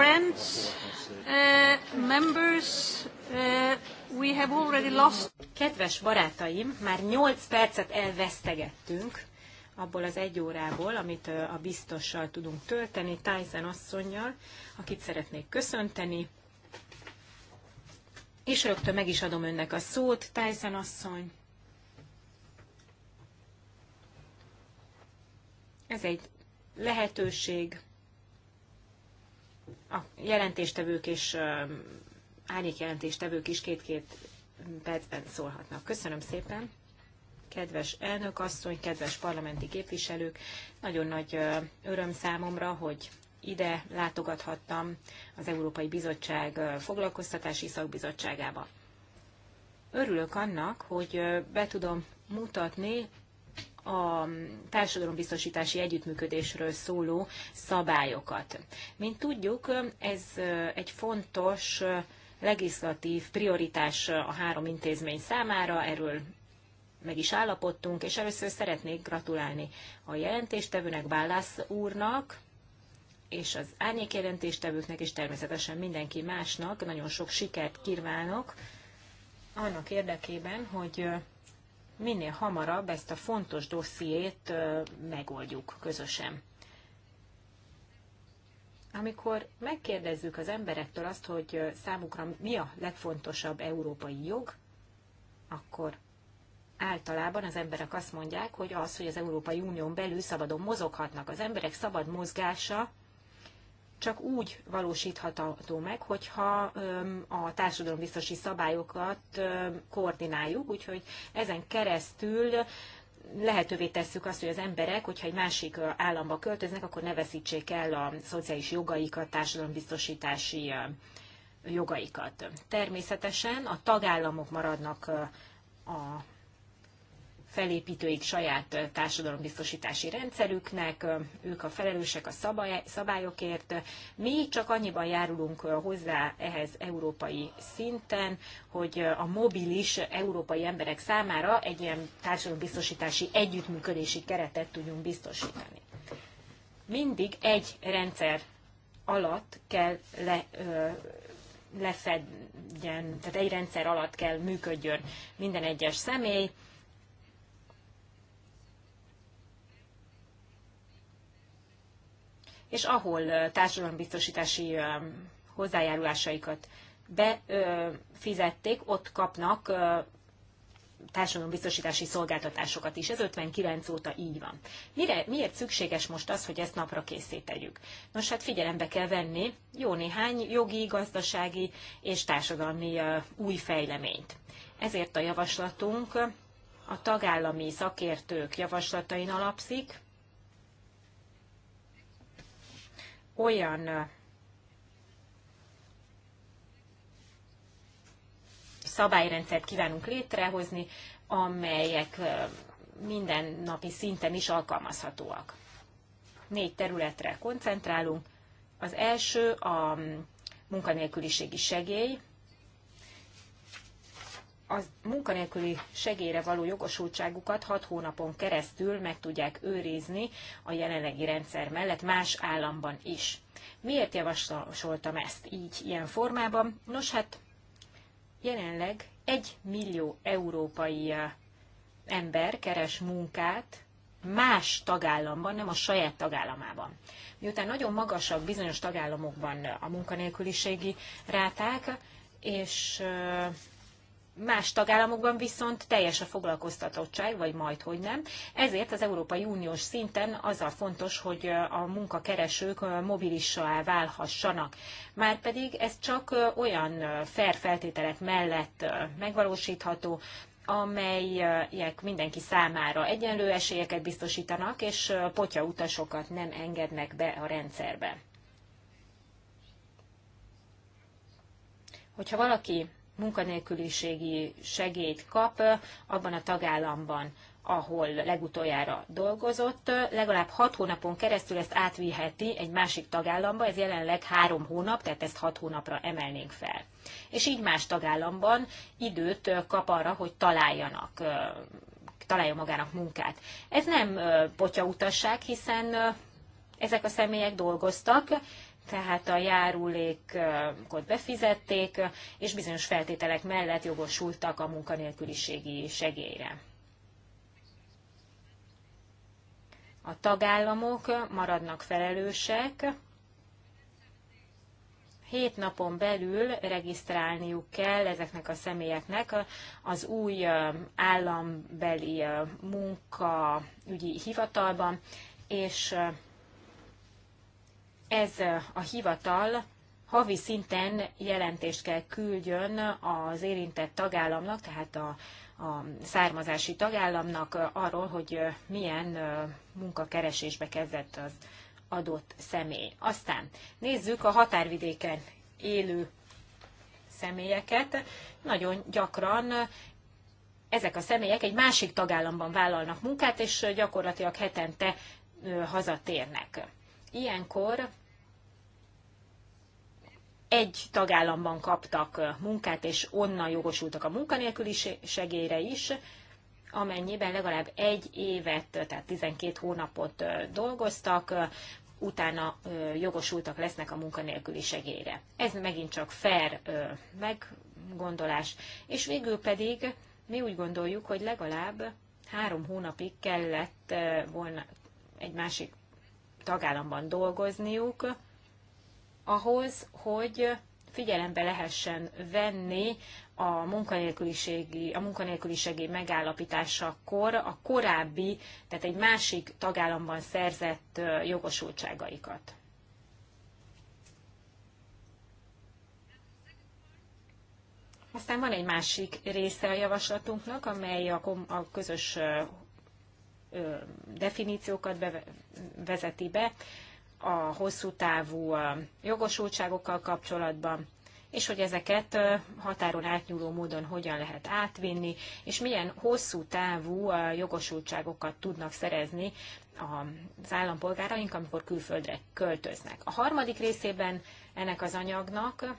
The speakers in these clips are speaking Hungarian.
friends, uh, members, uh, we have already lost. Kedves barátaim, már 8 percet elvesztegettünk abból az egy órából, amit a biztossal tudunk tölteni, Tyson asszonynal, akit szeretnék köszönteni. És rögtön meg is adom önnek a szót, Tyson asszony. Ez egy lehetőség, a jelentéstevők és árnyék jelentéstevők is két-két percben szólhatnak. Köszönöm szépen! kedves elnök asszony, kedves parlamenti képviselők, nagyon nagy öröm számomra, hogy ide látogathattam az Európai Bizottság foglalkoztatási szakbizottságába. Örülök annak, hogy be tudom mutatni a társadalombiztosítási együttműködésről szóló szabályokat. Mint tudjuk, ez egy fontos legislatív prioritás a három intézmény számára, erről meg is állapodtunk, és először szeretnék gratulálni a jelentéstevőnek, Bálász úrnak, és az árnyék jelentéstevőknek, és természetesen mindenki másnak. Nagyon sok sikert kívánok annak érdekében, hogy minél hamarabb ezt a fontos dossziét megoldjuk közösen. Amikor megkérdezzük az emberektől azt, hogy számukra mi a legfontosabb európai jog, akkor általában az emberek azt mondják, hogy az, hogy az Európai Unión belül szabadon mozoghatnak. Az emberek szabad mozgása csak úgy valósítható meg, hogyha a társadalombiztosi szabályokat koordináljuk, úgyhogy ezen keresztül lehetővé tesszük azt, hogy az emberek, hogyha egy másik államba költöznek, akkor ne veszítsék el a szociális jogaikat, társadalombiztosítási jogaikat. Természetesen a tagállamok maradnak a felépítőik saját társadalombiztosítási rendszerüknek, ők a felelősek a szabályokért. Mi csak annyiban járulunk hozzá ehhez európai szinten, hogy a mobilis európai emberek számára egy ilyen társadalombiztosítási együttműködési keretet tudjunk biztosítani. Mindig egy rendszer alatt kell le, ö, lefedjen, tehát egy rendszer alatt kell működjön minden egyes személy, és ahol társadalombiztosítási hozzájárulásaikat befizették, ott kapnak társadalombiztosítási szolgáltatásokat is. Ez 59 óta így van. Mire, miért szükséges most az, hogy ezt napra készíteljük? Nos, hát figyelembe kell venni jó néhány jogi, gazdasági és társadalmi új fejleményt. Ezért a javaslatunk a tagállami szakértők javaslatain alapszik, olyan szabályrendszert kívánunk létrehozni, amelyek mindennapi szinten is alkalmazhatóak. Négy területre koncentrálunk. Az első a mm, munkanélküliségi segély, a munkanélküli segélyre való jogosultságukat 6 hónapon keresztül meg tudják őrizni a jelenlegi rendszer mellett más államban is. Miért javasoltam ezt így, ilyen formában? Nos, hát jelenleg 1 millió európai ember keres munkát más tagállamban, nem a saját tagállamában. Miután nagyon magasak bizonyos tagállamokban a munkanélküliségi ráták, és Más tagállamokban viszont teljes a foglalkoztatottság, vagy majd hogy nem. Ezért az Európai Uniós szinten az a fontos, hogy a munkakeresők mobilissá válhassanak. Márpedig ez csak olyan fair feltételek mellett megvalósítható, amelyek mindenki számára egyenlő esélyeket biztosítanak, és potya utasokat nem engednek be a rendszerbe. Hogyha valaki munkanélküliségi segélyt kap abban a tagállamban, ahol legutoljára dolgozott, legalább hat hónapon keresztül ezt átviheti egy másik tagállamba, ez jelenleg három hónap, tehát ezt hat hónapra emelnénk fel. És így más tagállamban időt kap arra, hogy találjanak találja magának munkát. Ez nem utasság, hiszen ezek a személyek dolgoztak, tehát a járulékot befizették, és bizonyos feltételek mellett jogosultak a munkanélküliségi segélyre. A tagállamok maradnak felelősek, hét napon belül regisztrálniuk kell ezeknek a személyeknek az új állambeli munkaügyi hivatalban, és ez a hivatal havi szinten jelentést kell küldjön az érintett tagállamnak, tehát a, a származási tagállamnak arról, hogy milyen munkakeresésbe kezdett az adott személy. Aztán nézzük a határvidéken élő személyeket. Nagyon gyakran ezek a személyek egy másik tagállamban vállalnak munkát, és gyakorlatilag hetente hazatérnek. Ilyenkor egy tagállamban kaptak munkát, és onnan jogosultak a munkanélküli segélyre is, amennyiben legalább egy évet, tehát 12 hónapot dolgoztak, utána jogosultak lesznek a munkanélküli segélyre. Ez megint csak fair meggondolás. És végül pedig mi úgy gondoljuk, hogy legalább három hónapig kellett volna egy másik tagállamban dolgozniuk, ahhoz, hogy figyelembe lehessen venni a munkanélküliségi, a munkanélküliségi megállapításakor a korábbi, tehát egy másik tagállamban szerzett jogosultságaikat. Aztán van egy másik része a javaslatunknak, amely a, a közös definíciókat bevezeti be, a hosszú távú jogosultságokkal kapcsolatban, és hogy ezeket határon átnyúló módon hogyan lehet átvinni, és milyen hosszú távú jogosultságokat tudnak szerezni az állampolgáraink, amikor külföldre költöznek. A harmadik részében ennek az anyagnak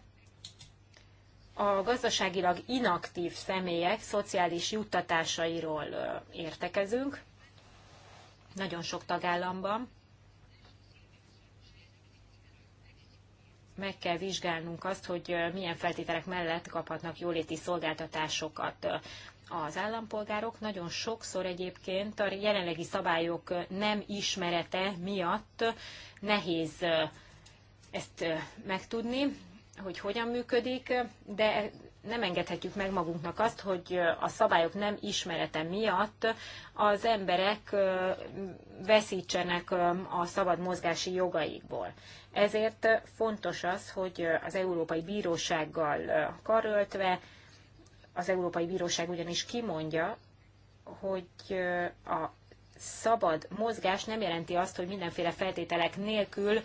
a gazdaságilag inaktív személyek szociális juttatásairól értekezünk, nagyon sok tagállamban. meg kell vizsgálnunk azt, hogy milyen feltételek mellett kaphatnak jóléti szolgáltatásokat az állampolgárok. Nagyon sokszor egyébként a jelenlegi szabályok nem ismerete miatt nehéz ezt megtudni, hogy hogyan működik, de nem engedhetjük meg magunknak azt, hogy a szabályok nem ismerete miatt az emberek veszítsenek a szabad mozgási jogaikból. Ezért fontos az, hogy az Európai Bírósággal karöltve, az Európai Bíróság ugyanis kimondja, hogy a szabad mozgás nem jelenti azt, hogy mindenféle feltételek nélkül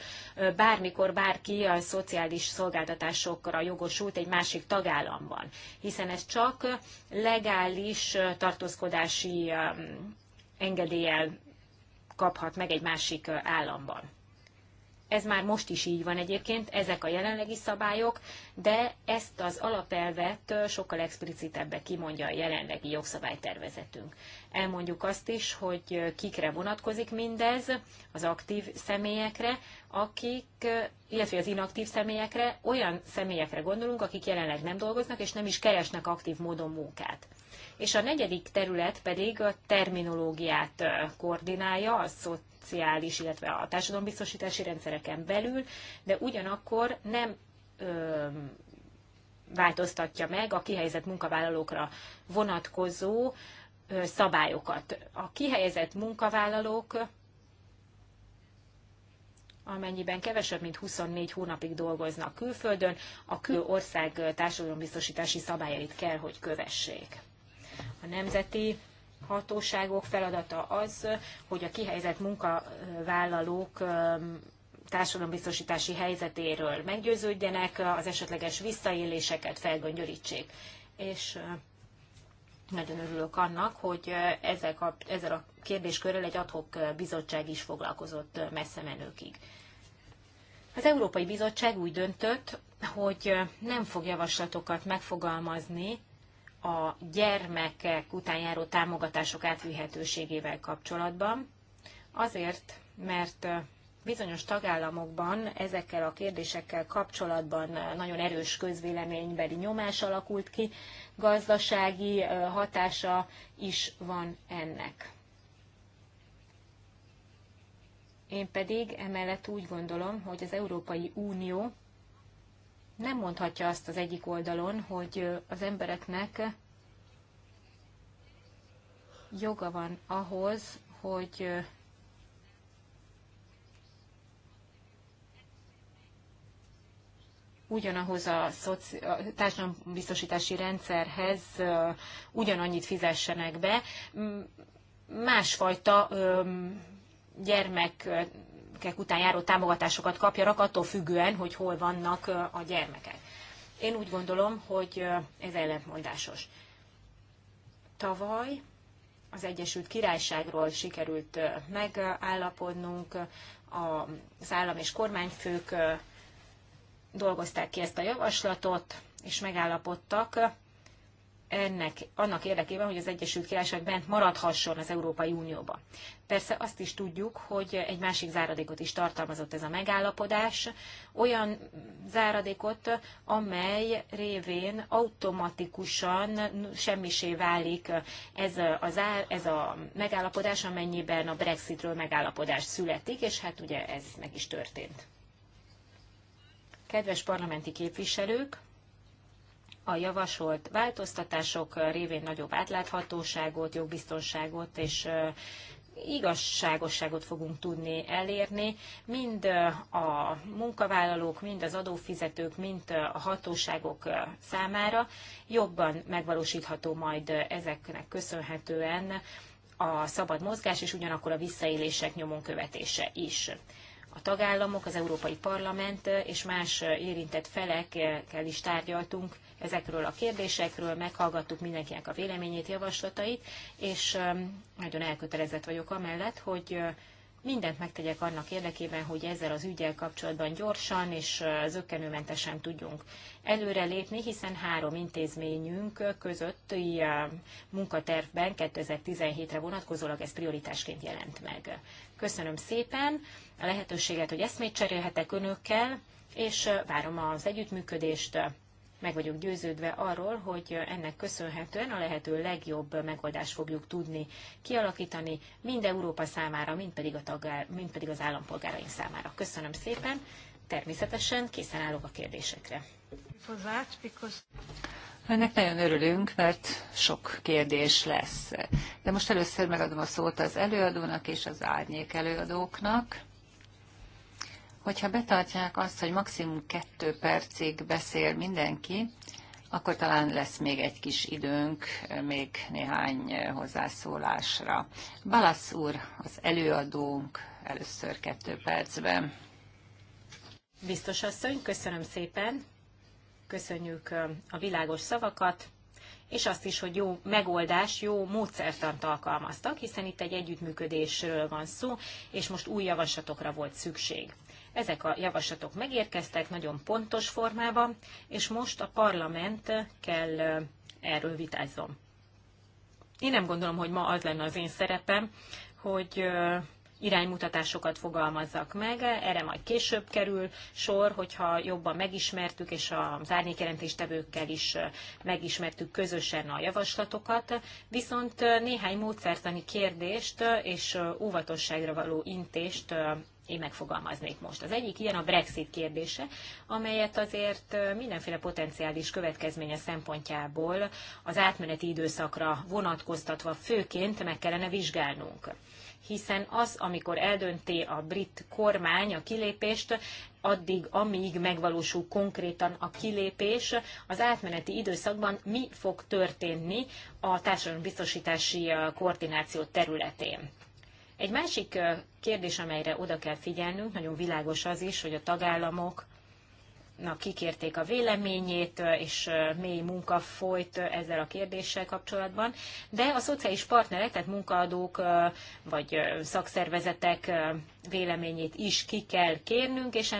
bármikor bárki a szociális szolgáltatásokra jogosult egy másik tagállamban, hiszen ez csak legális tartózkodási engedéllyel kaphat meg egy másik államban. Ez már most is így van egyébként, ezek a jelenlegi szabályok, de ezt az alapelvet sokkal explicitebben kimondja a jelenlegi jogszabálytervezetünk. Elmondjuk azt is, hogy kikre vonatkozik mindez, az aktív személyekre, akik, illetve az inaktív személyekre, olyan személyekre gondolunk, akik jelenleg nem dolgoznak és nem is keresnek aktív módon munkát. És a negyedik terület pedig a terminológiát koordinálja, a szociális, illetve a társadalombiztosítási rendszereken belül, de ugyanakkor nem változtatja meg a kihelyezett munkavállalókra vonatkozó szabályokat. A kihelyezett munkavállalók, amennyiben kevesebb, mint 24 hónapig dolgoznak külföldön, a külország társadalombiztosítási szabályait kell, hogy kövessék. A nemzeti hatóságok feladata az, hogy a kihelyezett munkavállalók társadalombiztosítási helyzetéről meggyőződjenek, az esetleges visszaéléseket felgöngyörítsék. És nagyon örülök annak, hogy ezzel, kap, ezzel a kérdéskörrel egy adhok bizottság is foglalkozott messze menőkig. Az Európai Bizottság úgy döntött, hogy nem fog javaslatokat megfogalmazni a gyermekek után járó támogatások átvihetőségével kapcsolatban, azért, mert bizonyos tagállamokban ezekkel a kérdésekkel kapcsolatban eh, nagyon erős közvéleménybeli nyomás alakult ki, gazdasági eh, hatása is van ennek. Én pedig emellett úgy gondolom, hogy az Európai Unió nem mondhatja azt az egyik oldalon, hogy eh, az embereknek joga van ahhoz, hogy ugyanahoz a társadalombiztosítási rendszerhez ugyanannyit fizessenek be, másfajta gyermekek után járó támogatásokat kapjanak, attól függően, hogy hol vannak a gyermekek. Én úgy gondolom, hogy ez ellentmondásos. Tavaly az Egyesült Királyságról sikerült megállapodnunk, az állam és kormányfők dolgozták ki ezt a javaslatot, és megállapodtak ennek, annak érdekében, hogy az Egyesült Királyság bent maradhasson az Európai Unióba. Persze azt is tudjuk, hogy egy másik záradékot is tartalmazott ez a megállapodás, olyan záradékot, amely révén automatikusan semmisé válik ez a, zár, ez a megállapodás, amennyiben a Brexitről megállapodás születik, és hát ugye ez meg is történt. Kedves parlamenti képviselők, a javasolt változtatások révén nagyobb átláthatóságot, jogbiztonságot és igazságosságot fogunk tudni elérni, mind a munkavállalók, mind az adófizetők, mind a hatóságok számára jobban megvalósítható majd ezeknek köszönhetően a szabad mozgás és ugyanakkor a visszaélések nyomon követése is a tagállamok, az Európai Parlament és más érintett felekkel is tárgyaltunk ezekről a kérdésekről, meghallgattuk mindenkinek a véleményét, javaslatait, és um, nagyon elkötelezett vagyok amellett, hogy uh, mindent megtegyek annak érdekében, hogy ezzel az ügyel kapcsolatban gyorsan és uh, zöggenőmentesen tudjunk előrelépni, hiszen három intézményünk között uh, munkatervben 2017-re vonatkozólag ez prioritásként jelent meg. Köszönöm szépen! a lehetőséget, hogy eszmét cserélhetek önökkel, és várom az együttműködést. Meg vagyok győződve arról, hogy ennek köszönhetően a lehető legjobb megoldást fogjuk tudni kialakítani mind Európa számára, mind pedig, a tagár, mind pedig az állampolgáraink számára. Köszönöm szépen, természetesen készen állok a kérdésekre. Ennek nagyon örülünk, mert sok kérdés lesz. De most először megadom a szót az előadónak és az árnyék előadóknak. Hogyha betartják azt, hogy maximum kettő percig beszél mindenki, akkor talán lesz még egy kis időnk, még néhány hozzászólásra. Balasz úr, az előadónk először kettő percben. Biztos asszony, köszönöm szépen. Köszönjük a világos szavakat, és azt is, hogy jó megoldás, jó módszertant alkalmaztak, hiszen itt egy együttműködésről van szó, és most új javaslatokra volt szükség. Ezek a javaslatok megérkeztek nagyon pontos formában, és most a parlament kell erről vitázzon. Én nem gondolom, hogy ma az lenne az én szerepem, hogy iránymutatásokat fogalmazzak meg, erre majd később kerül sor, hogyha jobban megismertük, és az árnyékjelentéstevőkkel is megismertük közösen a javaslatokat, viszont néhány módszertani kérdést és óvatosságra való intést én megfogalmaznék most. Az egyik ilyen a Brexit kérdése, amelyet azért mindenféle potenciális következménye szempontjából az átmeneti időszakra vonatkoztatva főként meg kellene vizsgálnunk hiszen az, amikor eldönti a brit kormány a kilépést, addig, amíg megvalósul konkrétan a kilépés, az átmeneti időszakban mi fog történni a társadalombiztosítási koordináció területén. Egy másik kérdés, amelyre oda kell figyelnünk, nagyon világos az is, hogy a tagállamok kikérték a véleményét, és mély munka folyt ezzel a kérdéssel kapcsolatban, de a szociális partnerek, tehát munkaadók vagy szakszervezetek véleményét is ki kell kérnünk, és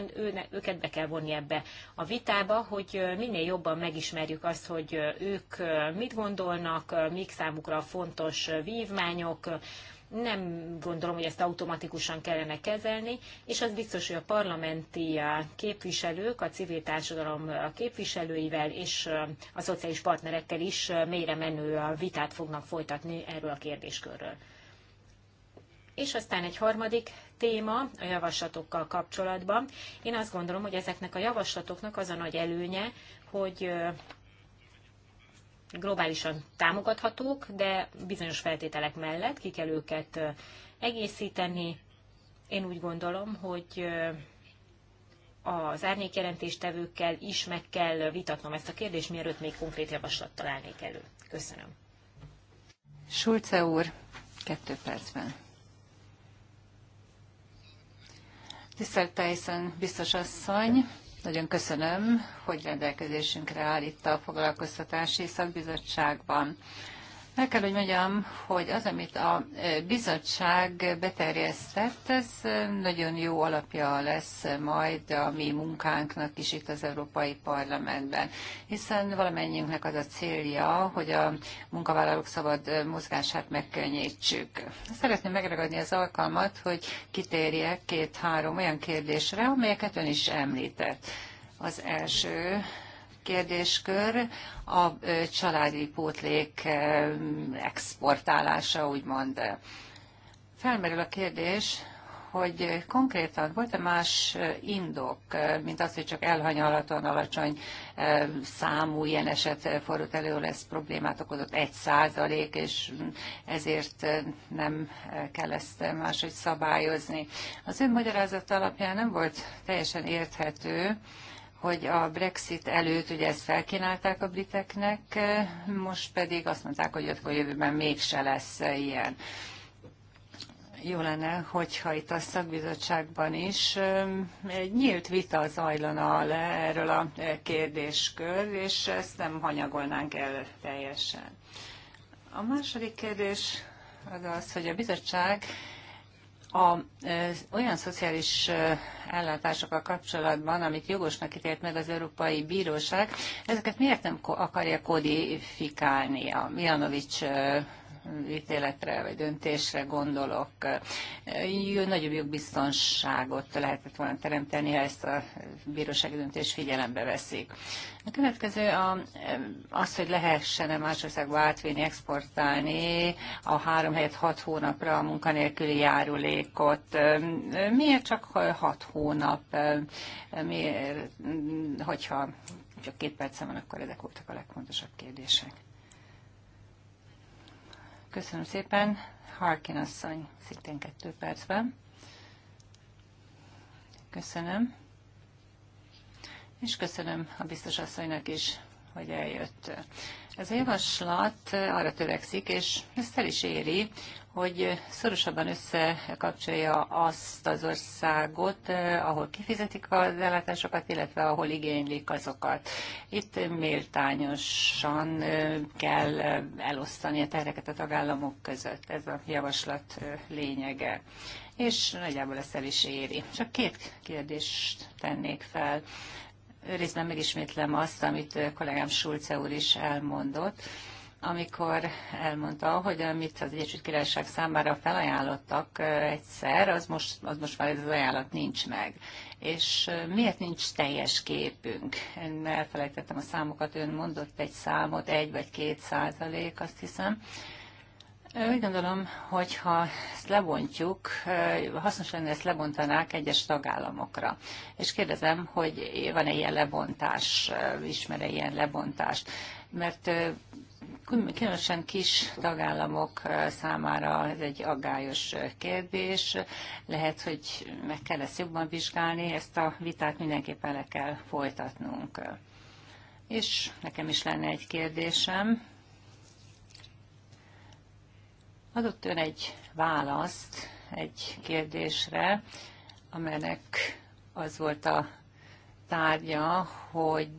őket be kell vonni ebbe a vitába, hogy minél jobban megismerjük azt, hogy ők mit gondolnak, mik számukra fontos vívmányok, nem gondolom, hogy ezt automatikusan kellene kezelni, és az biztos, hogy a parlamenti képviselők, a civil társadalom képviselőivel és a szociális partnerekkel is mélyre menő vitát fognak folytatni erről a kérdéskörről. És aztán egy harmadik téma a javaslatokkal kapcsolatban. Én azt gondolom, hogy ezeknek a javaslatoknak az a nagy előnye, hogy globálisan támogathatók, de bizonyos feltételek mellett ki kell őket egészíteni. Én úgy gondolom, hogy az árnyékjelentéstevőkkel is meg kell vitatnom ezt a kérdést, mielőtt még konkrét javaslat találnék elő. Köszönöm. Sulce úr, kettő percben. Tisztelt Tyson, biztos asszony! Nagyon köszönöm, hogy rendelkezésünkre állítta a foglalkoztatási szakbizottságban. El kell, hogy mondjam, hogy az, amit a e, bizottság beterjesztett, ez nagyon jó alapja lesz majd a mi munkánknak is itt az Európai Parlamentben, hiszen valamennyiünknek az a célja, hogy a munkavállalók szabad mozgását megkönnyítsük. Szeretném megragadni az alkalmat, hogy kitérjek két-három olyan kérdésre, amelyeket ön is említett. Az első kérdéskör a családi pótlék exportálása, úgymond. Felmerül a kérdés, hogy konkrétan volt-e más indok, mint az, hogy csak elhanyalaton alacsony számú ilyen eset fordult elő, lesz problémát okozott egy százalék, és ezért nem kell ezt máshogy szabályozni. Az ön magyarázat alapján nem volt teljesen érthető, hogy a Brexit előtt ugye ezt felkínálták a briteknek, most pedig azt mondták, hogy akkor jövőben mégse lesz ilyen. Jó lenne, hogyha itt a szakbizottságban is egy nyílt vita zajlana le erről a kérdéskör, és ezt nem hanyagolnánk el teljesen. A második kérdés az az, hogy a bizottság a, olyan szociális ellátásokkal kapcsolatban, amit jogosnak ítélt meg az Európai Bíróság, ezeket miért nem akarja kodifikálni a Mianovics ítéletre vagy döntésre gondolok. Nagyobb jogbiztonságot lehetett volna teremteni, ha ezt a bírósági döntést figyelembe veszik. A következő a, az, hogy lehessen-e más országba átvinni, exportálni a három helyet hat hónapra a munkanélküli járulékot. Miért csak hat hónap? Miért, hogyha csak két percem van, akkor ezek voltak a legfontosabb kérdések. Köszönöm szépen. Harkin asszony, szintén kettő percben. Köszönöm. És köszönöm a biztos asszonynak is, hogy eljött. Ez a javaslat arra törekszik, és ezt el is éri, hogy szorosabban összekapcsolja azt az országot, eh, ahol kifizetik az ellátásokat, illetve ahol igénylik azokat. Itt méltányosan eh, kell eh, elosztani a terheket a tagállamok között. Ez a javaslat lényege. És nagyjából ezt el is éri. Csak két kérdést tennék fel részben megismétlem azt, amit kollégám Sulce úr is elmondott, amikor elmondta, hogy amit az Egyesült Királyság számára felajánlottak egyszer, az most, az most már ez az ajánlat nincs meg. És miért nincs teljes képünk? Én elfelejtettem a számokat, ön mondott egy számot, egy vagy két százalék, azt hiszem úgy gondolom, hogy ha ezt lebontjuk, eh, hasznos lenne ezt lebontanák egyes tagállamokra. És kérdezem, hogy van-e ilyen lebontás, eh, ismere ilyen lebontást. Mert eh, különösen kis tagállamok számára ez egy aggályos kérdés. Lehet, hogy meg kell ezt jobban vizsgálni, ezt a vitát mindenképpen le kell folytatnunk. És nekem is lenne egy kérdésem Adott ön egy választ egy kérdésre, amelynek az volt a tárgya, hogy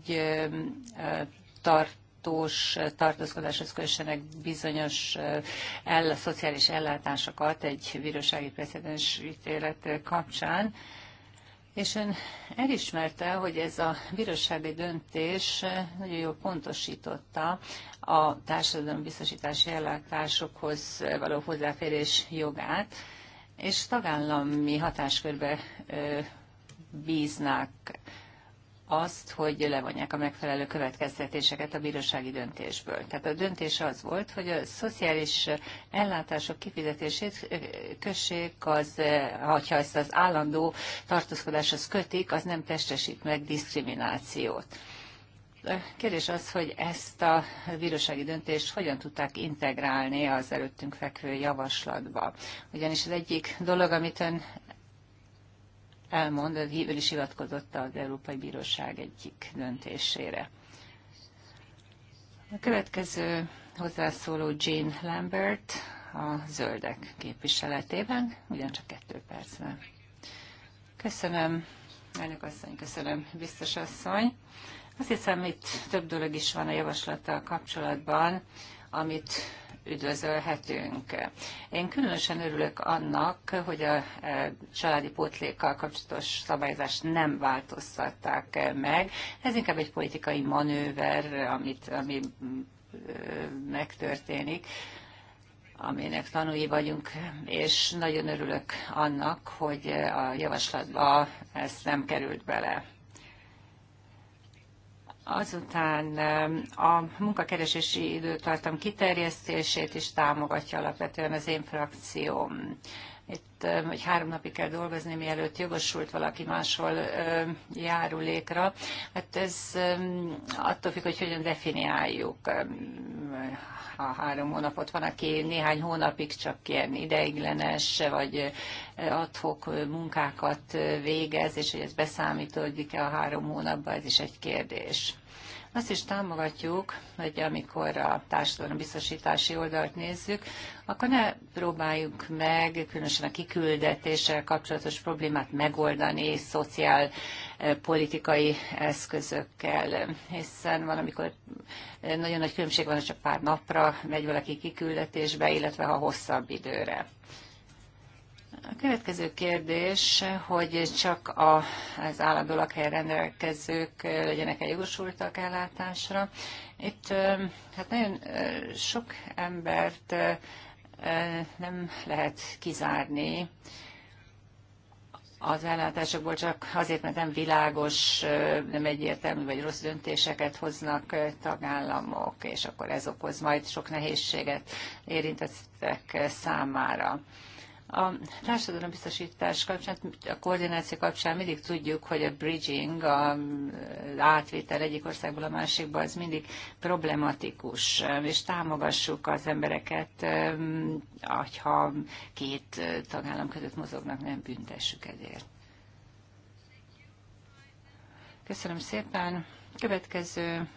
tartós tartózkodáshoz kössenek bizonyos el, szociális ellátásokat egy bírósági precedens ítélet kapcsán. És ön elismerte, hogy ez a bírósági döntés nagyon jól pontosította a biztosítási ellátásokhoz való hozzáférés jogát, és tagállami hatáskörbe bíznák azt, hogy levonják a megfelelő következtetéseket a bírósági döntésből. Tehát a döntés az volt, hogy a szociális ellátások kifizetését kössék, az, ha ezt az állandó tartózkodáshoz kötik, az nem testesít meg diszkriminációt kérdés az, hogy ezt a bírósági döntést hogyan tudták integrálni az előttünk fekvő javaslatba. Ugyanis az egyik dolog, amit ön elmond, ön is hivatkozott az Európai Bíróság egyik döntésére. A következő hozzászóló Jean Lambert a zöldek képviseletében, ugyancsak kettő percben. Köszönöm, elnök asszony, köszönöm, biztos asszony. Azt hiszem, itt több dolog is van a javaslattal kapcsolatban, amit üdvözölhetünk. Én különösen örülök annak, hogy a e, családi pótlékkal kapcsolatos szabályozást nem változtatták meg. Ez inkább egy politikai manőver, amit, ami megtörténik aminek tanúi vagyunk, és nagyon örülök annak, hogy a javaslatba ez nem került bele. Azután a munkakeresési időtartam kiterjesztését is támogatja alapvetően az én frakcióm vagy három napig kell dolgozni, mielőtt jogosult valaki máshol járulékra. Hát ez attól függ, hogy hogyan definiáljuk a három hónapot. Van, aki néhány hónapig csak ilyen ideiglenes, vagy adhok munkákat végez, és hogy ez beszámítódik-e a három hónapba, ez is egy kérdés. Azt is támogatjuk, hogy amikor a társadalom biztosítási oldalt nézzük, akkor ne próbáljuk meg, különösen a kiküldetéssel kapcsolatos problémát megoldani szociál eh, politikai eszközökkel, hiszen van, amikor eh, nagyon nagy különbség van, hogy csak pár napra megy valaki kiküldetésbe, illetve ha hosszabb időre. A következő kérdés, hogy csak a, az állandó lakhelyen rendelkezők legyenek-e jogosultak ellátásra. Itt hát nagyon sok embert nem lehet kizárni az ellátásokból csak azért, mert nem világos, nem egyértelmű vagy rossz döntéseket hoznak tagállamok, és akkor ez okoz majd sok nehézséget érintettek számára. A társadalombiztosítás kapcsán, a koordináció kapcsán mindig tudjuk, hogy a bridging, a átvétel egyik országból a másikba, az mindig problematikus, és támogassuk az embereket, ha két tagállam között mozognak, nem büntessük ezért. Köszönöm szépen. Következő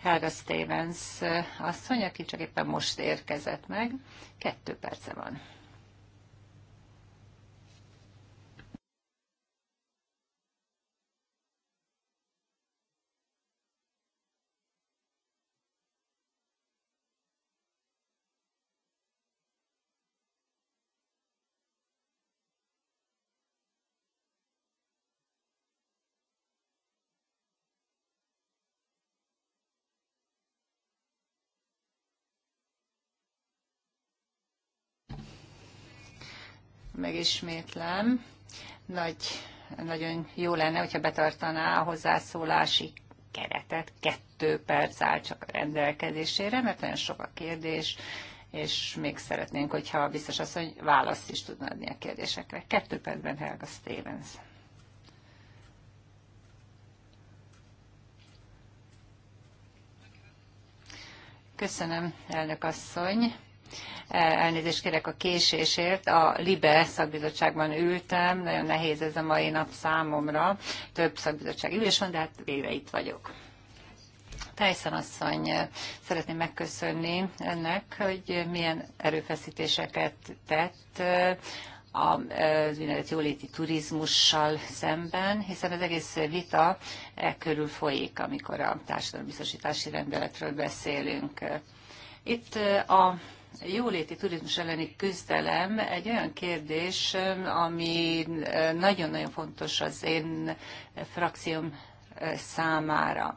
Helga Stevens asszony, aki csak éppen most érkezett meg. Kettő perce van. megismétlem. Nagy, nagyon jó lenne, hogyha betartaná a hozzászólási keretet. Kettő perc áll csak a rendelkezésére, mert nagyon sok a kérdés, és még szeretnénk, hogyha biztos az, hogy választ is tudna adni a kérdésekre. Kettő percben Helga Stevens. Köszönöm, elnök asszony. Elnézést kérek a késésért. A LIBE szakbizottságban ültem, nagyon nehéz ez a mai nap számomra. Több szakbizottság ülés van, de hát végre itt vagyok. Tyson asszony, szeretném megköszönni önnek, hogy milyen erőfeszítéseket tett az úgynevezett jóléti turizmussal szemben, hiszen az egész vita e körül folyik, amikor a társadalombiztosítási rendeletről beszélünk. Itt a jóléti turizmus elleni küzdelem egy olyan kérdés, ami nagyon-nagyon fontos az én frakcióm számára,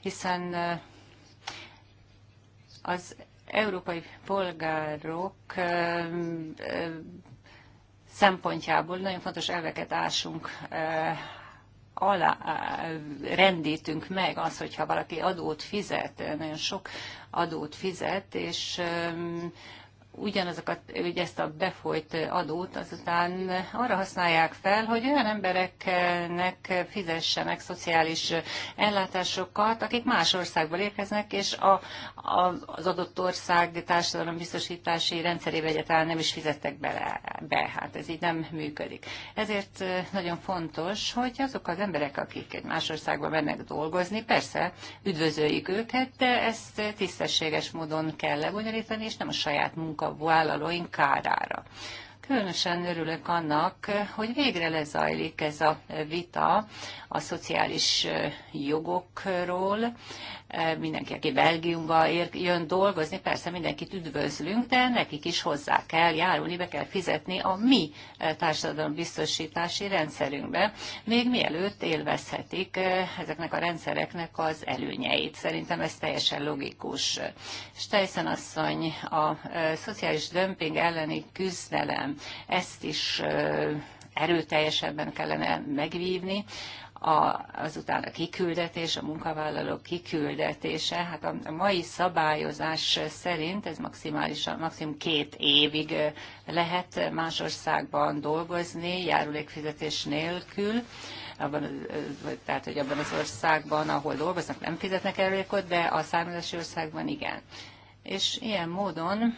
hiszen az európai polgárok szempontjából nagyon fontos elveket ásunk alá rendítünk meg az, hogyha valaki adót fizet, nagyon sok adót fizet, és ugyanazokat, ugye ezt a befolyt adót azután arra használják fel, hogy olyan embereknek fizessenek szociális ellátásokat, akik más országból érkeznek, és a, a, az adott ország biztosítási rendszerébe egyáltalán nem is fizettek bele, be, hát ez így nem működik. Ezért nagyon fontos, hogy azok az emberek, akik egy más országba mennek dolgozni, persze üdvözöljük őket, de ezt tisztességes módon kell lebonyolítani, és nem a saját munka munkavállalóink kárára. Különösen örülök annak, hogy végre lezajlik ez a vita a szociális jogokról. Mindenki, aki Belgiumba ér, jön dolgozni, persze mindenkit üdvözlünk, de nekik is hozzá kell járulni, be kell fizetni a mi társadalombiztosítási rendszerünkbe, még mielőtt élvezhetik ezeknek a rendszereknek az előnyeit. Szerintem ez teljesen logikus. Stejszen asszony, a szociális dömping elleni küzdelem, ezt is erőteljesebben kellene megvívni a, azután a kiküldetés, a munkavállalók kiküldetése. Hát a, a mai szabályozás szerint ez maximálisan, maximum két évig lehet más országban dolgozni, járulékfizetés nélkül abban, tehát hogy abban az országban, ahol dolgoznak, nem fizetnek erőkot, de a származási országban igen. És ilyen módon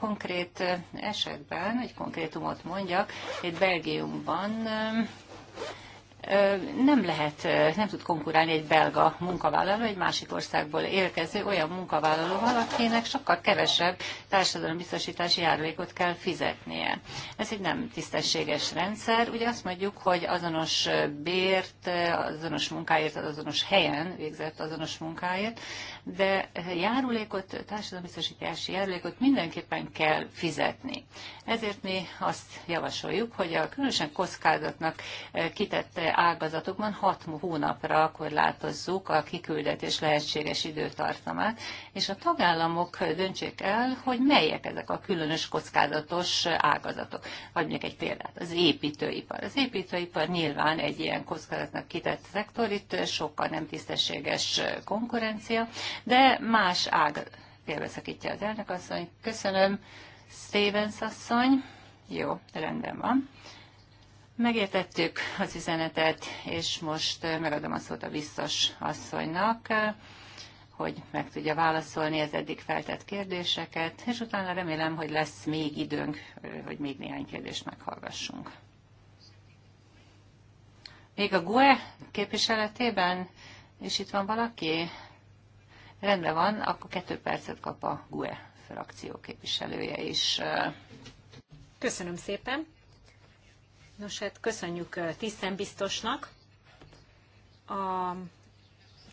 konkrét esetben, egy konkrétumot mondjak, itt Belgiumban nem lehet, nem tud konkurálni egy belga munkavállaló, egy másik országból érkező olyan munkavállalóval, akinek sokkal kevesebb társadalombiztosítási járulékot kell fizetnie. Ez egy nem tisztességes rendszer. Ugye azt mondjuk, hogy azonos bért, azonos munkáért, azonos helyen végzett azonos munkáért, de járulékot, társadalombiztosítási járulékot mindenképpen kell fizetni. Ezért mi azt javasoljuk, hogy a különösen koszkázatnak kitette ágazatokban hat hónapra korlátozzuk a kiküldetés lehetséges időtartamát, és a tagállamok döntsék el, hogy melyek ezek a különös kockázatos ágazatok. Vagy még egy példát, az építőipar. Az építőipar nyilván egy ilyen kockázatnak kitett szektor, itt sokkal nem tisztességes konkurencia, de más ág... Félbeszakítja az elnök asszony. Köszönöm, Stevens asszony. Jó, rendben van. Megértettük az üzenetet, és most eh, megadom a szót a biztos asszonynak, eh, hogy meg tudja válaszolni az eddig feltett kérdéseket, és utána remélem, hogy lesz még időnk, eh, hogy még néhány kérdést meghallgassunk. Még a GUE képviseletében és itt van valaki? Rendben van, akkor kettő percet kap a GUE frakció képviselője is. Köszönöm szépen. Nos, hát köszönjük tisztán biztosnak. A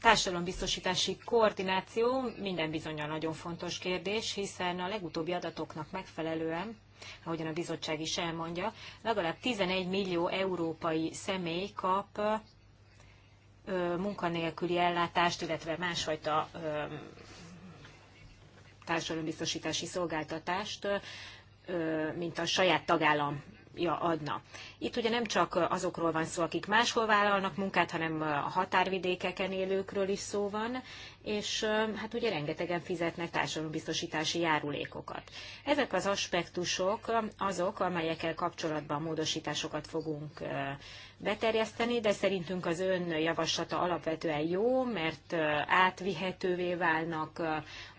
társadalombiztosítási koordináció minden bizonyal nagyon fontos kérdés, hiszen a legutóbbi adatoknak megfelelően, ahogyan a bizottság is elmondja, legalább 11 millió európai személy kap munkanélküli ellátást, illetve másfajta társadalombiztosítási szolgáltatást, mint a saját tagállam ja adna. Itt ugye nem csak azokról van szó, akik máshol vállalnak munkát, hanem a határvidékeken élőkről is szó van, és hát ugye rengetegen fizetnek társadalombiztosítási járulékokat. Ezek az aspektusok azok, amelyekkel kapcsolatban módosításokat fogunk beterjeszteni, de szerintünk az ön javaslata alapvetően jó, mert átvihetővé válnak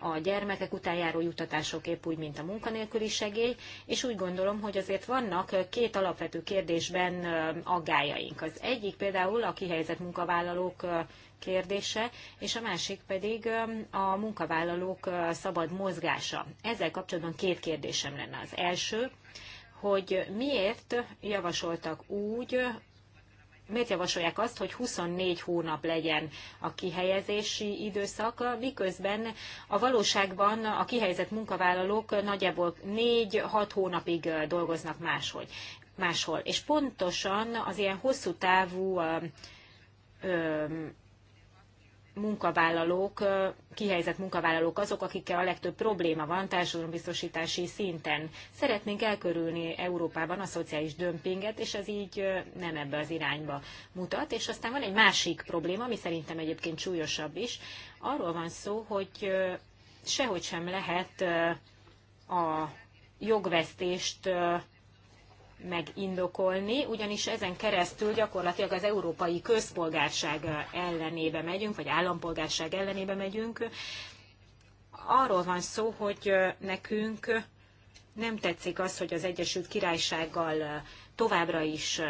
a gyermekek utánjáró jutatások épp úgy, mint a munkanélküli segély, és úgy gondolom, hogy azért vannak két alapvető kérdésben aggájaink. Az egyik például a kihelyezett munkavállalók kérdése, és a másik pedig a munkavállalók szabad mozgása. Ezzel kapcsolatban két kérdésem lenne. Az első, hogy miért javasoltak úgy, miért javasolják azt, hogy 24 hónap legyen a kihelyezési időszak, miközben a valóságban a kihelyezett munkavállalók nagyjából 4-6 hónapig dolgoznak máshogy, máshol. És pontosan az ilyen hosszú távú munkavállalók, kihelyezett munkavállalók azok, akikkel a legtöbb probléma van társadalombiztosítási szinten. Szeretnénk elkörülni Európában a szociális dömpinget, és ez így nem ebbe az irányba mutat. És aztán van egy másik probléma, ami szerintem egyébként súlyosabb is. Arról van szó, hogy sehogy sem lehet a jogvesztést megindokolni, ugyanis ezen keresztül gyakorlatilag az európai közpolgárság ellenébe megyünk, vagy állampolgárság ellenébe megyünk. Arról van szó, hogy nekünk nem tetszik az, hogy az Egyesült Királysággal továbbra is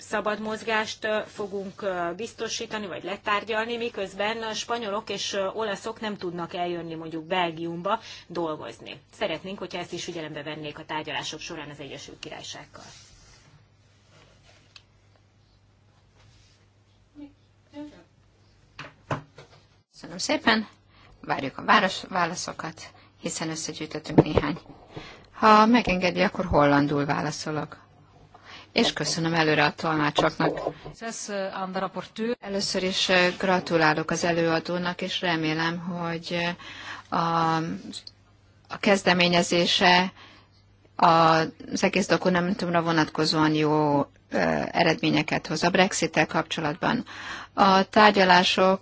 szabad mozgást fogunk biztosítani, vagy letárgyalni, miközben a spanyolok és olaszok nem tudnak eljönni mondjuk Belgiumba dolgozni. Szeretnénk, hogyha ezt is figyelembe vennék a tárgyalások során az Egyesült Királysággal. Köszönöm szépen, várjuk a város válaszokat, hiszen összegyűjtöttünk néhány. Ha megengedi, akkor hollandul válaszolok és köszönöm előre a tolmácsoknak. Először is eh, gratulálok az előadónak, és remélem, hogy eh, a, a kezdeményezése az egész dokumentumra vonatkozóan jó eh, eredményeket hoz. A brexit kapcsolatban a tárgyalások,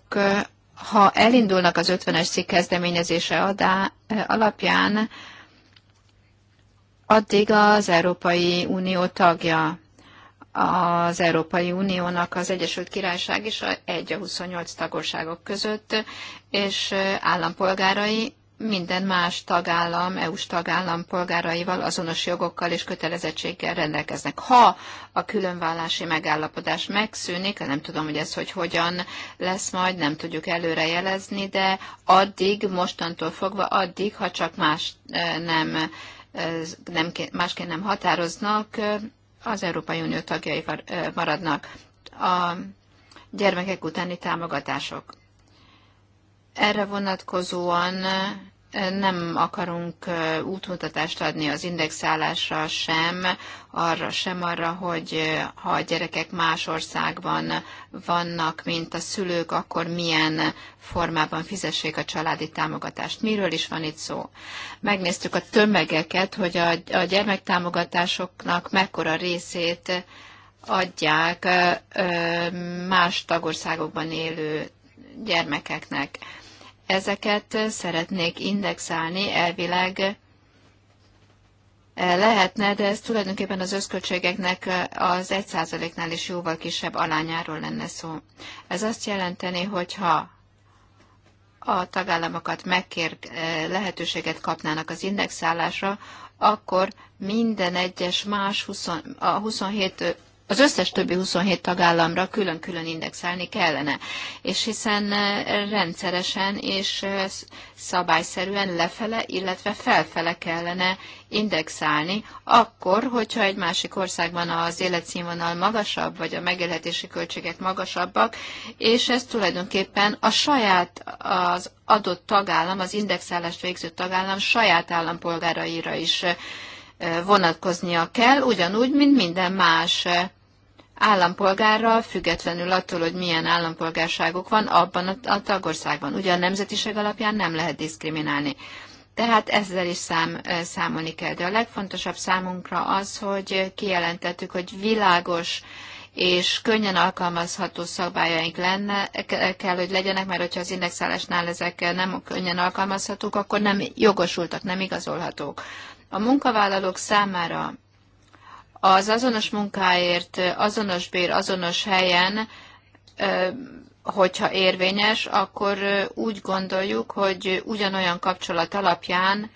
ha elindulnak az 50-es cikk kezdeményezése adá, alapján, addig az Európai Unió tagja az Európai Uniónak az Egyesült Királyság is 1 a 28 tagországok között, és állampolgárai minden más tagállam, EU-s tagállam polgáraival azonos jogokkal és kötelezettséggel rendelkeznek. Ha a különvállási megállapodás megszűnik, nem tudom, hogy ez hogy hogyan lesz majd, nem tudjuk előre jelezni, de addig, mostantól fogva addig, ha csak más eh, nem nem, másként nem határoznak, az Európai Unió tagjai maradnak. A gyermekek utáni támogatások. Erre vonatkozóan nem akarunk útmutatást adni az indexálásra sem, arra sem arra, hogy ha a gyerekek más országban vannak, mint a szülők, akkor milyen formában fizessék a családi támogatást. Miről is van itt szó? Megnéztük a tömegeket, hogy a, a gyermektámogatásoknak mekkora részét adják más tagországokban élő gyermekeknek ezeket szeretnék indexálni, elvileg lehetne, de ez tulajdonképpen az összköltségeknek az 1%-nál is jóval kisebb alányáról lenne szó. Ez azt jelenteni, hogyha a tagállamokat megkér eh, lehetőséget kapnának az indexálásra, akkor minden egyes más 20, a 27 az összes többi 27 tagállamra külön-külön indexelni kellene. És hiszen e, rendszeresen és e, szabályszerűen lefele, illetve felfele kellene indexálni, akkor, hogyha egy másik országban az életszínvonal magasabb, vagy a megélhetési költségek magasabbak, és ez tulajdonképpen a saját, az adott tagállam, az indexálást végző tagállam saját állampolgáraira is e, vonatkoznia kell, ugyanúgy, mint minden más állampolgárral, függetlenül attól, hogy milyen állampolgárságok van abban a tagországban. Ugye a nemzetiség alapján nem lehet diszkriminálni. Tehát ezzel is szám, számolni kell. De a legfontosabb számunkra az, hogy kijelentettük, hogy világos és könnyen alkalmazható szabályaink lenne, kell, hogy legyenek, mert hogyha az indexálásnál ezek nem könnyen alkalmazhatók, akkor nem jogosultak, nem igazolhatók. A munkavállalók számára az azonos munkáért, azonos bér, azonos helyen, hogyha érvényes, akkor úgy gondoljuk, hogy ugyanolyan kapcsolat alapján,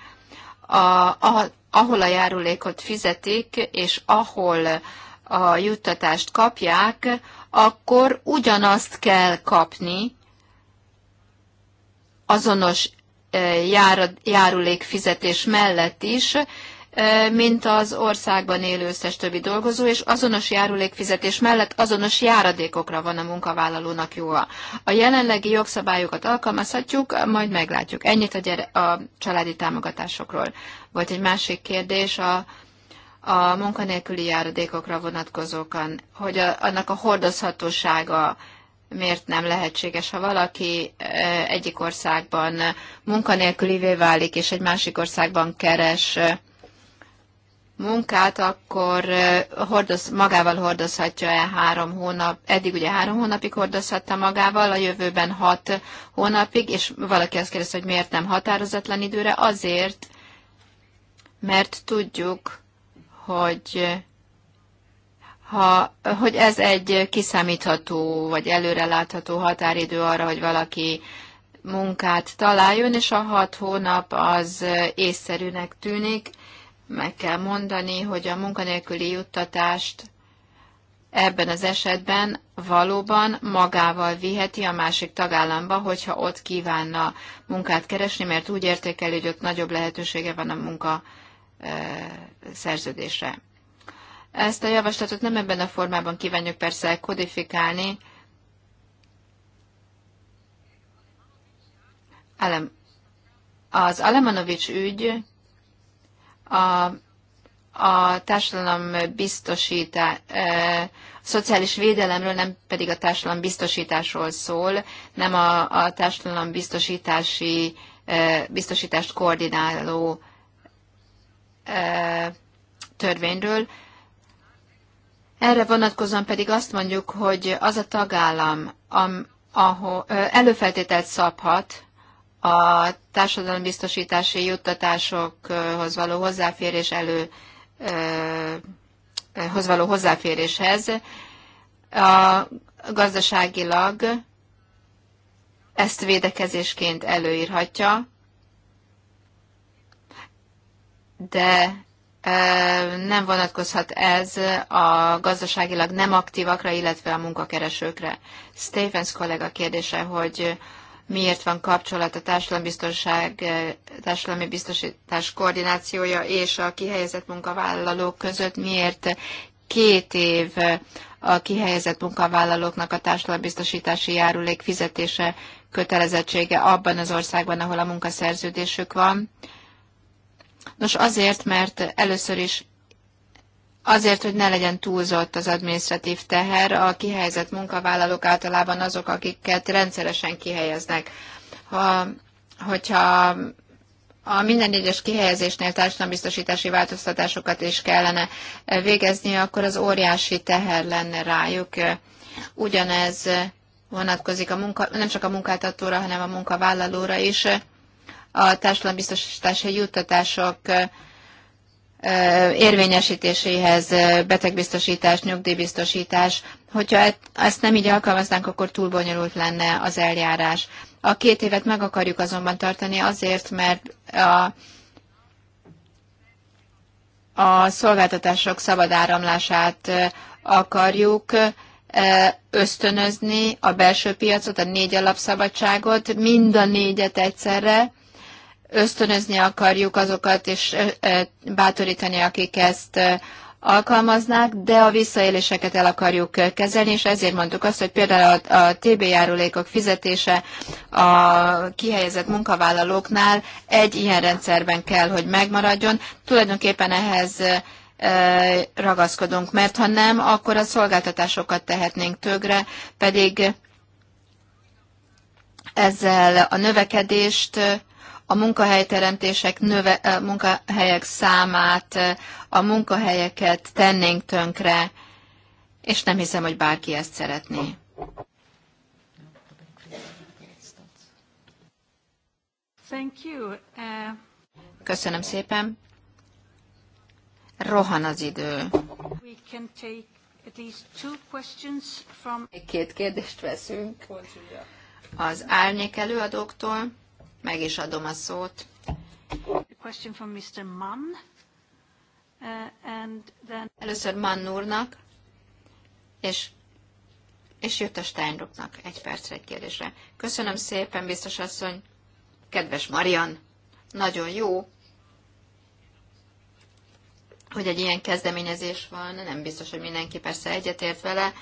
a, a, ahol a járulékot fizetik, és ahol a juttatást kapják, akkor ugyanazt kell kapni azonos járulék fizetés mellett is, mint az országban élő összes többi dolgozó, és azonos járulékfizetés mellett azonos járadékokra van a munkavállalónak joga. A jelenlegi jogszabályokat alkalmazhatjuk, majd meglátjuk. Ennyit a, gyere, a családi támogatásokról. Volt egy másik kérdés a, a munkanélküli járadékokra vonatkozókan, hogy a, annak a hordozhatósága miért nem lehetséges, ha valaki egyik országban munkanélkülivé válik, és egy másik országban keres munkát, akkor hordoz, magával hordozhatja el három hónap, eddig ugye három hónapig hordozhatta magával, a jövőben hat hónapig, és valaki azt kérdezte, hogy miért nem határozatlan időre, azért, mert tudjuk, hogy ha, hogy ez egy kiszámítható, vagy előrelátható határidő arra, hogy valaki munkát találjon, és a hat hónap az észszerűnek tűnik, meg kell mondani, hogy a munkanélküli juttatást ebben az esetben valóban magával viheti a másik tagállamba, hogyha ott kívánna munkát keresni, mert úgy értékeli, hogy ott nagyobb lehetősége van a munka szerződésre. Ezt a javaslatot nem ebben a formában kívánjuk persze kodifikálni. Az Alemanovics ügy a, a társadalom biztosítá, a szociális védelemről, nem pedig a társadalom biztosításról szól, nem a, a társadalom biztosítási, biztosítást koordináló törvényről. Erre vonatkozóan pedig azt mondjuk, hogy az a tagállam, am, ahol előfeltételt szabhat, a társadalombiztosítási juttatásokhoz való hozzáférés elő hoz való hozzáféréshez a gazdaságilag ezt védekezésként előírhatja, de nem vonatkozhat ez a gazdaságilag nem aktívakra, illetve a munkakeresőkre. Stephens kollega kérdése, hogy miért van kapcsolat a társadalombiztonság, eh, társadalmi biztosítás koordinációja és a kihelyezett munkavállalók között, miért két év a kihelyezett munkavállalóknak a társadalombiztosítási járulék fizetése kötelezettsége abban az országban, ahol a munkaszerződésük van. Nos, azért, mert először is Azért, hogy ne legyen túlzott az adminisztratív teher, a kihelyezett munkavállalók általában azok, akiket rendszeresen kihelyeznek. Ha, hogyha a minden egyes kihelyezésnél társadalombiztosítási változtatásokat is kellene végezni, akkor az óriási teher lenne rájuk. Ugyanez vonatkozik a munka, nem csak a munkáltatóra, hanem a munkavállalóra is. A társadalombiztosítási juttatások érvényesítéséhez betegbiztosítás, nyugdíjbiztosítás. Hogyha e-, ezt nem így alkalmaznánk, akkor túl bonyolult lenne az eljárás. A két évet meg akarjuk azonban tartani azért, mert a, a szolgáltatások szabad áramlását akarjuk ösztönözni, a belső piacot, a négy alapszabadságot, mind a négyet egyszerre, ösztönözni akarjuk azokat, és bátorítani, akik ezt alkalmaznák, de a visszaéléseket el akarjuk kezelni, és ezért mondtuk azt, hogy például a, a TB járulékok fizetése a kihelyezett munkavállalóknál egy ilyen rendszerben kell, hogy megmaradjon. Tulajdonképpen ehhez ragaszkodunk, mert ha nem, akkor a szolgáltatásokat tehetnénk tögre, pedig ezzel a növekedést a munkahelyteremtések növe, a munkahelyek számát, a munkahelyeket tennénk tönkre, és nem hiszem, hogy bárki ezt szeretné. Thank you. Uh... Köszönöm szépen. Rohan az idő. We can take at least two questions from... Két kérdést veszünk az árnyék előadóktól. Meg is adom a szót. question from Mr. Mann. Uh, and then... Először Mann úrnak, és és jött a Steinrocknak egy percre egy kérdésre. Köszönöm szépen, biztos asszony, kedves Marian, nagyon jó, hogy egy ilyen kezdeményezés van, nem biztos, hogy mindenki persze egyetért vele,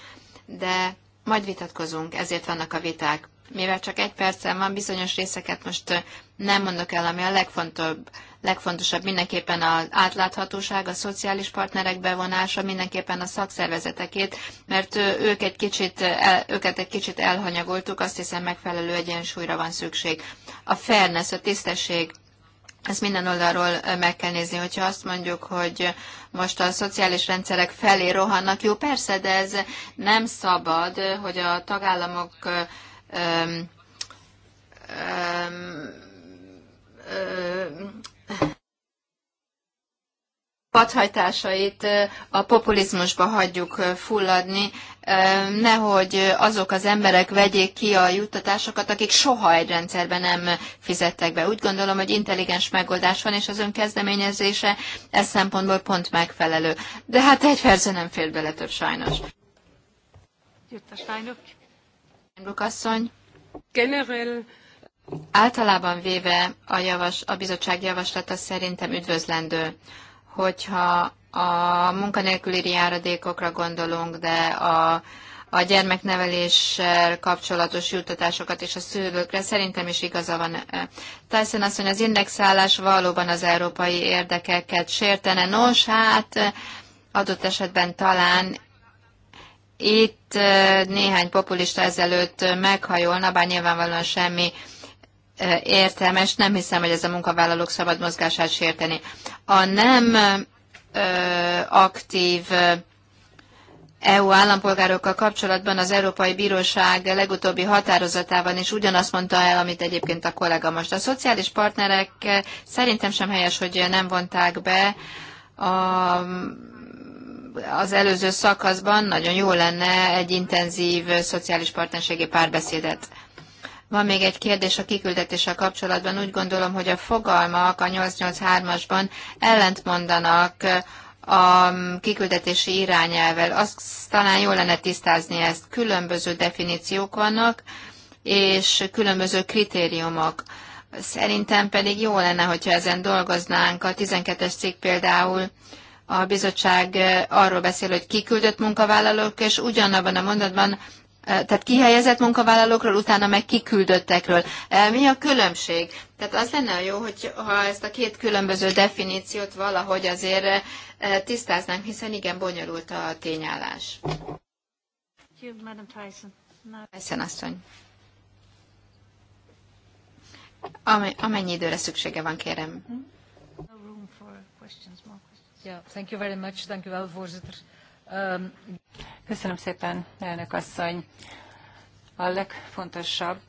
de majd vitatkozunk, ezért vannak a viták mivel csak egy percen van, bizonyos részeket most nem mondok el, ami a legfontosabb, legfontosabb mindenképpen az átláthatóság, a szociális partnerek bevonása, mindenképpen a szakszervezetekét, mert ők egy kicsit, őket egy kicsit elhanyagoltuk, azt hiszem megfelelő egyensúlyra van szükség. A fairness, a tisztesség, ezt minden oldalról meg kell nézni, hogyha azt mondjuk, hogy most a szociális rendszerek felé rohannak, jó persze, de ez nem szabad, hogy a tagállamok öm, padhajtásait a populizmusba hagyjuk fulladni, nehogy azok az emberek vegyék ki a juttatásokat, akik soha egy rendszerben nem fizettek be. Úgy gondolom, hogy intelligens megoldás van, és az ön kezdeményezése ez szempontból pont megfelelő. De hát egy perce nem fér bele több sajnos. Juttas Általában véve a, javas, a bizottság javaslata szerintem üdvözlendő, hogyha a munkanélküli járadékokra gondolunk, de a, a gyermekneveléssel kapcsolatos juttatásokat és a szülőkre szerintem is igaza van. Tyson azt mondja, az indexálás valóban az európai érdekeket sértene. Nos, hát adott esetben talán itt néhány populista ezelőtt meghajolna, bár nyilvánvalóan semmi értelmes, nem hiszem, hogy ez a munkavállalók szabad mozgását sérteni. A nem aktív EU állampolgárokkal kapcsolatban az Európai Bíróság legutóbbi határozatában is ugyanazt mondta el, amit egyébként a kollega most. A szociális partnerek szerintem sem helyes, hogy nem vonták be a az előző szakaszban nagyon jó lenne egy intenzív szociális partnerségi párbeszédet. Van még egy kérdés a kiküldetéssel kapcsolatban. Úgy gondolom, hogy a fogalmak a 883-asban ellentmondanak a kiküldetési irányelvel. Azt talán jó lenne tisztázni ezt. Különböző definíciók vannak, és különböző kritériumok. Szerintem pedig jó lenne, hogyha ezen dolgoznánk. A 12-es cikk például a bizottság eh, arról beszél, hogy kiküldött munkavállalók, és ugyanabban a mondatban eh, tehát kihelyezett munkavállalókról, utána meg kiküldöttekről. Eh, mi a különbség? Tehát az lenne jó, hogy ha ezt a két különböző definíciót valahogy azért tisztáznánk, hiszen igen bonyolult a tényállás. Tyson asszony. Amennyi időre szüksége van, kérem. Mhm. Um, Köszönöm szépen, elnök asszony. A legfontosabb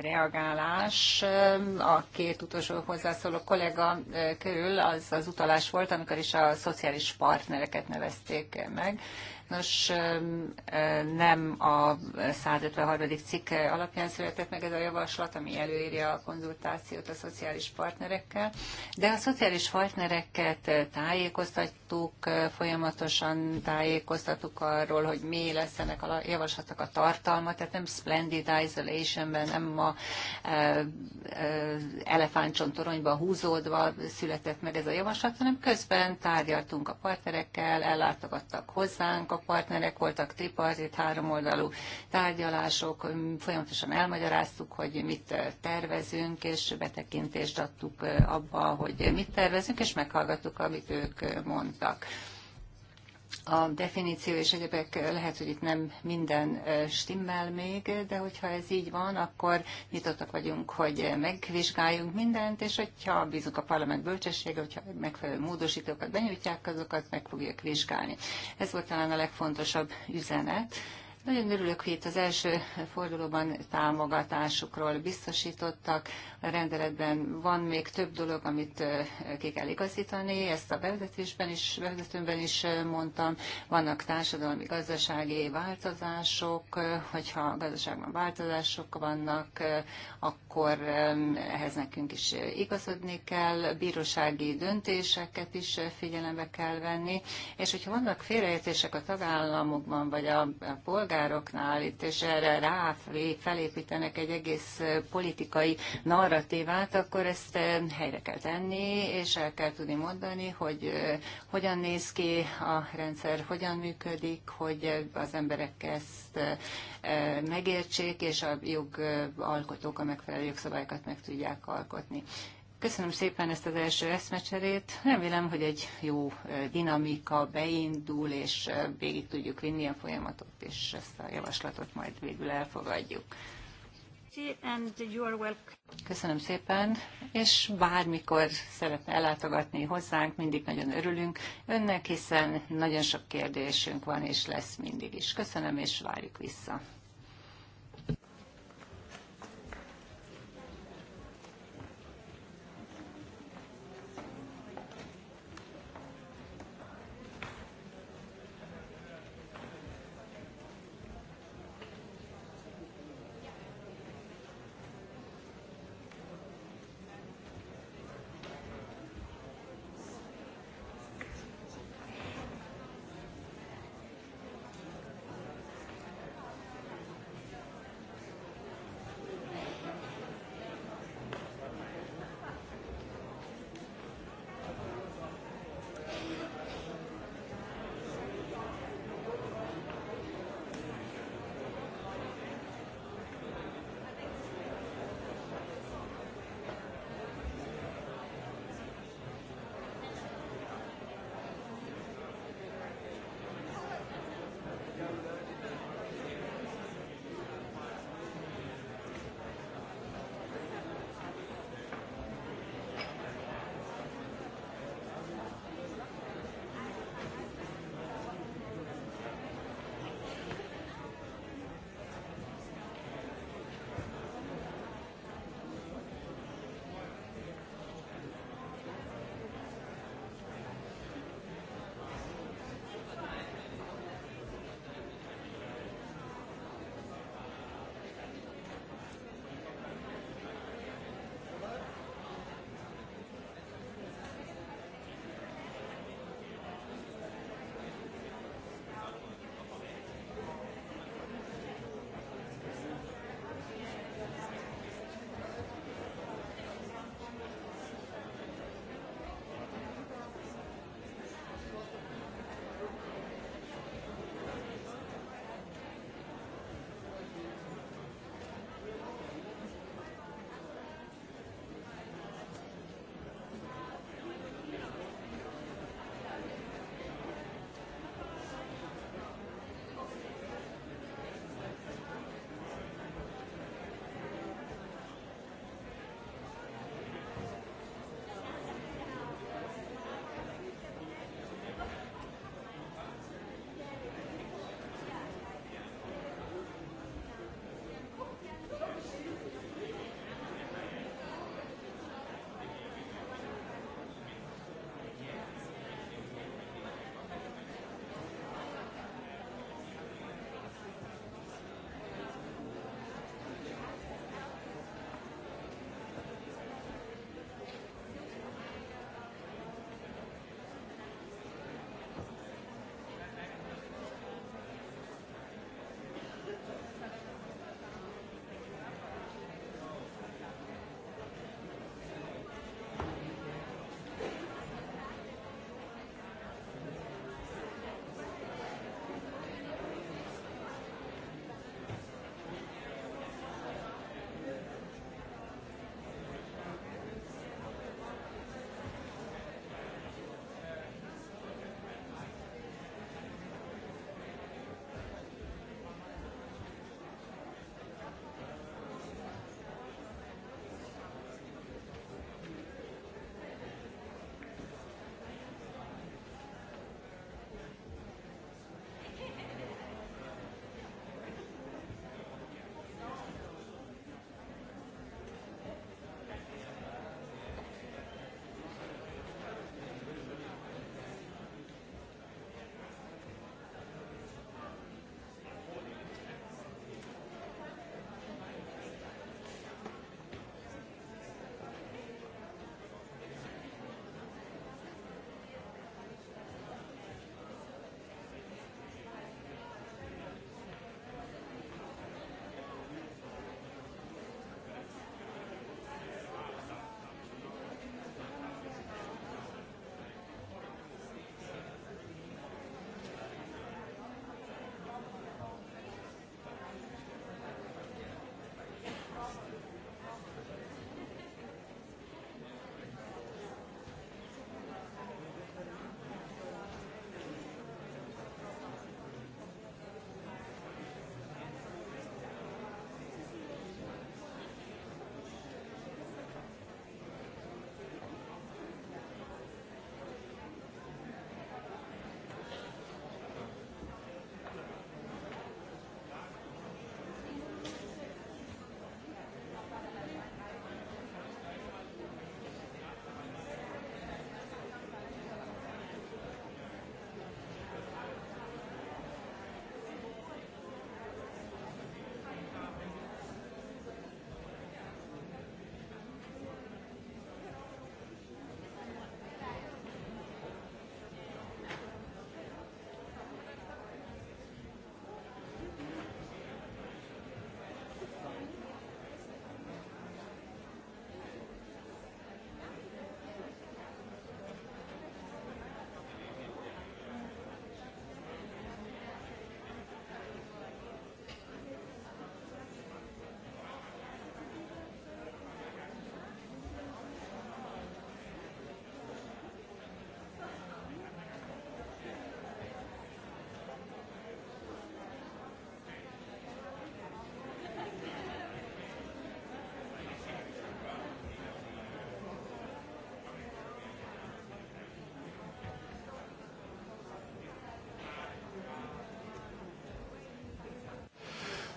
reagálás um, a két utolsó hozzászóló kollega um, körül az az utalás volt, amikor is a szociális partnereket nevezték meg, Nos, nem a 153. cikk alapján született meg ez a javaslat, ami előírja a konzultációt a szociális partnerekkel, de a szociális partnereket tájékoztattuk, folyamatosan tájékoztattuk arról, hogy mi lesz ennek a javaslatnak a tartalma, tehát nem splendid isolationben, nem a elefántcsontoronyba húzódva született meg ez a javaslat, hanem közben tárgyaltunk a partnerekkel, ellátogattak hozzánk, partnerek voltak, tripartit, háromoldalú tárgyalások, hm, folyamatosan elmagyaráztuk, hogy mit eh, tervezünk, és betekintést adtuk eh, abba, hogy mit tervezünk, és meghallgattuk, amit ők eh, mondtak a definíció és egyebek lehet, hogy itt nem minden stimmel még, de hogyha ez így van, akkor nyitottak vagyunk, hogy megvizsgáljunk mindent, és hogyha bízunk a parlament bölcsessége, hogyha megfelelő módosítókat benyújtják, azokat meg fogjuk vizsgálni. Ez volt talán a legfontosabb üzenet, nagyon örülök, hogy itt az első fordulóban támogatásukról biztosítottak. A rendeletben van még több dolog, amit ki kell igazítani, ezt a bevezetésben is, bevezetőmben is mondtam. Vannak társadalmi, gazdasági változások, hogyha a gazdaságban változások vannak, akkor ehhez nekünk is igazodni kell, bírósági döntéseket is figyelembe kell venni, és hogyha vannak félreértések a tagállamokban, vagy a polgár határoknál itt, és erre rá felépítenek egy egész politikai narratívát, akkor ezt helyre kell tenni, és el kell tudni mondani, hogy hogyan néz ki a rendszer, hogyan működik, hogy az emberek ezt megértsék, és a jogalkotók a megfelelő jogszabályokat meg tudják alkotni. Köszönöm szépen ezt az első eszmecserét. Remélem, hogy egy jó dinamika beindul, és végig tudjuk vinni a folyamatot, és ezt a javaslatot majd végül elfogadjuk. Köszönöm szépen, és bármikor szeretne ellátogatni hozzánk, mindig nagyon örülünk önnek, hiszen nagyon sok kérdésünk van, és lesz mindig is. Köszönöm, és várjuk vissza.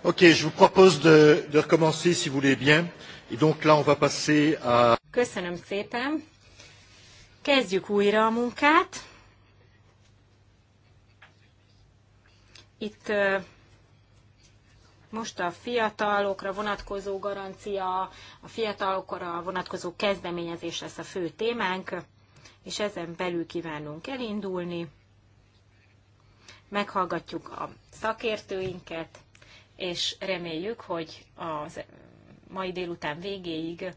Ok, je vous propose de, de recommencer si vous voulez bien. Et donc là, on va passer à... Köszönöm szépen. Kezdjük újra a munkát. Itt most a fiatalokra vonatkozó garancia, a fiatalokra vonatkozó kezdeményezés lesz a fő témánk, és ezen belül kívánunk elindulni. Meghallgatjuk a szakértőinket, és reméljük, hogy az mai délután végéig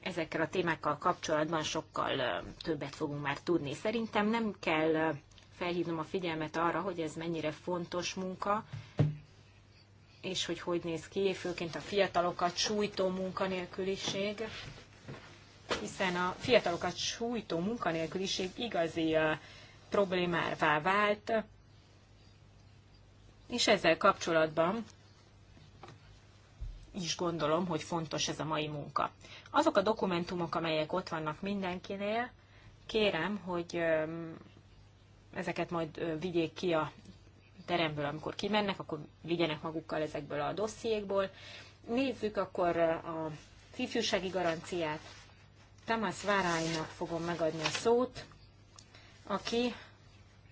ezekkel a témákkal kapcsolatban sokkal többet fogunk már tudni. Szerintem nem kell felhívnom a figyelmet arra, hogy ez mennyire fontos munka, és hogy hogy néz ki, főként a fiatalokat sújtó munkanélküliség, hiszen a fiatalokat sújtó munkanélküliség igazi problémává vált, és ezzel kapcsolatban is gondolom, hogy fontos ez a mai munka. Azok a dokumentumok, amelyek ott vannak mindenkinél, kérem, hogy ezeket majd vigyék ki a teremből, amikor kimennek, akkor vigyenek magukkal ezekből a dossziékból. Nézzük akkor a ifjúsági garanciát. Tamás Váránynak fogom megadni a szót, aki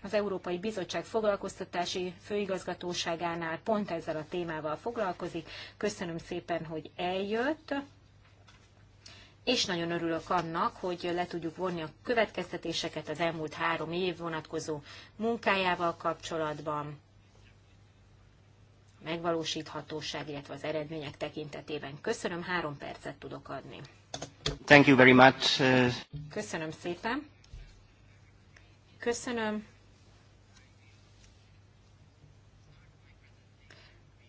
az Európai Bizottság foglalkoztatási főigazgatóságánál pont ezzel a témával foglalkozik. Köszönöm szépen, hogy eljött, és nagyon örülök annak, hogy le tudjuk vonni a következtetéseket az elmúlt három év vonatkozó munkájával kapcsolatban megvalósíthatóság, illetve az eredmények tekintetében. Köszönöm, három percet tudok adni. Thank you very much. Uh, Köszönöm szépen. Köszönöm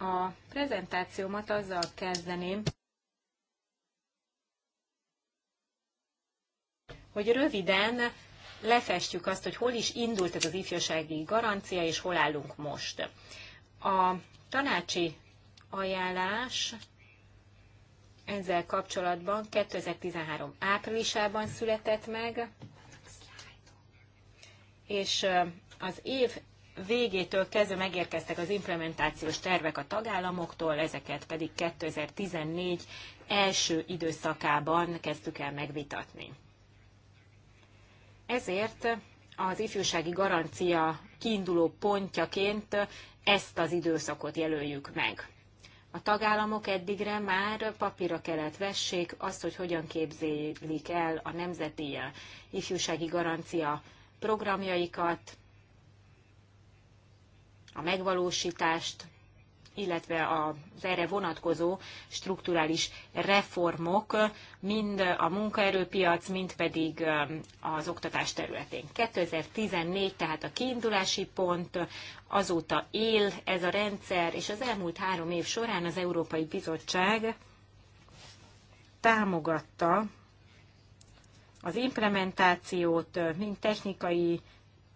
A prezentációmat azzal kezdeném, hogy röviden lefestjük azt, hogy hol is indult ez az ifjúsági garancia, és hol állunk most. A tanácsi ajánlás ezzel kapcsolatban 2013 áprilisában született meg, és az év végétől kezdve megérkeztek az implementációs tervek a tagállamoktól, ezeket pedig 2014 első időszakában kezdtük el megvitatni. Ezért az ifjúsági garancia kiinduló pontjaként ezt az időszakot jelöljük meg. A tagállamok eddigre már papírra kellett vessék azt, hogy hogyan képzelik el a nemzeti ifjúsági garancia programjaikat, a megvalósítást, illetve az erre vonatkozó strukturális reformok, mind a munkaerőpiac, mind pedig um, az oktatás területén. 2014 tehát a kiindulási pont, azóta él ez a rendszer, és az elmúlt három év során az Európai Bizottság támogatta az implementációt, mind technikai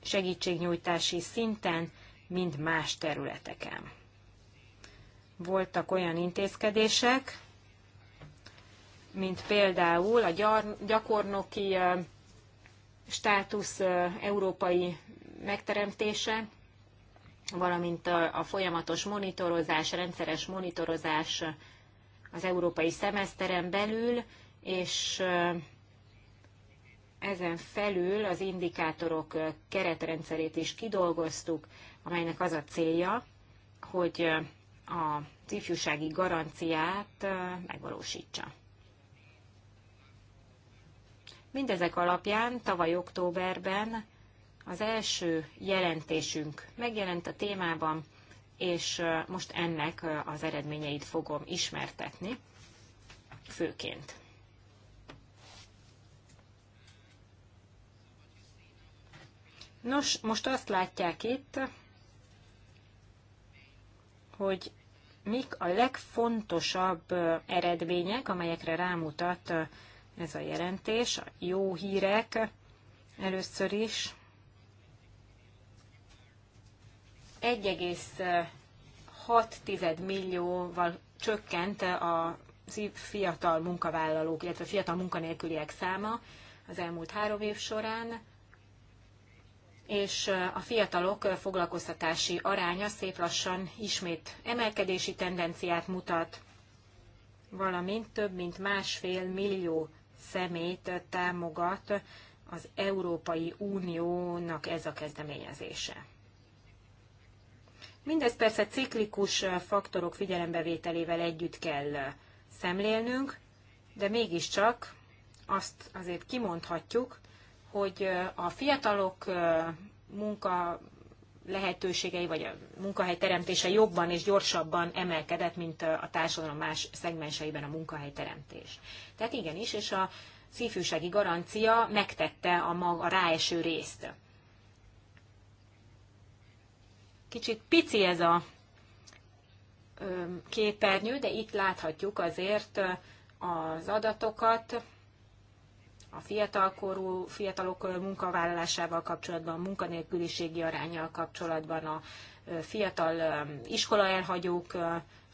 segítségnyújtási szinten, mind más területeken. Voltak olyan intézkedések, mint például a gyakornoki státusz európai megteremtése, valamint a folyamatos monitorozás, rendszeres monitorozás az európai szemeszteren belül, és ezen felül az indikátorok keretrendszerét is kidolgoztuk, amelynek az a célja, hogy a ifjúsági garanciát megvalósítsa. Mindezek alapján tavaly októberben az első jelentésünk megjelent a témában, és most ennek az eredményeit fogom ismertetni, főként. Nos, most azt látják itt, hogy mik a legfontosabb eredmények, amelyekre rámutat ez a jelentés, a jó hírek először is. 1,6 millióval csökkent a fiatal munkavállalók, illetve fiatal munkanélküliek száma az elmúlt három év során és a fiatalok foglalkoztatási aránya szép lassan ismét emelkedési tendenciát mutat, valamint több mint másfél millió szemét támogat az Európai Uniónak ez a kezdeményezése. Mindez persze ciklikus faktorok figyelembevételével együtt kell szemlélnünk, de mégiscsak azt azért kimondhatjuk, hogy a fiatalok munka lehetőségei vagy a munkahely teremtése jobban és gyorsabban emelkedett, mint a társadalom más szegmenseiben a munkahely teremtés. Tehát igenis, és a szívűsági garancia megtette a, mag, a ráeső részt. Kicsit pici ez a képernyő, de itt láthatjuk azért az adatokat, a fiatalkorú fiatalok munkavállalásával kapcsolatban, a munkanélküliségi arányjal kapcsolatban, a fiatal iskola elhagyók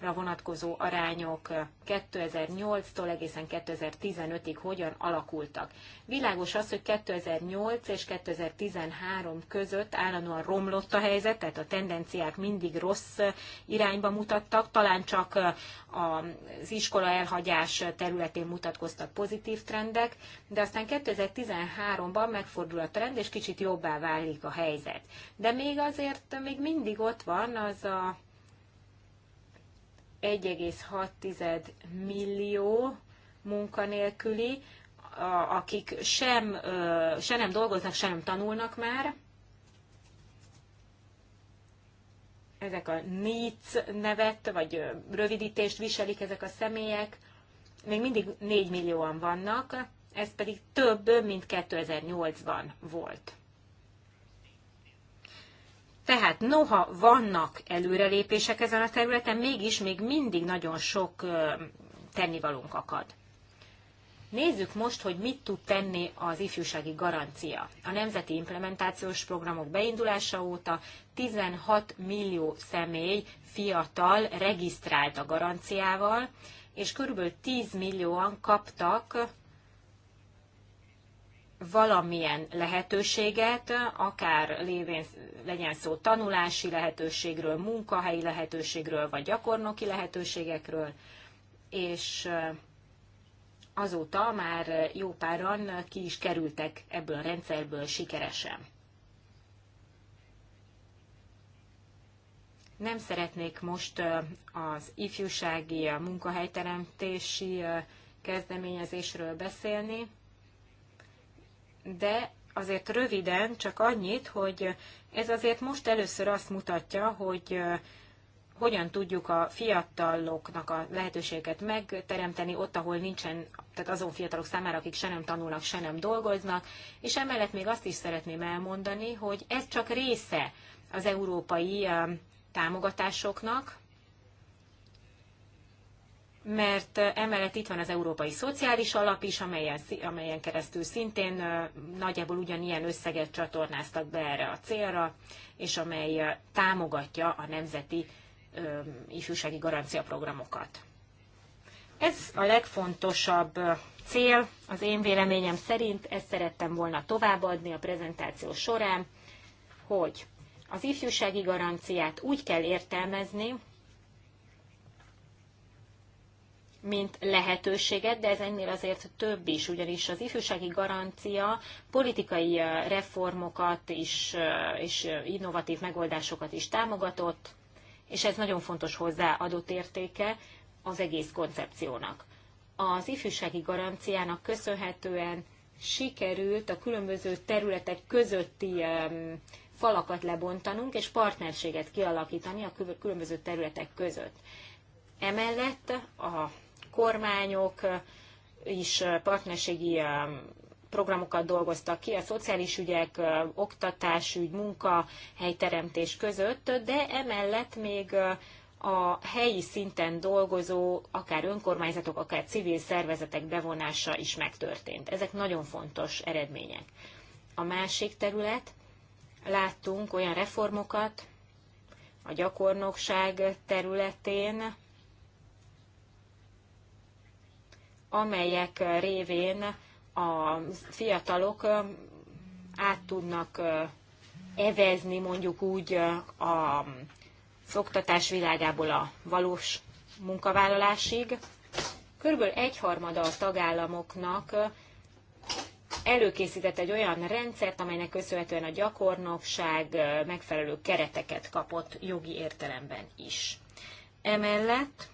vonatkozó arányok 2008-tól egészen 2015-ig hogyan alakultak. Világos az, hogy 2008 és 2013 között állandóan romlott a helyzet, tehát a tendenciák mindig rossz irányba mutattak, talán csak az iskola elhagyás területén mutatkoztak pozitív trendek, de aztán 2013-ban megfordul a trend, és kicsit jobbá válik a helyzet. De még azért még mindig ott van az a 1,6 millió munkanélküli, akik sem, se nem dolgoznak, sem nem tanulnak már. Ezek a NEETS nevet, vagy rövidítést viselik ezek a személyek. Még mindig 4 millióan vannak, ez pedig több, mint 2008-ban volt. Tehát noha vannak előrelépések ezen a területen, mégis még mindig nagyon sok tennivalónk akad. Nézzük most, hogy mit tud tenni az ifjúsági garancia. A nemzeti implementációs programok beindulása óta 16 millió személy fiatal regisztrált a garanciával, és kb. 10 millióan kaptak valamilyen lehetőséget, akár lévén legyen szó tanulási lehetőségről, munkahelyi lehetőségről, vagy gyakornoki lehetőségekről, és eh, azóta már jó páran ki is kerültek ebből a rendszerből sikeresen. Nem szeretnék most eh, az ifjúsági eh, munkahelyteremtési kezdeményezésről beszélni, de azért röviden csak annyit, hogy ez azért most először azt mutatja, hogy hogyan tudjuk a fiataloknak a lehetőséget megteremteni ott, ahol nincsen, tehát azon fiatalok számára, akik se nem tanulnak, se nem dolgoznak, és emellett még azt is szeretném elmondani, hogy ez csak része az európai támogatásoknak, mert emellett itt van az Európai Szociális Alap is, amelyen, amelyen keresztül szintén nagyjából ugyanilyen összeget csatornáztak be erre a célra, és amely támogatja a nemzeti ifjúsági garancia programokat. Ez a legfontosabb cél, az én véleményem szerint, ezt szerettem volna továbbadni a prezentáció során, hogy az ifjúsági garanciát úgy kell értelmezni, mint lehetőséget, de ez ennél azért több is, ugyanis az ifjúsági garancia politikai reformokat is, és innovatív megoldásokat is támogatott, és ez nagyon fontos hozzáadott értéke az egész koncepciónak. Az ifjúsági garanciának köszönhetően sikerült a különböző területek közötti falakat lebontanunk, és partnerséget kialakítani a különböző területek között. Emellett a kormányok is partnerségi programokat dolgoztak ki a szociális ügyek, oktatásügy, munka, helyteremtés között, de emellett még a helyi szinten dolgozó, akár önkormányzatok, akár civil szervezetek bevonása is megtörtént. Ezek nagyon fontos eredmények. A másik terület, láttunk olyan reformokat a gyakornokság területén, amelyek révén a fiatalok át tudnak evezni mondjuk úgy a szoktatás világából a valós munkavállalásig. Körülbelül egyharmada a tagállamoknak előkészített egy olyan rendszert, amelynek köszönhetően a gyakornokság megfelelő kereteket kapott jogi értelemben is. Emellett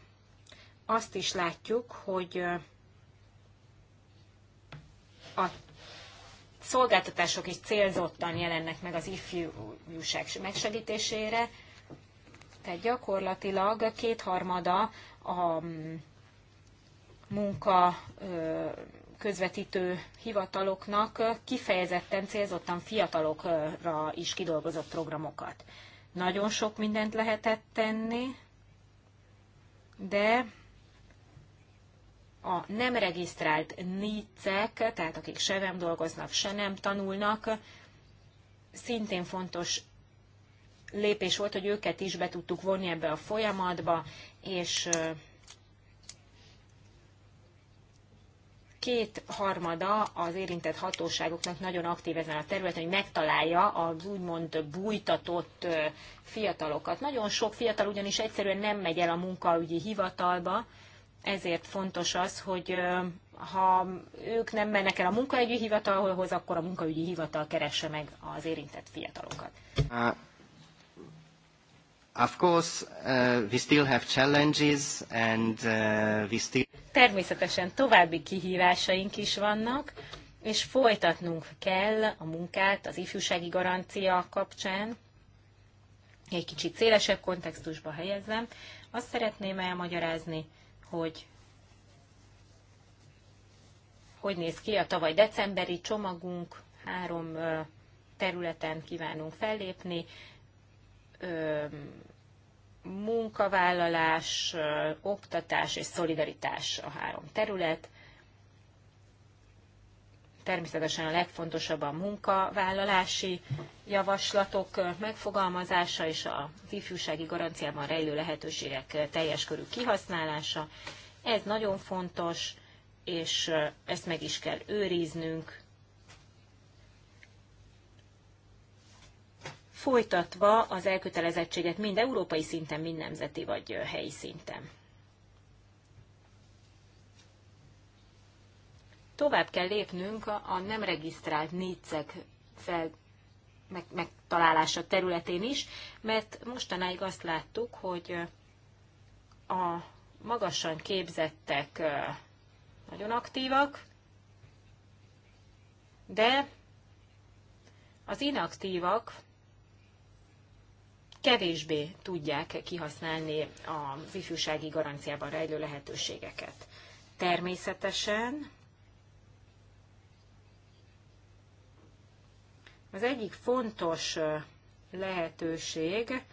azt is látjuk, hogy a szolgáltatások is célzottan jelennek meg az ifjúság megsegítésére, tehát gyakorlatilag kétharmada a mm, munka közvetítő hivataloknak kifejezetten célzottan fiatalokra is kidolgozott programokat. Nagyon sok mindent lehetett tenni, de a nem regisztrált nicek, tehát akik se nem dolgoznak, se nem tanulnak, szintén fontos lépés volt, hogy őket is be tudtuk vonni ebbe a folyamatba, és két harmada az érintett hatóságoknak nagyon aktív ezen a területen, hogy megtalálja az úgymond bújtatott fiatalokat. Nagyon sok fiatal ugyanis egyszerűen nem megy el a munkaügyi hivatalba, ezért fontos az, hogy ha ők nem mennek el a munkaügyi hivatalhoz, akkor a munkaügyi hivatal keresse meg az érintett fiatalokat. Uh, of course, uh, we still have challenges and uh, we still... Természetesen további kihívásaink is vannak, és folytatnunk kell a munkát az ifjúsági garancia kapcsán, egy kicsit szélesebb kontextusba helyezzem. Azt szeretném elmagyarázni, hogy hogy néz ki a tavaly decemberi csomagunk, három területen kívánunk fellépni, munkavállalás, oktatás és szolidaritás a három terület. Természetesen a legfontosabb a munkavállalási javaslatok megfogalmazása és a ifjúsági garanciában rejlő lehetőségek teljes körű kihasználása. Ez nagyon fontos, és ezt meg is kell őriznünk. Folytatva az elkötelezettséget mind európai szinten, mind nemzeti vagy helyi szinten. tovább kell lépnünk a nem regisztrált négyszeg fel meg, megtalálása területén is, mert mostanáig azt láttuk, hogy a magasan képzettek nagyon aktívak, de az inaktívak kevésbé tudják kihasználni az ifjúsági garanciában rejlő lehetőségeket. Természetesen Az egyik fontos lehetőség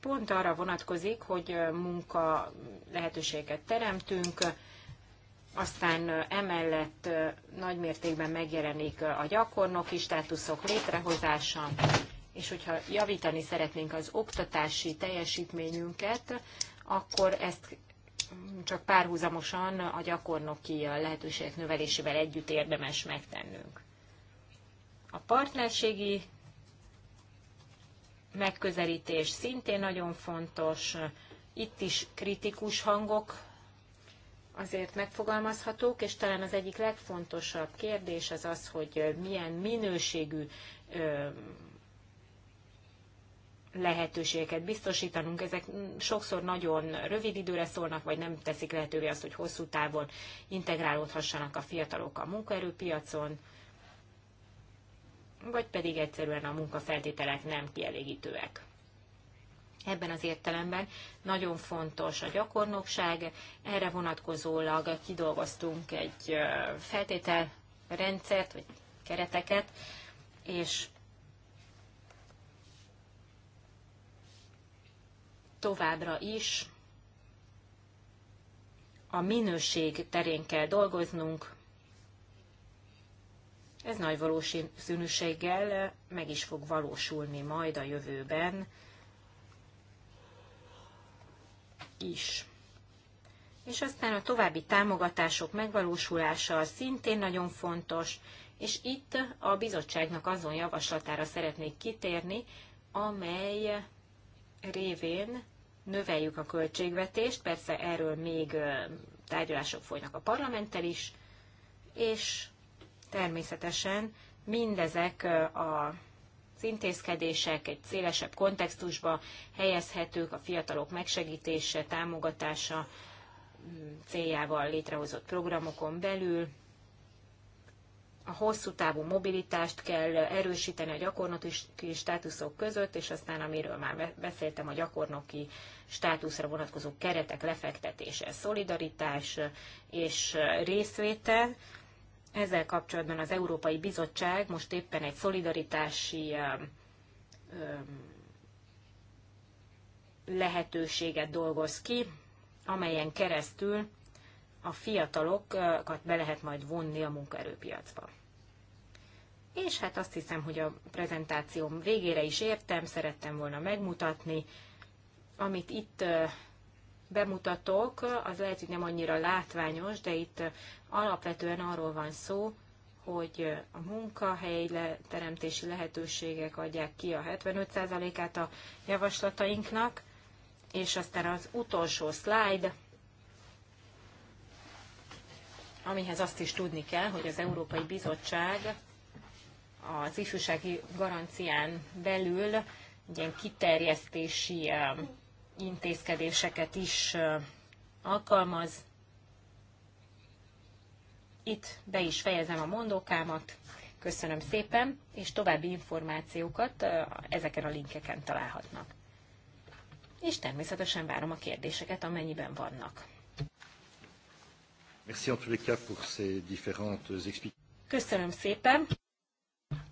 pont arra vonatkozik, hogy munka lehetőséget teremtünk, aztán emellett nagymértékben megjelenik a gyakornoki státuszok létrehozása, és hogyha javítani szeretnénk az oktatási teljesítményünket, akkor ezt csak párhuzamosan a gyakornoki lehetőségek növelésével együtt érdemes megtennünk. A partnerségi megközelítés szintén nagyon fontos. Itt is kritikus hangok azért megfogalmazhatók, és talán az egyik legfontosabb kérdés az az, hogy milyen minőségű lehetőségeket biztosítanunk. Ezek sokszor nagyon rövid időre szólnak, vagy nem teszik lehetővé azt, hogy hosszú távon integrálódhassanak a fiatalok a munkaerőpiacon vagy pedig egyszerűen a munkafeltételek nem kielégítőek. Ebben az értelemben nagyon fontos a gyakornokság, erre vonatkozólag kidolgoztunk egy feltételrendszert, vagy kereteket, és továbbra is a minőség terén kell dolgoznunk, ez nagy valószínűséggel meg is fog valósulni majd a jövőben is. És aztán a további támogatások megvalósulása szintén nagyon fontos, és itt a bizottságnak azon javaslatára szeretnék kitérni, amely révén növeljük a költségvetést, persze erről még tárgyalások folynak a parlamenttel is, és természetesen mindezek a az intézkedések egy szélesebb kontextusba helyezhetők a fiatalok megsegítése, támogatása mm, céljával létrehozott programokon belül. A hosszú távú mobilitást kell erősíteni a gyakornoki státuszok között, és aztán, amiről már beszéltem, a gyakornoki státuszra vonatkozó keretek lefektetése, szolidaritás és részvétel, ezzel kapcsolatban az Európai Bizottság most éppen egy szolidaritási lehetőséget dolgoz ki, amelyen keresztül a fiatalokat be lehet majd vonni a munkaerőpiacba. És hát azt hiszem, hogy a prezentációm végére is értem, szerettem volna megmutatni. Amit itt bemutatok, az lehet, hogy nem annyira látványos, de itt Alapvetően arról van szó, hogy a munkahely teremtési lehetőségek adják ki a 75%-át a javaslatainknak, és aztán az utolsó slide, amihez azt is tudni kell, hogy az Európai Bizottság az ifjúsági garancián belül ilyen kiterjesztési intézkedéseket is alkalmaz, itt be is fejezem a mondókámat. Köszönöm szépen, és további információkat ezeken a linkeken találhatnak. És természetesen várom a kérdéseket, amennyiben vannak. Köszönöm szépen.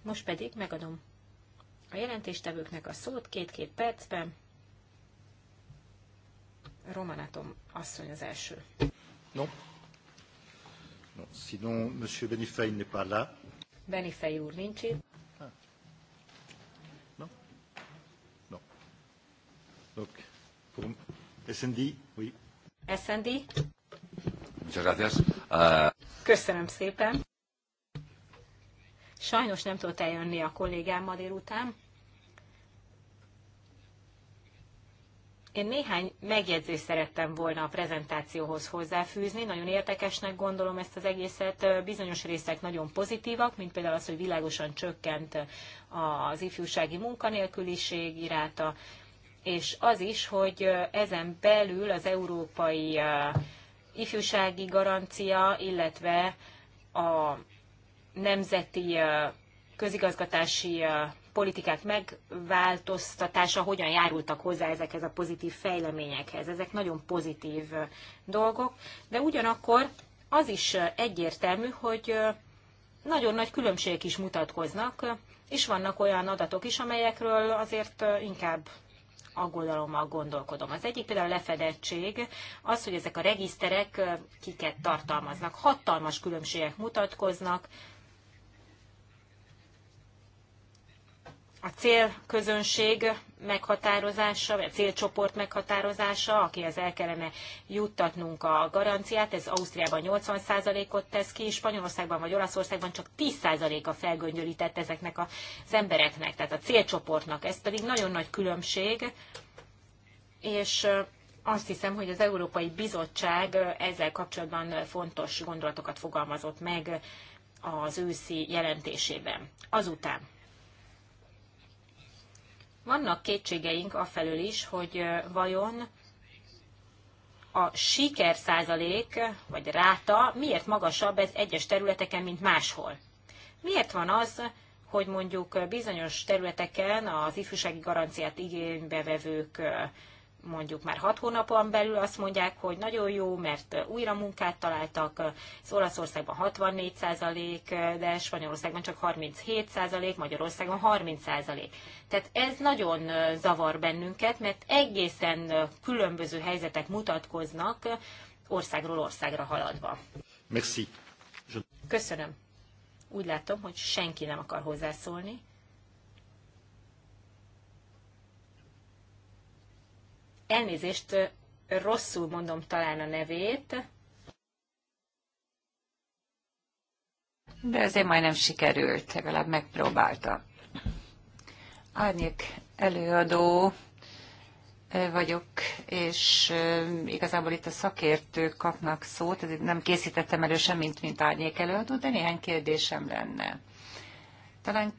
Most pedig megadom a jelentéstevőknek a szót két-két percben. Romanatom asszony az első. No sinon, Benifei n'est pas là. Benifei úr nincs itt. Ah. Non? Non. Donc, pour SND, oui. SND. Muchas gracias. Uh... Köszönöm szépen. Sajnos nem tudott eljönni a kollégám ma délután. Én néhány megjegyzést szerettem volna a prezentációhoz hozzáfűzni. Nagyon érdekesnek gondolom ezt az egészet. Bizonyos részek nagyon pozitívak, mint például az, hogy világosan csökkent az ifjúsági munkanélküliség iráta, és az is, hogy ezen belül az európai ifjúsági garancia, illetve a nemzeti közigazgatási politikák megváltoztatása hogyan járultak hozzá ezekhez a pozitív fejleményekhez. Ezek nagyon pozitív dolgok, de ugyanakkor az is egyértelmű, hogy nagyon nagy különbségek is mutatkoznak, és vannak olyan adatok is, amelyekről azért inkább aggodalommal gondolkodom. Az egyik például a lefedettség, az, hogy ezek a regiszterek kiket tartalmaznak. Hatalmas különbségek mutatkoznak, a célközönség meghatározása, vagy a célcsoport meghatározása, akihez el kellene juttatnunk a garanciát, ez Ausztriában 80%-ot tesz ki, Spanyolországban vagy Olaszországban csak 10%-a felgöngyölített ezeknek az embereknek, tehát a célcsoportnak. Ez pedig nagyon nagy különbség, és azt hiszem, hogy az Európai Bizottság ezzel kapcsolatban fontos gondolatokat fogalmazott meg az őszi jelentésében. Azután vannak kétségeink afelől is, hogy vajon a siker százalék, vagy ráta miért magasabb ez egyes területeken, mint máshol. Miért van az, hogy mondjuk bizonyos területeken az ifjúsági garanciát igénybevevők mondjuk már hat hónapon belül azt mondják, hogy nagyon jó, mert újra munkát találtak, az Olaszországban 64%, de Spanyolországban csak 37%, Magyarországon 30%. Tehát ez nagyon zavar bennünket, mert egészen különböző helyzetek mutatkoznak országról országra haladva. Merci. Köszönöm. Úgy látom, hogy senki nem akar hozzászólni. elnézést, rosszul mondom talán a nevét. De azért majdnem sikerült, legalább megpróbálta. Árnyék előadó vagyok, és igazából itt a szakértők kapnak szót, ezért nem készítettem elő semmit, mint árnyék előadó, de néhány kérdésem lenne. Talán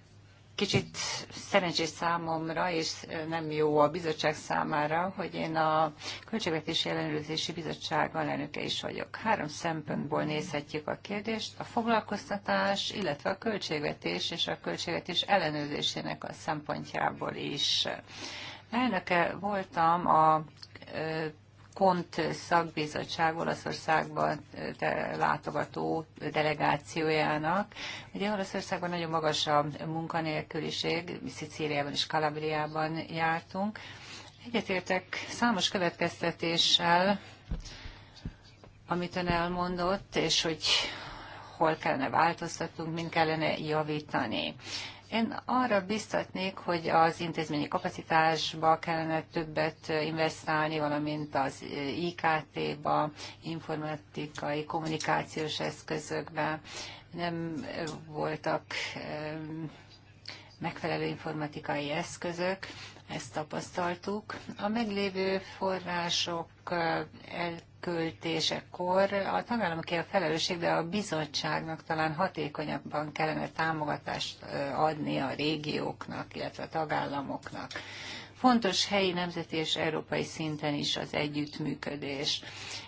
Kicsit szerencsés számomra, és nem jó a bizottság számára, hogy én a Költségvetési Ellenőrzési Bizottság alelnöke is vagyok. Három szempontból nézhetjük a kérdést, a foglalkoztatás, illetve a költségvetés és a költségvetés ellenőrzésének a szempontjából is. Elnöke voltam a Kont szakbizottság Olaszországban látogató delegációjának. Ugye Olaszországban nagyon magas a munkanélküliség, Szicíliában és Kalabriában jártunk. Egyetértek számos következtetéssel, amit ön elmondott, és hogy hol kellene változtatnunk, mint kellene javítani. Én arra biztatnék, hogy az intézményi kapacitásba kellene többet investálni, valamint az IKT-ba, informatikai, kommunikációs eszközökbe. Nem voltak megfelelő informatikai eszközök, ezt tapasztaltuk. A meglévő források eh, el költésekor a tagállamoké a felelősség, de a bizottságnak talán hatékonyabban kellene támogatást adni a régióknak, illetve a tagállamoknak. Fontos helyi, nemzeti és európai szinten is az együttműködés.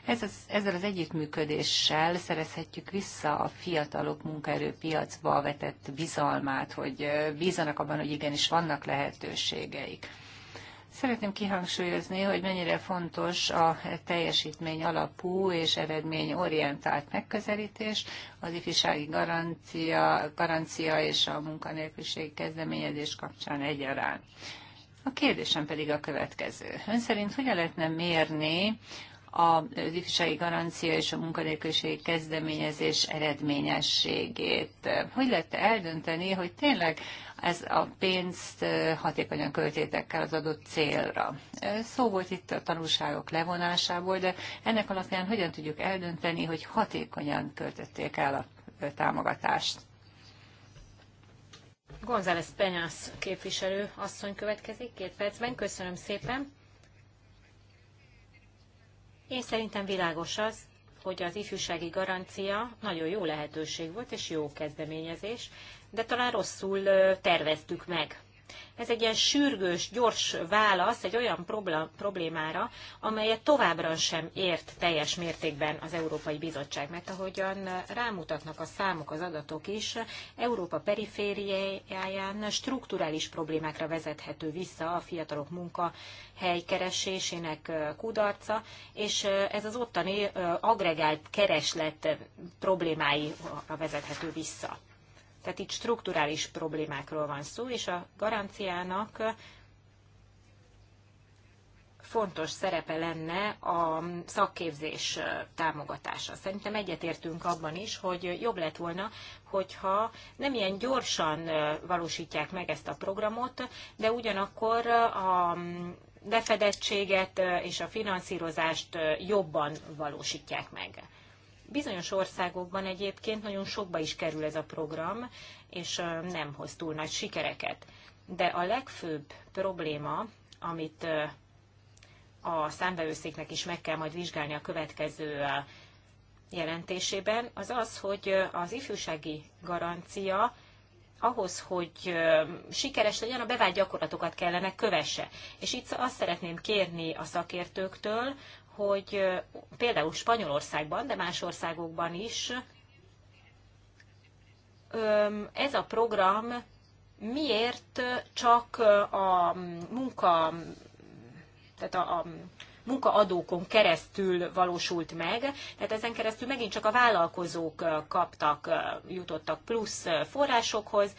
Ez az, ezzel az együttműködéssel szerezhetjük vissza a fiatalok munkaerőpiacba vetett bizalmát, hogy bízanak abban, hogy igenis vannak lehetőségeik. Szeretném kihangsúlyozni, hogy mennyire fontos a teljesítmény alapú és eredményorientált megközelítés, az ifjúsági garancia, garancia és a munkanélküliségi kezdeményezés kapcsán egyaránt. A kérdésem pedig a következő. Ön szerint hogyan lehetne mérni az ifjúsági garancia és a munkanélküliségi kezdeményezés eredményességét. Hogy lehet eldönteni, hogy tényleg ez a pénzt hatékonyan költétek el az adott célra. Szó volt itt a tanulságok levonásából, de ennek alapján hogyan tudjuk eldönteni, hogy hatékonyan költötték el a támogatást? González Penyász képviselő asszony következik két percben. Köszönöm szépen. Én szerintem világos az, hogy az ifjúsági garancia nagyon jó lehetőség volt és jó kezdeményezés, de talán rosszul terveztük meg ez egy ilyen sürgős, gyors válasz egy olyan problémára, amelyet továbbra sem ért teljes mértékben az Európai Bizottság, mert ahogyan rámutatnak a számok, az adatok is, Európa perifériáján strukturális problémákra vezethető vissza a fiatalok helykeresésének kudarca, és ez az ottani agregált kereslet problémáira vezethető vissza. Tehát itt strukturális problémákról van szó, és a garanciának fontos szerepe lenne a szakképzés támogatása. Szerintem egyetértünk abban is, hogy jobb lett volna, hogyha nem ilyen gyorsan valósítják meg ezt a programot, de ugyanakkor a befedettséget és a finanszírozást jobban valósítják meg. Bizonyos országokban egyébként nagyon sokba is kerül ez a program, és nem hoz túl nagy sikereket. De a legfőbb probléma, amit a számbevőszéknek is meg kell majd vizsgálni a következő jelentésében, az az, hogy az ifjúsági garancia ahhoz, hogy sikeres legyen, a bevált gyakorlatokat kellene kövesse. És itt azt szeretném kérni a szakértőktől, hogy például Spanyolországban, de más országokban is ez a program miért csak a munka, tehát a, a munkaadókon keresztül valósult meg, tehát ezen keresztül megint csak a vállalkozók kaptak, jutottak plusz forrásokhoz,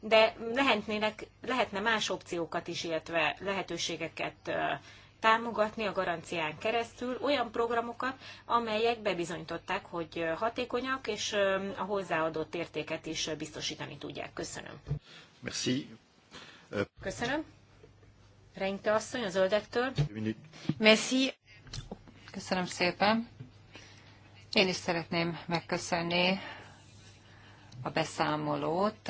de lehetnének, lehetne más opciókat is, illetve lehetőségeket támogatni a garancián keresztül olyan programokat, amelyek bebizonyították, hogy hatékonyak, és a hozzáadott értéket is biztosítani tudják. Köszönöm. Merci. Euh, Köszönöm. Reinke asszony az öldektől. Merci. Köszönöm szépen. Én is szeretném megköszönni a beszámolót.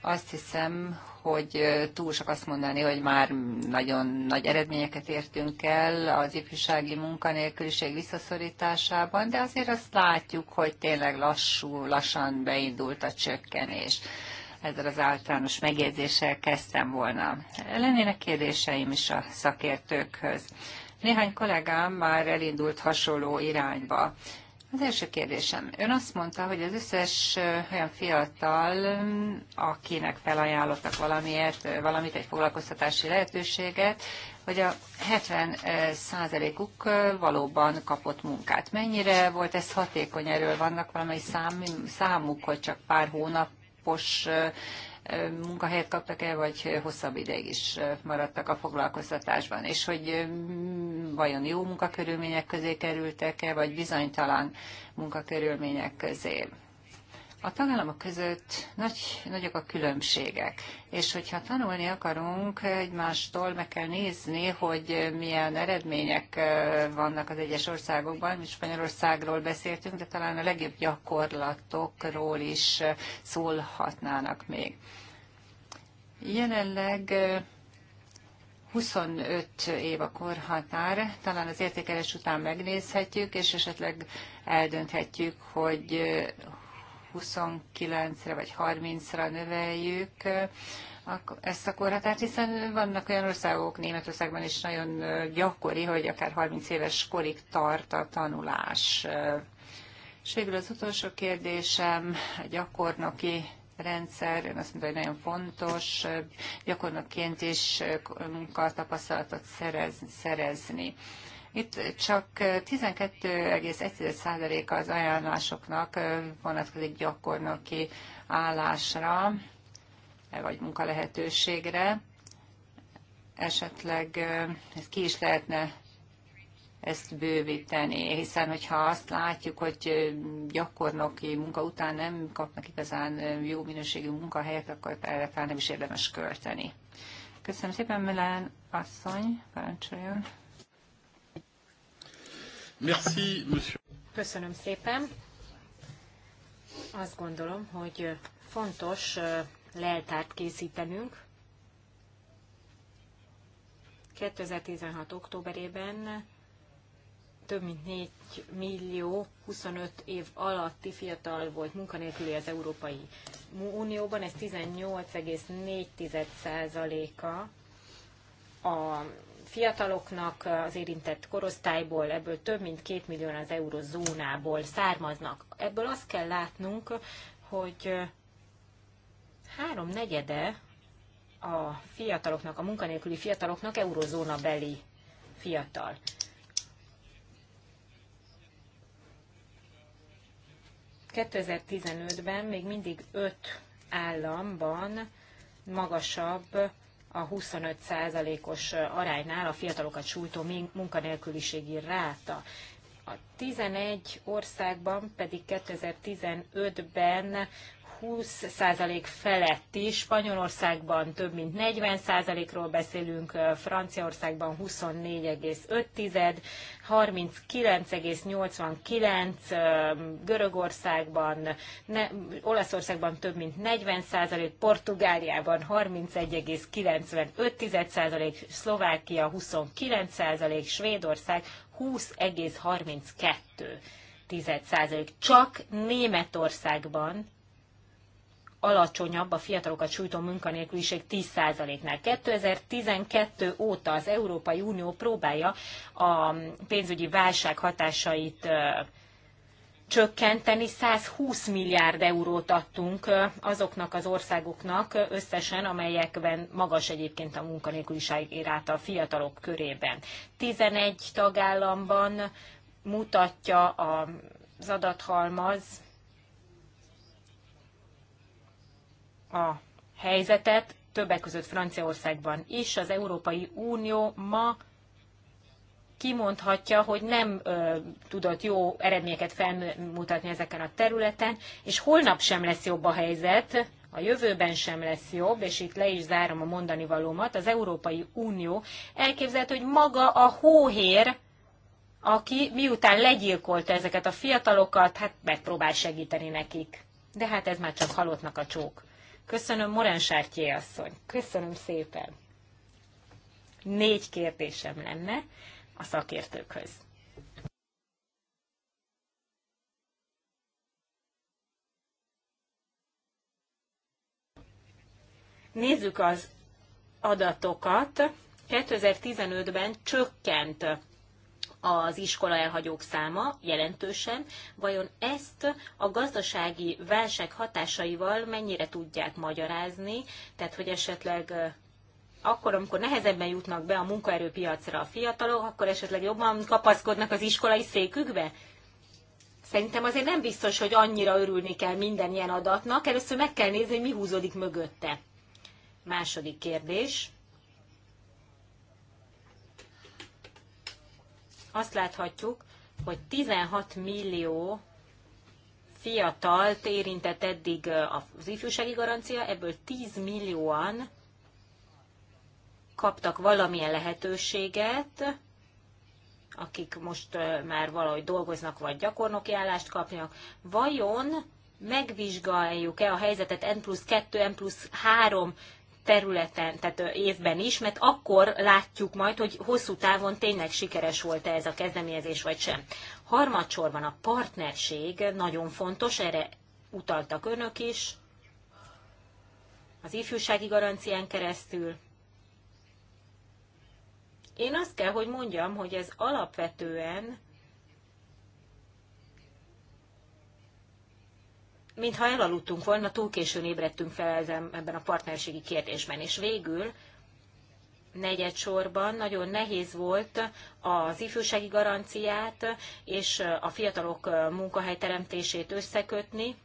Azt hiszem, hogy túl sok azt mondani, hogy már nagyon nagy eredményeket értünk el az ifjúsági munkanélküliség visszaszorításában, de azért azt látjuk, hogy tényleg lassú, lassan beindult a csökkenés. Ezzel az általános megjegyzéssel kezdtem volna. Lennének kérdéseim is a szakértőkhöz. Néhány kollégám már elindult hasonló irányba. Az első kérdésem. Ön azt mondta, hogy az összes olyan fiatal, mm, akinek felajánlottak valamiért, valamit, egy foglalkoztatási lehetőséget, hogy a 70 százalékuk valóban kapott munkát. Mennyire volt ez hatékony? Erről vannak valamely szám, számuk, hogy csak pár hónapos munkahelyet kaptak el, vagy hosszabb ideig is maradtak a foglalkoztatásban, és hogy mm, vajon jó munkakörülmények közé kerültek-e, vagy bizonytalan munkakörülmények közé. A tagállamok között nagy, nagyok a különbségek, és hogyha tanulni akarunk egymástól, meg kell nézni, hogy milyen eredmények vannak az egyes országokban. Mi Spanyolországról beszéltünk, de talán a legjobb gyakorlatokról is szólhatnának még. Jelenleg 25 év a korhatár, talán az értékelés után megnézhetjük, és esetleg eldönthetjük, hogy 29-re vagy 30-ra növeljük ezt a korhatárt, hiszen vannak olyan országok, Németországban is nagyon gyakori, hogy akár 30 éves korig tart a tanulás. És végül az utolsó kérdésem, a gyakornoki rendszer, én azt mondom, hogy nagyon fontos gyakornokként is munkatapasztalatot szerez, szerezni. Itt csak 121 az ajánlásoknak vonatkozik gyakornoki állásra, e, vagy munkalehetőségre. Esetleg ezt ki is lehetne ezt bővíteni, hiszen hogyha azt látjuk, hogy gyakornoki munka után nem kapnak igazán jó minőségű munkahelyet, akkor erre fel nem is érdemes költeni. Köszönöm szépen, Milán asszony, parancsoljon. Merci, monsieur. Köszönöm szépen. Azt gondolom, hogy fontos leltárt készítenünk. 2016. októberében több mint 4 millió 25 év alatti fiatal volt munkanélküli az Európai Unióban, ez 18,4%-a a fiataloknak az érintett korosztályból, ebből több mint két millió az eurozónából származnak. Ebből azt kell látnunk, hogy három negyede a fiataloknak, a munkanélküli fiataloknak eurozóna beli fiatal. ben még mindig öt államban magasabb a 25%-os aránynál a fiatalokat sújtó munkanélküliségi ráta. A 11 országban pedig 2015-ben 20% feletti, Spanyolországban több mint 40%-ról beszélünk, Franciaországban 24,5, 39,89, Görögországban, ne, Olaszországban több mint 40%, Portugáliában 31,95%, Szlovákia 29%, Svédország 20,32%. Csak Németországban alacsonyabb a fiatalokat sújtó munkanélküliség 10%-nál. 2012 óta az Európai Unió próbálja a pénzügyi válság hatásait csökkenteni. 120 milliárd eurót adtunk azoknak az országoknak összesen, amelyekben magas egyébként a munkanélküliség ráta a fiatalok körében. 11 tagállamban mutatja az adathalmaz, a helyzetet, többek között Franciaországban is. Az Európai Unió ma kimondhatja, hogy nem ö, tudott jó eredményeket felmutatni ezeken a területen, és holnap sem lesz jobb a helyzet, a jövőben sem lesz jobb, és itt le is zárom a mondani valómat, az Európai Unió elképzelhető, hogy maga a hóhér, aki miután legyilkolta ezeket a fiatalokat, hát megpróbál segíteni nekik. De hát ez már csak halottnak a csók. Köszönöm, Morán Sártyé asszony. Köszönöm szépen. Négy kérdésem lenne a szakértőkhöz. Nézzük az adatokat. 2015-ben csökkent az iskola elhagyók száma jelentősen. Vajon ezt a gazdasági válság hatásaival mennyire tudják magyarázni, tehát hogy esetleg akkor, amikor nehezebben jutnak be a munkaerőpiacra a fiatalok, akkor esetleg jobban kapaszkodnak az iskolai székükbe? Szerintem azért nem biztos, hogy annyira örülni kell minden ilyen adatnak. Először meg kell nézni, hogy mi húzódik mögötte. Második kérdés. azt láthatjuk, hogy 16 millió fiatalt érintett eddig az ifjúsági garancia, ebből 10 millióan kaptak valamilyen lehetőséget, akik most már valahogy dolgoznak, vagy gyakornoki állást kapnak. Vajon megvizsgáljuk-e a helyzetet N plusz 2, N plusz 3 területen, tehát évben is, mert akkor látjuk majd, hogy hosszú távon tényleg sikeres volt-e ez a kezdeményezés, vagy sem. Harmadsorban a partnerség nagyon fontos, erre utaltak önök is, az ifjúsági garancián keresztül. Én azt kell, hogy mondjam, hogy ez alapvetően mintha elaludtunk volna, túl későn ébredtünk fel ebben a partnerségi kérdésben. És végül negyed sorban nagyon nehéz volt az ifjúsági garanciát és a fiatalok munkahelyteremtését összekötni.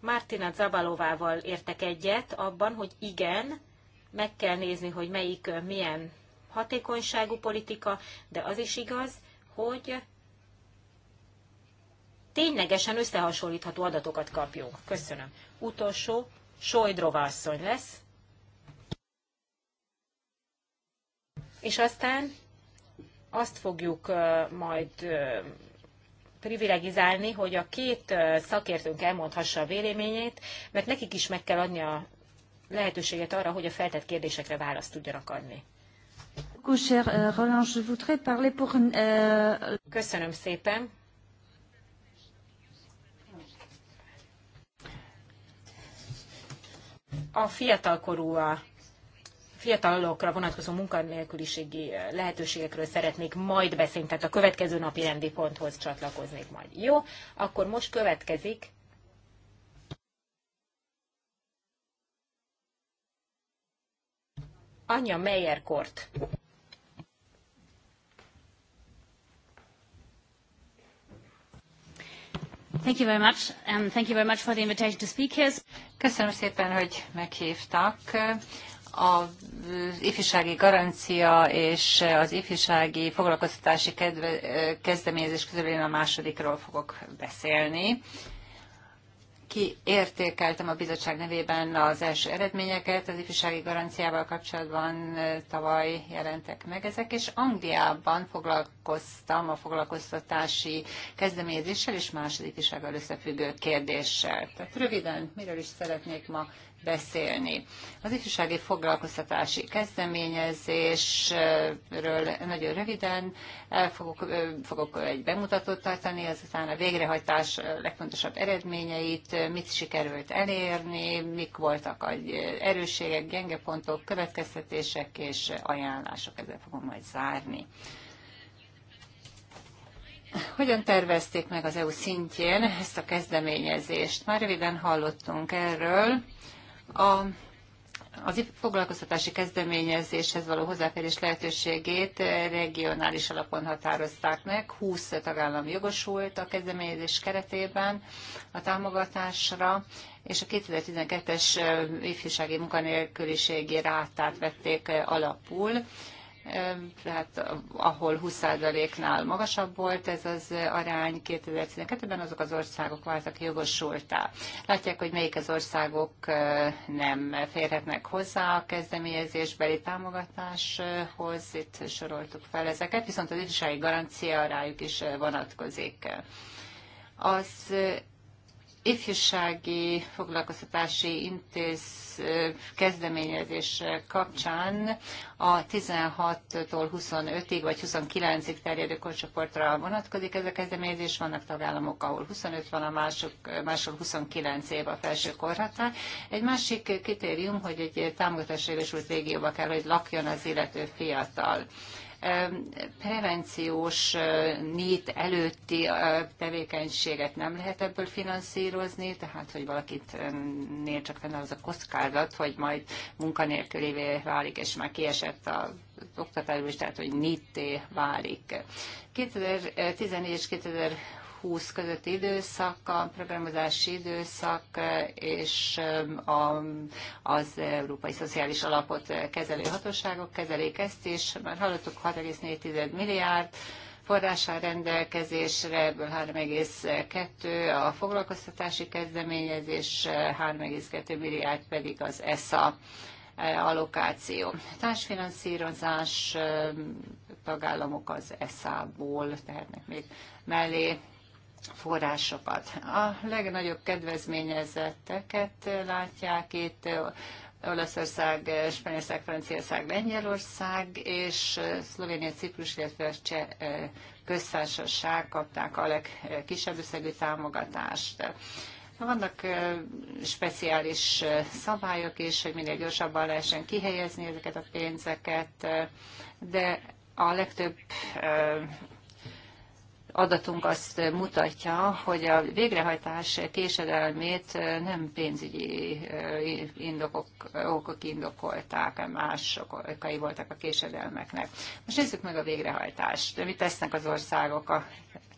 Martina Zabalovával értek egyet abban, hogy igen, meg kell nézni, hogy melyik milyen hatékonyságú politika, de az is igaz, hogy ténylegesen összehasonlítható adatokat kapjunk. Köszönöm. Utolsó Sojdrova asszony lesz. És aztán azt fogjuk majd privilegizálni, hogy a két szakértőnk elmondhassa a véleményét, mert nekik is meg kell adni a lehetőséget arra, hogy a feltett kérdésekre választ tudjanak adni. Euh, euh, Köszönöm szépen. a fiatalkorú a fiatalokra vonatkozó munkanélküliségi lehetőségekről szeretnék majd beszélni, tehát a következő napi rendi ponthoz csatlakoznék majd. Jó, akkor most következik Anya Meyer kort. Thank you very much, and thank you very much for the invitation to speak here. Köszönöm szépen, hogy meghívtak az ifjúsági garancia és az ifjúsági foglalkoztatási kezdeményezés közül én a másodikról fogok beszélni kiértékeltem a bizottság nevében az első eredményeket, az ifjúsági garanciával kapcsolatban tavaly jelentek meg ezek, és Angliában foglalkoztam a foglalkoztatási kezdeményezéssel és második ifjúsággal összefüggő kérdéssel. Tehát röviden, miről is szeretnék ma beszélni. Az ifjúsági foglalkoztatási kezdeményezésről nagyon röviden fogok, fogok egy bemutatót tartani, azután a végrehajtás legfontosabb eredményeit, mit sikerült elérni, mik voltak a erősségek, gyenge pontok, következtetések és ajánlások. Ezzel fogom majd zárni. Hogyan tervezték meg az EU szintjén ezt a kezdeményezést? Már röviden hallottunk erről a az foglalkoztatási kezdeményezéshez való hozzáférés lehetőségét regionális alapon határozták meg. 20 tagállam jogosult a kezdeményezés keretében a támogatásra, és a 2012-es ifjúsági munkanélküliségi rátát vették alapul tehát ahol 20%-nál magasabb volt ez az arány 2012-ben, azok az országok váltak jogosultá. Látják, hogy melyik az országok nem férhetnek hozzá a kezdeményezésbeli támogatáshoz, itt soroltuk fel ezeket, viszont az ifjúsági garancia rájuk is vonatkozik. Az ifjúsági foglalkoztatási intéz kezdeményezés kapcsán a 16-tól 25-ig vagy 29-ig terjedő korcsoportra vonatkozik ez a kezdeményezés. Vannak tagállamok, ahol 25 van, a mások, máshol 29 év a felső korhatár. Egy másik kritérium, hogy egy támogatásra jogosult régióba kell, hogy lakjon az illető fiatal prevenciós nét előtti tevékenységet nem lehet ebből finanszírozni, tehát hogy valakit nél csak fenn az a kockázat, hogy majd munkanélkülévé válik, és már kiesett a oktatásból is, tehát hogy nitté válik. 2014 és 2020 2020 közötti időszak, a programozási időszak és a, az Európai Szociális Alapot kezelő hatóságok kezelik ezt, és már hallottuk 6,4 milliárd, forrással rendelkezésre, ebből 3,2 a foglalkoztatási kezdeményezés, 3,2 milliárd pedig az ESA allokáció. Társfinanszírozás tagállamok az ESA-ból tehetnek még mellé forrásokat. A legnagyobb kedvezményezetteket látják itt Olaszország, Spanyolország, Franciaország, Lengyelország és Szlovénia, Ciprus, illetve Cseh köztársaság kapták a legkisebb összegű támogatást. Vannak speciális szabályok is, hogy minél gyorsabban lehessen kihelyezni ezeket a pénzeket, de a legtöbb adatunk azt mutatja, hogy a végrehajtás késedelmét nem pénzügyi indokok, okok indokolták, más okai voltak a késedelmeknek. Most nézzük meg a végrehajtást. Mit tesznek az országok a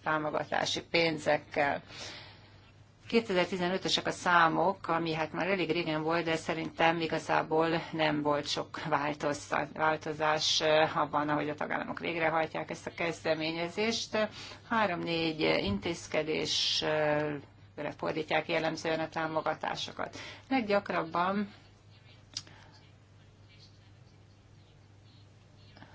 támogatási pénzekkel? 2015-ösek a számok, ami hát már elég régen volt, de szerintem igazából nem volt sok változás eh, abban, ahogy a tagállamok végrehajtják ezt a kezdeményezést. Három-négy intézkedés fordítják jellemzően a támogatásokat. Leggyakrabban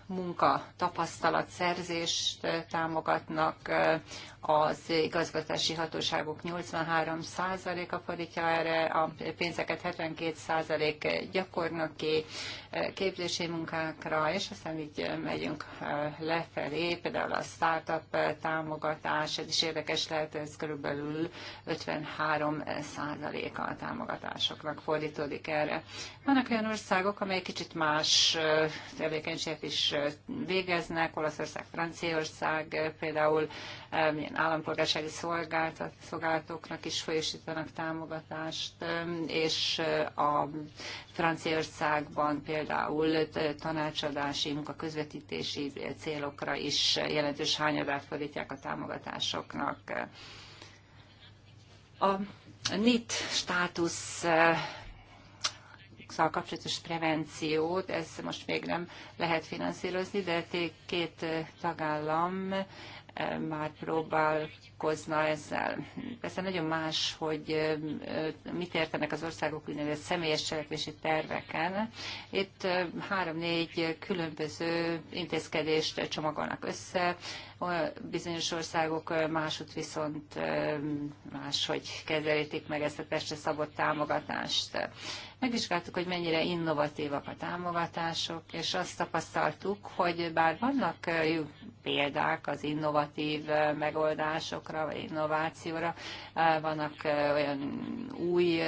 munka tapasztalatszerzést eh, támogatnak, eh, az igazgatási hatóságok 83%-a fordítja erre, a pénzeket 72% gyakornoki eh, képzési munkákra, és aztán így eh, megyünk eh, lefelé, például a startup támogatás, ez is érdekes lehet, ez körülbelül 53%-a a támogatásoknak fordítódik erre. Vannak olyan országok, amelyek kicsit más tevékenységet is végeznek, Olaszország, Franciaország például állampolgársági szolgáltatóknak is folyosítanak támogatást, és a Franciaországban például tanácsadási, munkaközvetítési célokra is jelentős hányadát fordítják a támogatásoknak. A NIT státusz szal kapcsolatos prevenciót, ez most még nem lehet finanszírozni, de két tagállam már próbál foglalkozna ezzel. Persze nagyon más, hogy mit értenek az országok úgynevezett személyes cselekvési terveken. Itt három-négy különböző intézkedést csomagolnak össze, bizonyos országok másút viszont máshogy kezelítik meg ezt a testre szabott támogatást. Megvizsgáltuk, hogy mennyire innovatívak a támogatások, és azt tapasztaltuk, hogy bár vannak példák az innovatív megoldások kutatásokra, vagy innovációra. Vannak olyan új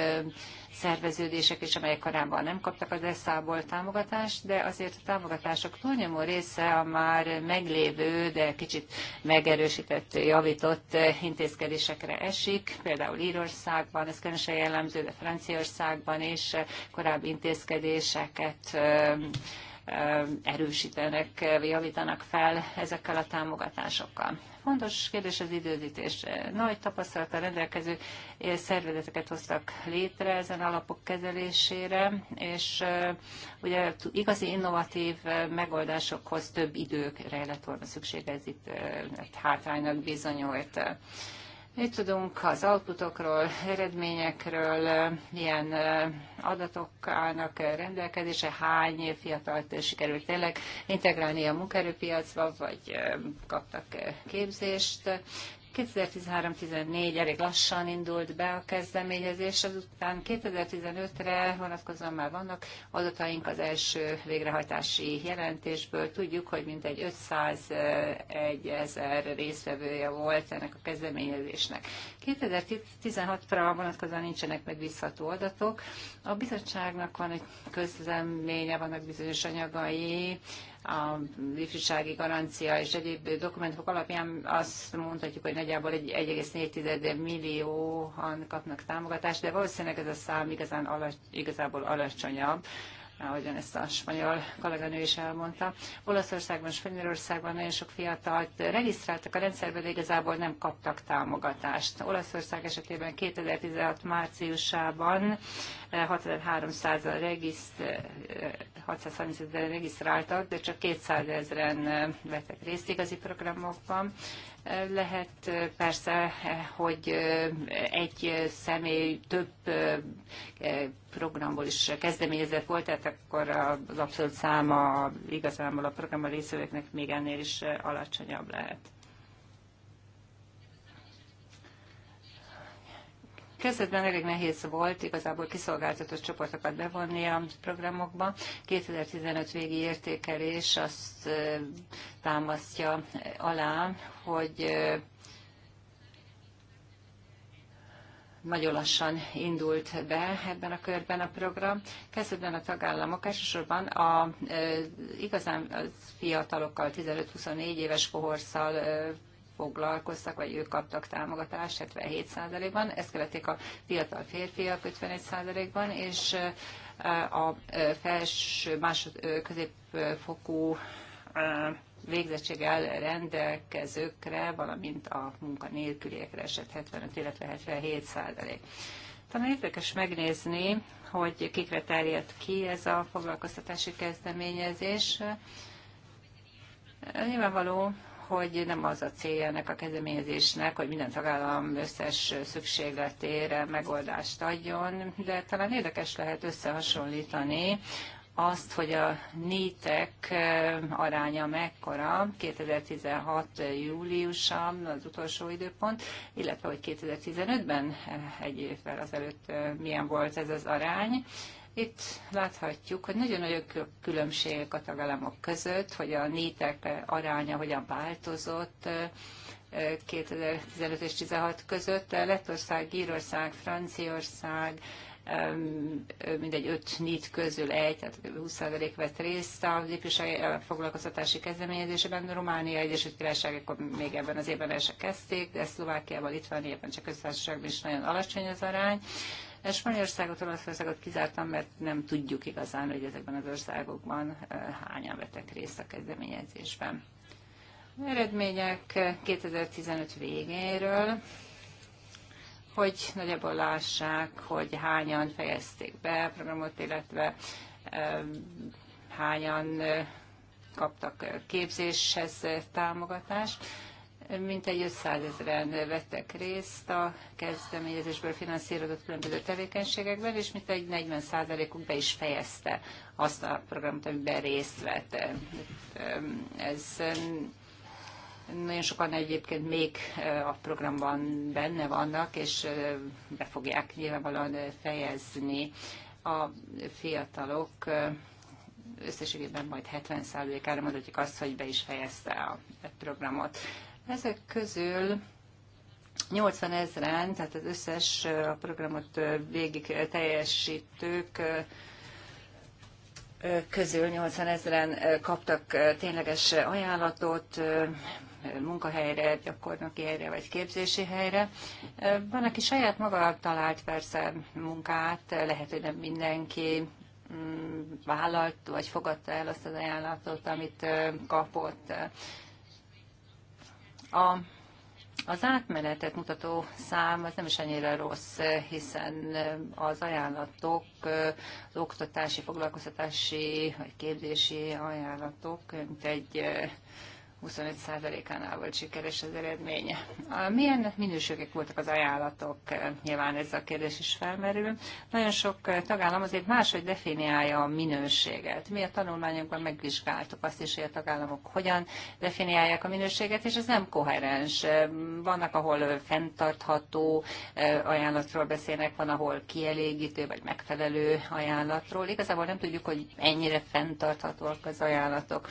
szerveződések is, amelyek korábban nem kaptak az ESZA-ból támogatást, de azért a támogatások túlnyomó része a már meglévő, de kicsit megerősített, javított intézkedésekre esik. Például Írországban, ez különösen jellemző, de Franciaországban is korábbi intézkedéseket erősítenek, javítanak fel ezekkel a támogatásokkal. Fontos kérdés az időzítés. Nagy tapasztalata rendelkező szervezeteket hoztak létre ezen alapok kezelésére, és ugye igazi innovatív megoldásokhoz több időkre lett volna szükség, ez itt hátránynak bizonyult. Mit tudunk az outputokról, eredményekről, milyen adatok állnak hány fiatalt sikerült tényleg integrálni a munkaerőpiacba, vagy kaptak képzést. 2013-14 elég lassan indult be a kezdeményezés, azután 2015-re vonatkozóan már vannak adataink az első végrehajtási jelentésből. Tudjuk, hogy mintegy 501 ezer részvevője volt ennek a kezdeményezésnek. 2016-ra vonatkozóan nincsenek megbízható adatok. A bizottságnak van egy közleménye, vannak bizonyos anyagai, a ifjúsági garancia és egyéb dokumentumok alapján azt mondhatjuk, hogy nagyjából 1,4 millióan kapnak támogatást, de valószínűleg ez a szám igazán alac, igazából alacsonyabb ahogyan ezt a spanyol kolléganő is elmondta. Olaszországban, Spanyolországban nagyon sok fiatalt regisztráltak a rendszerbe, de igazából nem kaptak támogatást. Olaszország esetében 2016 márciusában 6300 eh, regiszt, 630 ezeren regisztráltak, de csak 200 ezeren vettek részt igazi programokban. Lehet persze, hogy egy személy több programból is kezdeményezett volt, tehát akkor az abszolút száma igazából a programban részvevőknek még ennél is alacsonyabb lehet. Kezdetben elég nehéz volt igazából kiszolgáltatott csoportokat bevonni a programokba. 2015 végi értékelés azt támasztja alá, hogy nagyon lassan indult be ebben a körben a program. Kezdetben a tagállamok elsősorban a, e, igazán az fiatalokkal, 15-24 éves kohorszal e, foglalkoztak, vagy ők kaptak támogatást 77%-ban, ezt követték a fiatal férfiak 51%-ban, és eh, a eh, felső, másod, eh, középfokú végzettséggel rendelkezőkre, valamint a munkanélküliekre esett 75, illetve 77 százalék. Talán érdekes megnézni, hogy kikre terjed ki ez a foglalkoztatási kezdeményezés. Nyilvánvaló, hogy nem az a célja ennek a kezdeményezésnek, hogy minden tagállam összes szükségletére megoldást adjon, de talán érdekes lehet összehasonlítani azt, hogy a nétek eh, aránya mekkora 2016. júliusan az utolsó időpont, illetve hogy 2015-ben eh, egy évvel azelőtt eh, milyen volt ez az arány. Itt láthatjuk, hogy nagyon nagy különbség a tagállamok között, hogy a nétek aránya hogyan változott, 2015 és 2016 között. Lettország, Írország, Franciaország, mindegy öt NIT közül egy, tehát 20% vett részt a ifjúsági foglalkoztatási kezdeményezésében. Románia, Egyesült Királyság még ebben az évben el se kezdték, de Szlovákiában, Litvániában, csak köztársaságban is nagyon alacsony az arány. És Magyarországot, Olaszországot kizártam, mert nem tudjuk igazán, hogy ezekben az országokban hányan vettek részt a kezdeményezésben. Eredmények 2015 végéről hogy nagyjából lássák, hogy hányan fejezték be a programot, illetve hányan kaptak képzéshez támogatást. Mintegy 500 ezeren vettek részt a kezdeményezésből finanszírozott különböző tevékenységekben, és mintegy 40%-uk be is fejezte azt a programot, amiben részt vett. Ez nagyon sokan egyébként még a programban benne vannak, és be fogják nyilvánvalóan fejezni a fiatalok összességében majd 70%-ára mondhatjuk azt, hogy be is fejezte a programot. Ezek közül 80 ezeren, tehát az összes a programot végig teljesítők közül 80 ezeren kaptak tényleges ajánlatot, munkahelyre, gyakornoki helyre vagy képzési helyre. Van, aki saját maga talált persze munkát, lehet, hogy nem mindenki mm, vállalt vagy fogadta el azt az ajánlatot, amit kapott. A az átmenetet mutató szám az nem is annyira rossz, hiszen az ajánlatok, az oktatási, foglalkoztatási vagy képzési ajánlatok mint egy 25%-ánál volt sikeres az eredménye. Milyen minőségek voltak az ajánlatok? Nyilván ez a kérdés is felmerül. Nagyon sok tagállam azért máshogy definiálja a minőséget. Mi a tanulmányunkban megvizsgáltuk azt is, hogy a tagállamok hogyan definiálják a minőséget, és ez nem koherens. Vannak, ahol fenntartható ajánlatról beszélnek, van, ahol kielégítő vagy megfelelő ajánlatról. Igazából nem tudjuk, hogy ennyire fenntarthatóak az ajánlatok.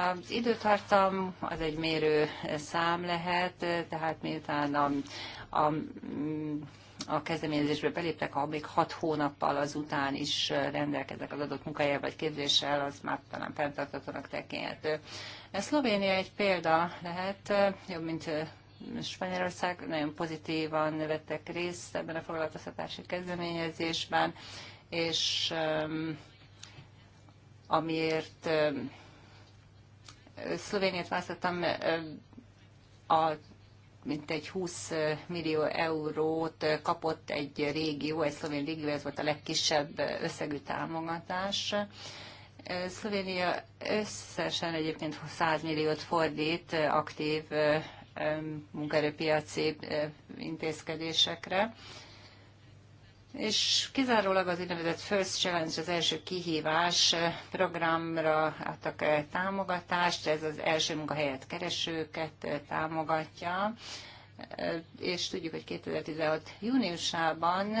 Az időtartam az egy mérő szám lehet, tehát miután a, a a kezdeményezésbe beléptek, ha még hat hónappal azután is rendelkeznek az adott munkahelyel vagy képzéssel, az már talán fenntartatónak tekinthető. Szlovénia egy példa lehet, jobb, mint Spanyolország, nagyon pozitívan vettek részt ebben a foglalkoztatási kezdeményezésben, és amiért Szlovéniát választottam a mintegy 20 millió eurót kapott egy régió, egy szlovén régió, ez volt a legkisebb összegű támogatás. Szlovénia összesen egyébként 100 milliót fordít aktív munkaerőpiaci intézkedésekre és kizárólag az úgynevezett First Challenge, az első kihívás programra adtak eh, támogatást, ez az első munkahelyet keresőket eh, támogatja, eh, és tudjuk, hogy 2016 júniusában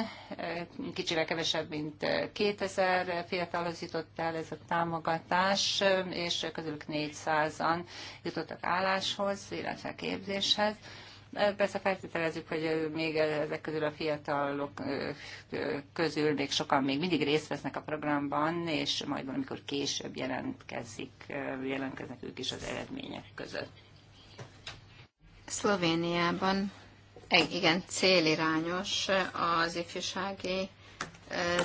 kicsivel kevesebb, mint 2000 fiatalhoz jutott el ez a támogatás, és közülük 400-an jutottak álláshoz, illetve képzéshez. Persze feltételezzük, hogy még ezek közül a fiatalok közül még sokan még mindig részt vesznek a programban, és majd valamikor később jelentkezik, jelentkeznek ők is az eredmények között. Szlovéniában igen, célirányos az ifjúsági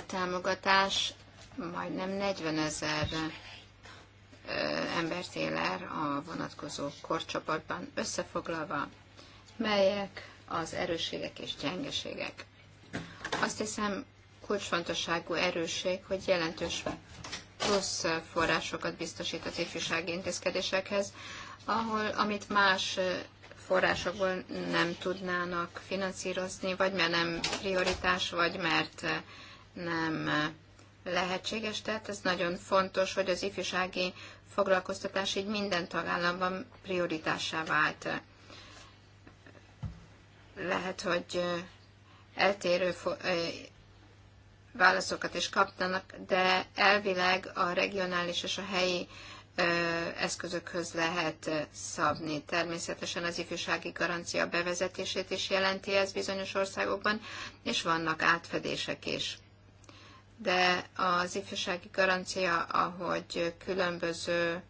támogatás, majdnem 40 ezer embert él el a vonatkozó korcsoportban. Összefoglalva, melyek az erősségek és gyengeségek. Azt hiszem, kulcsfontosságú erősség, hogy jelentős plusz forrásokat biztosít az ifjúsági intézkedésekhez, ahol, amit más forrásokból nem tudnának finanszírozni, vagy mert nem prioritás, vagy mert nem lehetséges. Tehát ez nagyon fontos, hogy az ifjúsági foglalkoztatás így minden tagállamban prioritássá vált lehet, hogy eltérő válaszokat is kaptanak, de elvileg a regionális és a helyi eszközökhöz lehet szabni. Természetesen az ifjúsági garancia bevezetését is jelenti ez bizonyos országokban, és vannak átfedések is. De az ifjúsági garancia, ahogy különböző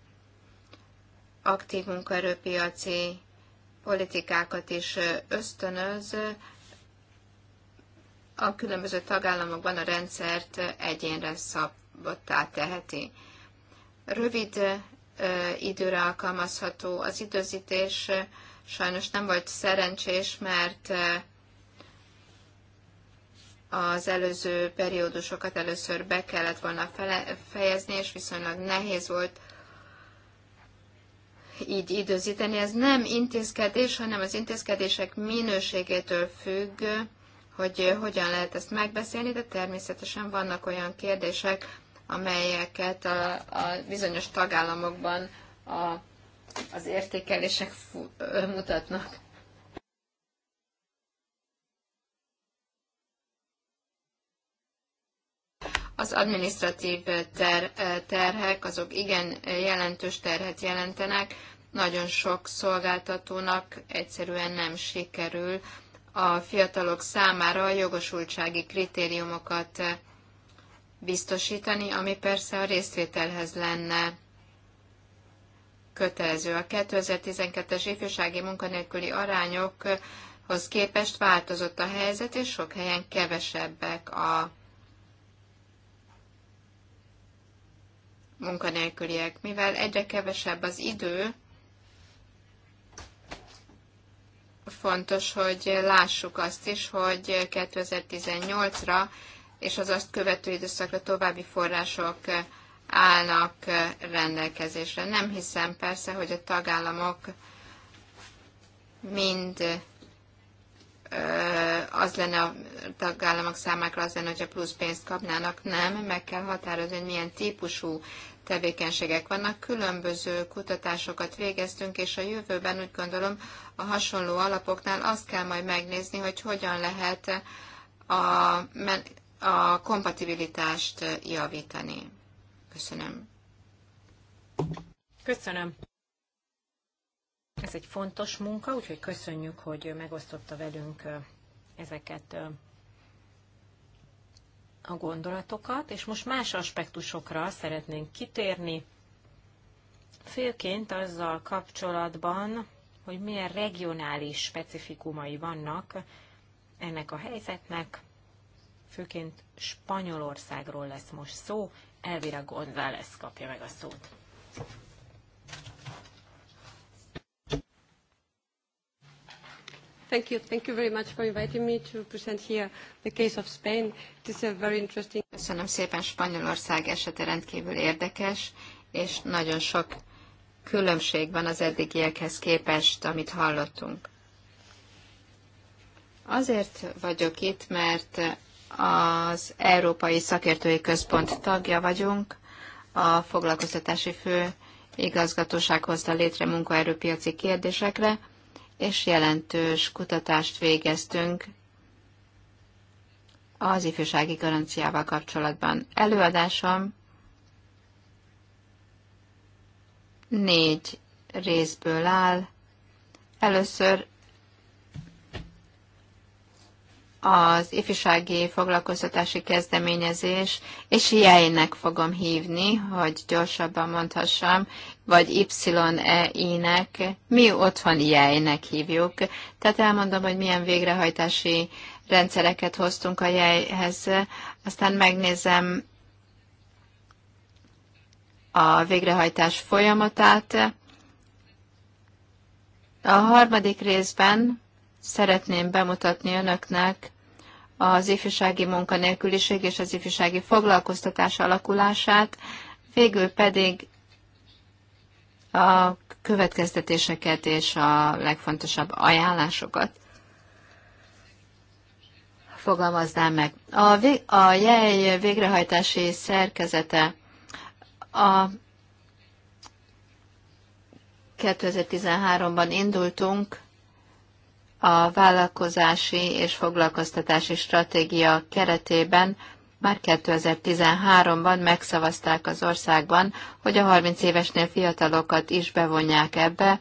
aktív munkaerőpiaci politikákat is ösztönöz a különböző tagállamokban a rendszert egyénre szabottá teheti. Rövid időre alkalmazható az időzítés, sajnos nem volt szerencsés, mert az előző periódusokat először be kellett volna fejezni, és viszonylag nehéz volt így időzíteni. Ez nem intézkedés, hanem az intézkedések minőségétől függ, hogy hogyan lehet ezt megbeszélni, de természetesen vannak olyan kérdések, amelyeket a, a bizonyos tagállamokban a, az értékelések mutatnak. Az administratív eh, ter, eh, terhek, azok igen eh, jelentős terhet jelentenek, nagyon sok szolgáltatónak egyszerűen nem sikerül a fiatalok számára a jogosultsági kritériumokat biztosítani, ami persze a részvételhez lenne kötelező. A 2012-es ifjúsági munkanélküli arányokhoz képest változott a helyzet, és sok helyen kevesebbek a munkanélküliek. Mivel egyre kevesebb az idő, fontos, hogy lássuk azt is, hogy 2018-ra és az azt követő időszakra további források állnak rendelkezésre. Nem hiszem persze, hogy a tagállamok mind az lenne a tagállamok számára az lenne, hogyha plusz pénzt kapnának. Nem, meg kell határozni, hogy milyen típusú tevékenységek vannak. Különböző kutatásokat végeztünk, és a jövőben úgy gondolom a hasonló alapoknál azt kell majd megnézni, hogy hogyan lehet a, a kompatibilitást javítani. Köszönöm. Köszönöm. Ez egy fontos munka, úgyhogy köszönjük, hogy megosztotta velünk ezeket a gondolatokat, és most más aspektusokra szeretnénk kitérni, főként azzal kapcsolatban, hogy milyen regionális specifikumai vannak ennek a helyzetnek, főként Spanyolországról lesz most szó, Elvira González kapja meg a szót. Thank you. Thank you very much for inviting me to present here the case of Spain. It is a very interesting... Köszönöm szépen, Spanyolország esete rendkívül érdekes, és nagyon sok különbség van az eddigiekhez képest, amit hallottunk. Azért vagyok itt, mert az Európai Szakértői Központ tagja vagyunk, a foglalkoztatási fő igazgatóság hozta létre munkaerőpiaci kérdésekre, és jelentős kutatást végeztünk az ifjúsági garanciával kapcsolatban. Előadásom négy részből áll. Először az ifjúsági foglalkoztatási kezdeményezés, és jeinek fogom hívni, hogy gyorsabban mondhassam, vagy YEI-nek, mi otthon jeinek hívjuk. Tehát elmondom, hogy milyen végrehajtási rendszereket hoztunk a jejhez, aztán megnézem a végrehajtás folyamatát. A harmadik részben szeretném bemutatni önöknek az ifjúsági munkanélküliség és az ifjúsági foglalkoztatás alakulását, végül pedig a következtetéseket és a legfontosabb ajánlásokat fogalmaznám meg. A, vég, a jej végrehajtási szerkezete a 2013-ban indultunk a vállalkozási és foglalkoztatási stratégia keretében már 2013-ban megszavazták az országban, hogy a 30 évesnél fiatalokat is bevonják ebbe,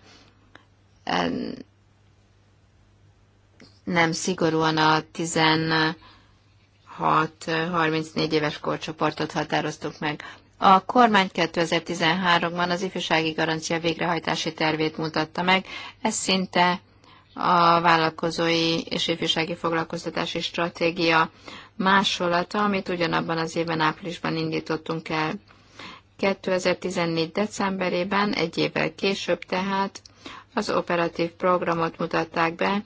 nem szigorúan a 16-34 éves korcsoportot határoztuk meg. A kormány 2013-ban az ifjúsági garancia végrehajtási tervét mutatta meg, ez szinte a vállalkozói és ifjúsági foglalkoztatási stratégia másolata, amit ugyanabban az évben áprilisban indítottunk el. 2014. decemberében, egy évvel később tehát, az operatív programot mutatták be,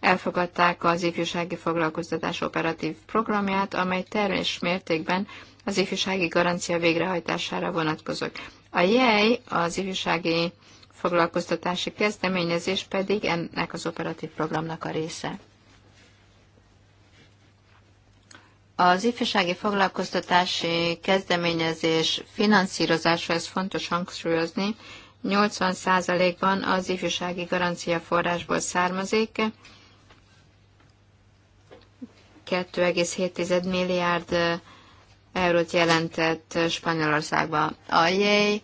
elfogadták az ifjúsági foglalkoztatás operatív programját, amely teljes mértékben az ifjúsági garancia végrehajtására vonatkozik. A jej az ifjúsági foglalkoztatási kezdeményezés pedig ennek az operatív programnak a része. Az ifjúsági foglalkoztatási kezdeményezés finanszírozása, ez fontos hangsúlyozni, 80%-ban az ifjúsági garancia forrásból származik, 2,7 milliárd eurót jelentett Spanyolországban. A JEI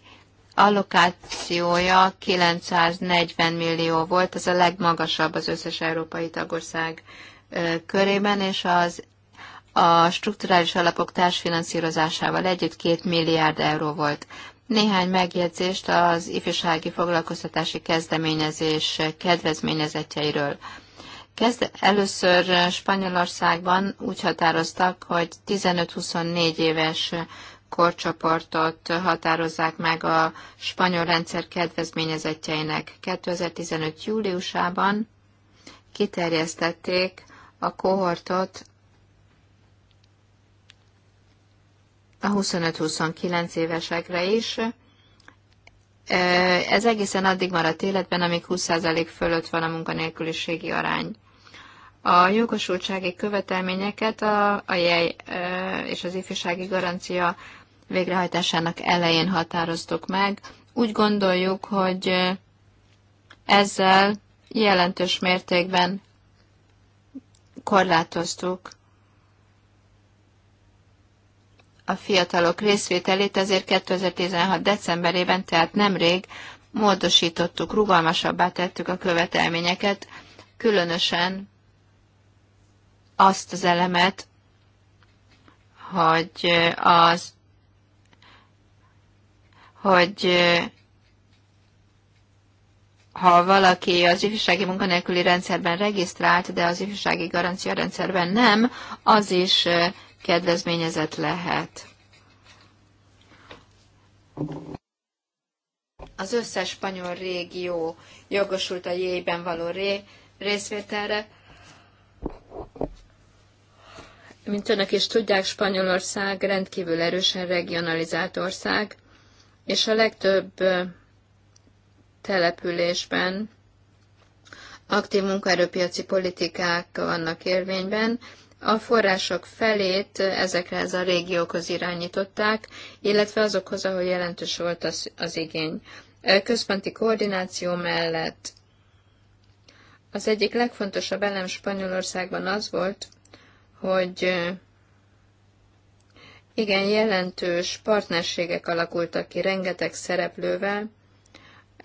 allokációja 940 millió volt, ez a legmagasabb az összes európai tagország körében, és az a strukturális alapok társfinanszírozásával együtt 2 milliárd euró volt. Néhány megjegyzést az ifjúsági foglalkoztatási kezdeményezés kedvezményezetjeiről. Kezd, először Spanyolországban úgy határoztak, hogy 15-24 éves korcsoportot határozzák meg a spanyol rendszer kedvezményezetjeinek. 2015. júliusában kiterjesztették a kohortot a 25-29 évesekre is. Ez egészen addig maradt életben, amíg 20% fölött van a munkanélküliségi arány a jogosultsági követelményeket a, a jej és az ifjúsági garancia végrehajtásának elején határoztuk meg. Úgy gondoljuk, hogy ezzel jelentős mértékben korlátoztuk a fiatalok részvételét, ezért 2016. decemberében, tehát nemrég módosítottuk, rugalmasabbá tettük a követelményeket, különösen azt az elemet, hogy az hogy ha valaki az ifjúsági munkanélküli rendszerben regisztrált, de az ifjúsági garancia rendszerben nem, az is kedvezményezett lehet. Az összes spanyol régió jogosult a jében való ré részvételre, mint önök is tudják, Spanyolország rendkívül erősen regionalizált ország, és a legtöbb településben aktív munkaerőpiaci politikák vannak érvényben, a források felét ezekre ez a régiókhoz irányították, illetve azokhoz, ahol jelentős volt az, az igény. Központi koordináció mellett az egyik legfontosabb elem Spanyolországban az volt, hogy igen, jelentős partnerségek alakultak ki rengeteg szereplővel.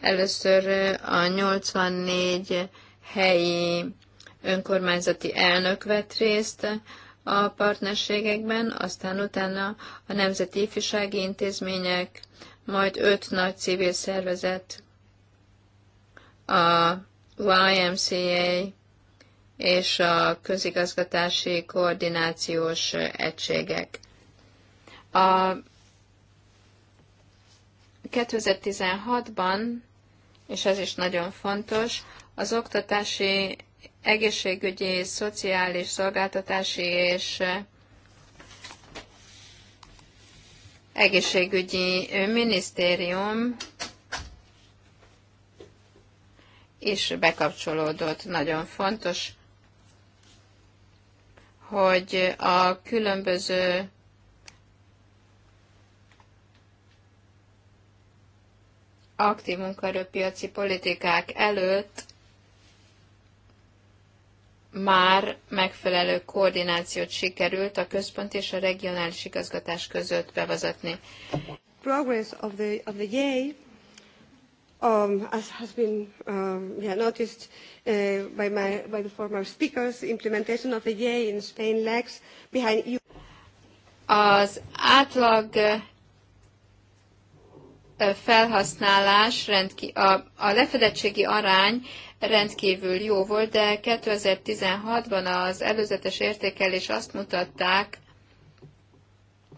Először a 84 helyi önkormányzati elnök vett részt a partnerségekben, aztán utána a Nemzeti Ifjúsági Intézmények, majd öt nagy civil szervezet, a YMCA, és a közigazgatási koordinációs egységek. A 2016-ban, és ez is nagyon fontos, az oktatási, egészségügyi, szociális, szolgáltatási és egészségügyi minisztérium is bekapcsolódott. Nagyon fontos hogy a különböző aktív munkaerőpiaci politikák előtt már megfelelő koordinációt sikerült a központ és a regionális igazgatás között bevezetni. Progress of the, of the um, as has been um, yeah, noticed uh, by, my, by the former speakers, implementation of the EA in Spain lags behind EU. Az átlag uh, uh, felhasználás, a lefedettségi arány rendkívül jó volt, de 2016-ban az előzetes értékelés azt mutatták,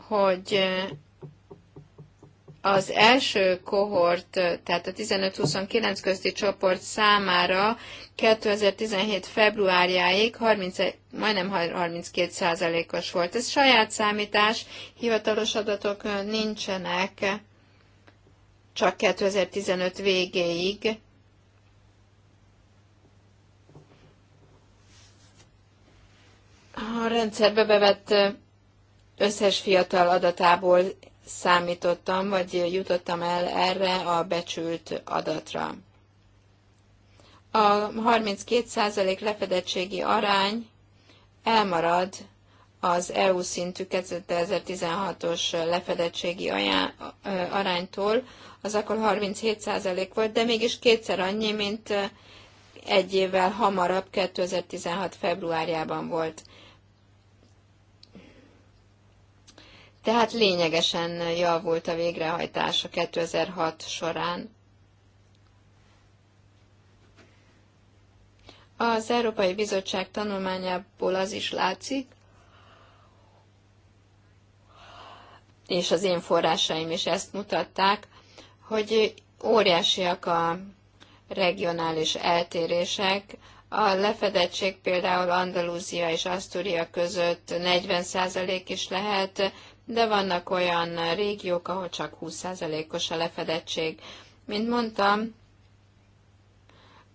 hogy uh, az első kohort, tehát a 15-29 közti csoport számára 2017 februárjáig 30, majdnem 32 százalékos volt. Ez saját számítás, hivatalos adatok nincsenek, csak 2015 végéig. A rendszerbe bevett összes fiatal adatából számítottam, vagy jutottam el erre a becsült adatra. A 32% lefedettségi arány elmarad az EU szintű 2016-os lefedettségi aránytól, az akkor 37% volt, de mégis kétszer annyi, mint egy évvel hamarabb, 2016. februárjában volt. Tehát lényegesen javult a végrehajtás a 2006 során. Az Európai Bizottság tanulmányából az is látszik, és az én forrásaim is ezt mutatták, hogy óriásiak a regionális eltérések. A lefedettség például Andalúzia és Asztúria között 40% is lehet, de vannak olyan régiók, ahol csak 20%-os a lefedettség. Mint mondtam,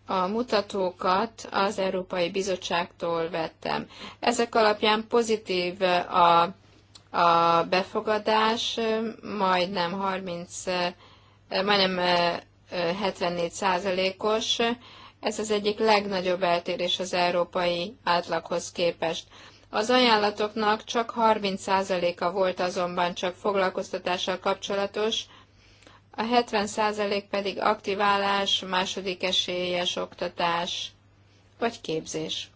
a mutatókat az Európai Bizottságtól vettem. Ezek alapján pozitív a, a befogadás, majdnem 30, majdnem 74 eh, os Ez az egyik legnagyobb eltérés az európai átlaghoz képest. Az ajánlatoknak csak 30%-a volt azonban csak foglalkoztatással kapcsolatos, a 70% pedig aktiválás, második esélyes oktatás vagy képzés.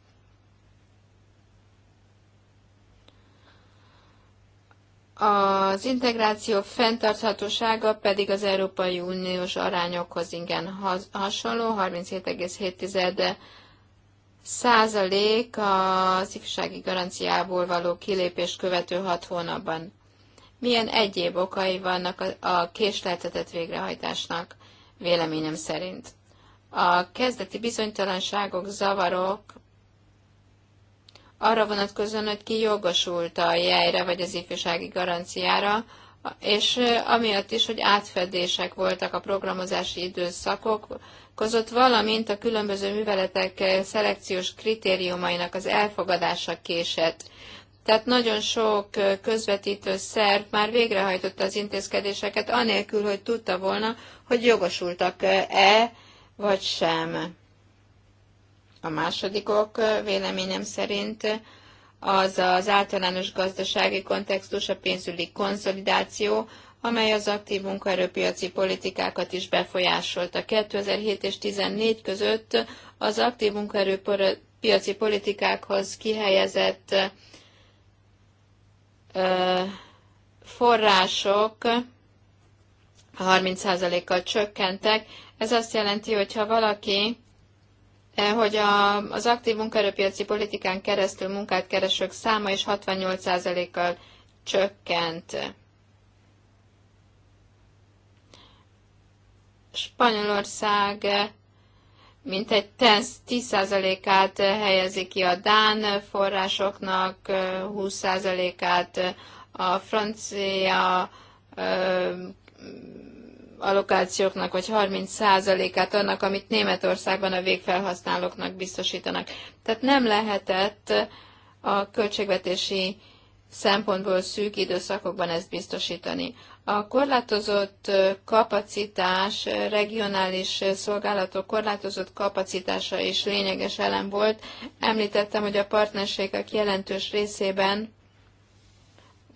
Az integráció fenntarthatósága pedig az Európai Uniós arányokhoz igen hasonló, 37,7 százalék az ifjúsági garanciából való kilépés követő hat hónapban. Milyen egyéb okai vannak a késleltetett végrehajtásnak véleményem szerint? A kezdeti bizonytalanságok, zavarok arra vonatkozóan, hogy ki jogosult a jelre vagy az ifjúsági garanciára, és amiatt is, hogy átfedések voltak a programozási időszakok, között, valamint a különböző műveletek eh, szelekciós kritériumainak az elfogadása késett. Tehát nagyon sok eh, közvetítő szerv már végrehajtotta az intézkedéseket, anélkül, hogy tudta volna, hogy jogosultak-e eh, vagy sem. A másodikok véleményem szerint az az általános gazdasági kontextus, a pénzügyi konszolidáció, amely az aktív munkaerőpiaci politikákat is befolyásolta. 2007 és 2014 között az aktív munkaerőpiaci politikákhoz kihelyezett források 30%-kal csökkentek. Ez azt jelenti, hogy ha valaki hogy a, az aktív munkaerőpiaci politikán keresztül munkát keresők száma is 68%-kal csökkent. Spanyolország eh, mintegy 10%-át eh, helyezi ki a Dán forrásoknak, 20%-át eh, a francia allokációknak, vagy 30%-át annak, amit Németországban a végfelhasználóknak biztosítanak. Tehát nem lehetett a költségvetési szempontból szűk időszakokban ezt biztosítani. A korlátozott kapacitás, regionális szolgálatok korlátozott kapacitása is lényeges elem volt. Említettem, hogy a partnerségek jelentős részében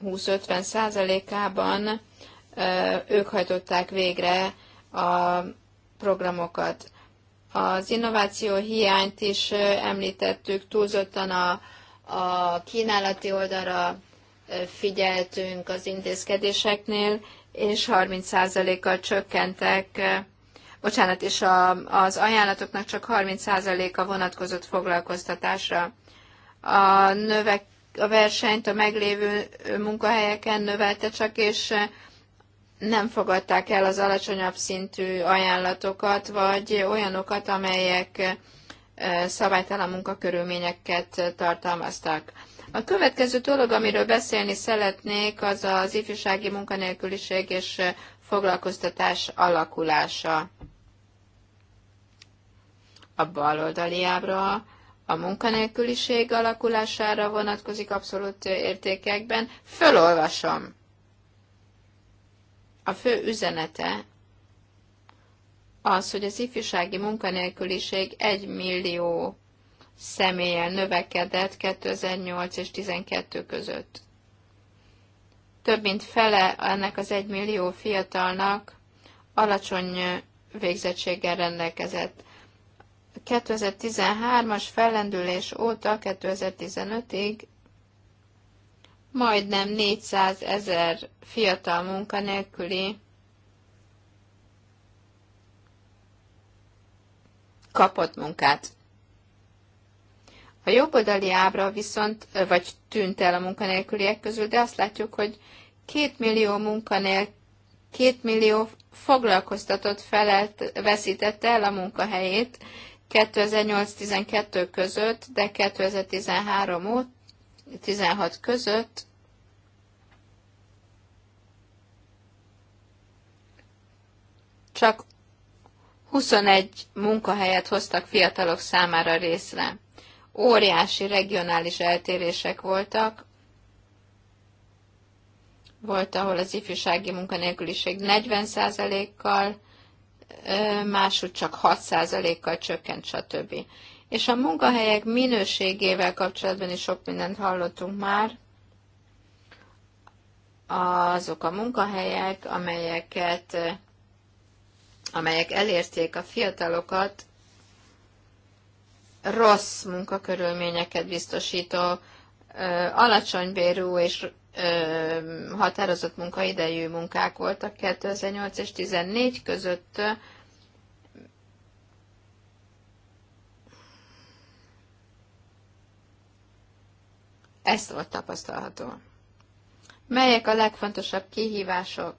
20-50 százalékában ők hajtották végre a programokat. Az innováció hiányt is említettük, túlzottan a, a kínálati oldalra figyeltünk az intézkedéseknél, és 30%-kal csökkentek, bocsánat, és a, az ajánlatoknak csak 30%-a vonatkozott foglalkoztatásra. A, növek, a versenyt a meglévő munkahelyeken növelte csak, és nem fogadták el az alacsonyabb szintű ajánlatokat, vagy olyanokat, amelyek szabálytalan munkakörülményeket tartalmaztak. A következő dolog, amiről beszélni szeretnék, az az ifjúsági munkanélküliség és foglalkoztatás alakulása. A baloldali ábra a munkanélküliség alakulására vonatkozik abszolút értékekben. Fölolvasom. A fő üzenete az, hogy az ifjúsági munkanélküliség 1 millió személyen növekedett 2008 és 2012 között. Több mint fele ennek az egymillió fiatalnak alacsony végzettséggel rendelkezett. 2013-as fellendülés óta 2015-ig majdnem 400 ezer fiatal munkanélküli kapott munkát. A oldali ábra viszont, vagy tűnt el a munkanélküliek közül, de azt látjuk, hogy két millió munkanél, két millió foglalkoztatott felett veszítette el a munkahelyét 2008-12 között, de 2013 16 között csak 21 munkahelyet hoztak fiatalok számára részre óriási regionális eltérések voltak. Volt, ahol az ifjúsági munkanélküliség 40%-kal, máshogy csak 6%-kal csökkent, stb. És a munkahelyek minőségével kapcsolatban is sok mindent hallottunk már. Azok a munkahelyek, amelyeket, amelyek elérték a fiatalokat, rossz munkakörülményeket biztosító, alacsony bérú és határozott munkaidejű munkák voltak 2008 és 2014 között. Ezt volt tapasztalható. Melyek a legfontosabb kihívások?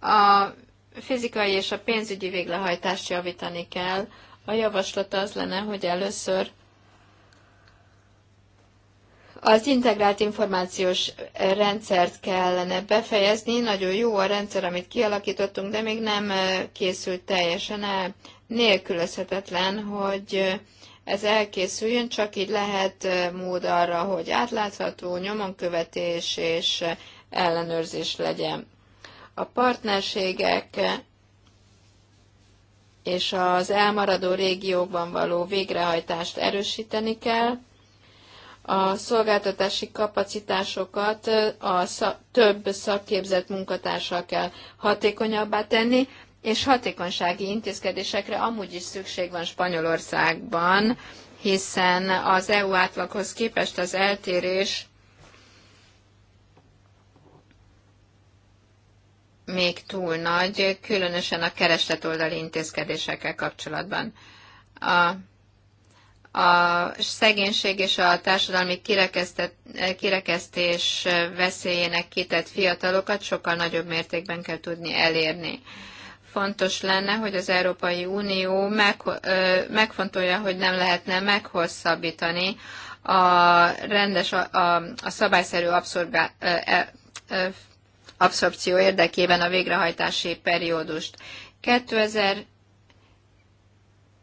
A fizikai és a pénzügyi véglehajtást javítani kell, a javaslat az lenne, hogy először az integrált információs rendszert kellene befejezni. Nagyon jó a rendszer, amit kialakítottunk, de még nem eh, készült teljesen el. Nélkülözhetetlen, hogy eh, ez elkészüljön, csak így lehet eh, mód arra, hogy átlátható nyomonkövetés és ellenőrzés legyen. A partnerségek és az elmaradó régiókban való végrehajtást erősíteni kell, a szolgáltatási kapacitásokat a szak, több szakképzett munkatársal kell hatékonyabbá tenni, és hatékonysági intézkedésekre amúgy is szükség van Spanyolországban, hiszen az EU átlaghoz képest az eltérés még túl nagy, különösen a keresletoldali intézkedésekkel kapcsolatban. A, a szegénység és a társadalmi kirekesztés veszélyének kitett fiatalokat sokkal nagyobb mértékben kell tudni elérni. Fontos lenne, hogy az Európai Unió meg, megfontolja, hogy nem lehetne meghosszabbítani a rendes, a, a, a szabályszerű abszorbá, abszorpció érdekében a végrehajtási periódust.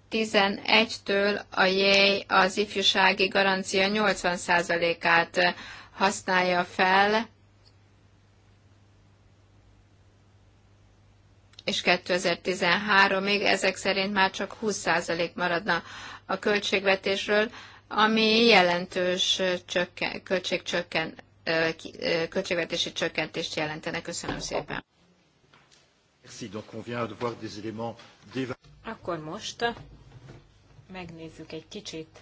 2011-től a JEI az ifjúsági garancia 80%-át használja fel, és 2013 még ezek szerint már csak 20% maradna a költségvetésről, ami jelentős csökken, költségcsökken, költségvetési csökkentést jelentene. Köszönöm szépen. Akkor most megnézzük egy kicsit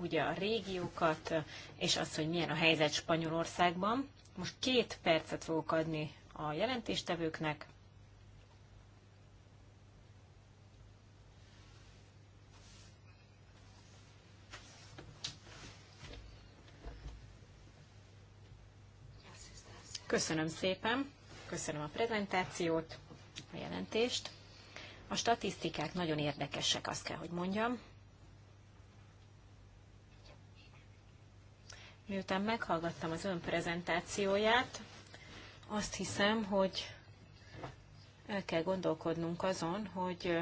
ugye a régiókat, és azt, hogy milyen a helyzet Spanyolországban. Most két percet fogok adni a jelentéstevőknek, Köszönöm szépen, köszönöm a prezentációt, a jelentést. A statisztikák nagyon érdekesek, azt kell, hogy mondjam. Miután meghallgattam az ön prezentációját, azt hiszem, hogy el kell gondolkodnunk azon, hogy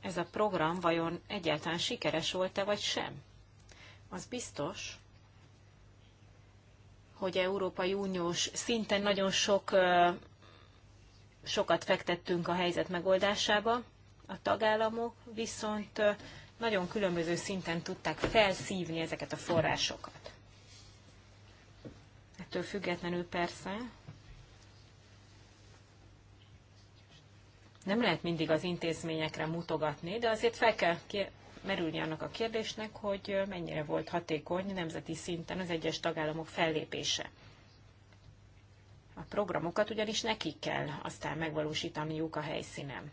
ez a program vajon egyáltalán sikeres volt-e, vagy sem. Az biztos, hogy Európai Uniós szinten nagyon sok, sokat fektettünk a helyzet megoldásába. A tagállamok viszont nagyon különböző szinten tudták felszívni ezeket a forrásokat. Ettől függetlenül persze nem lehet mindig az intézményekre mutogatni, de azért fel kell merülni annak a kérdésnek, hogy mennyire volt hatékony nemzeti szinten az egyes tagállamok fellépése. A programokat ugyanis nekik kell aztán megvalósítaniuk a helyszínen.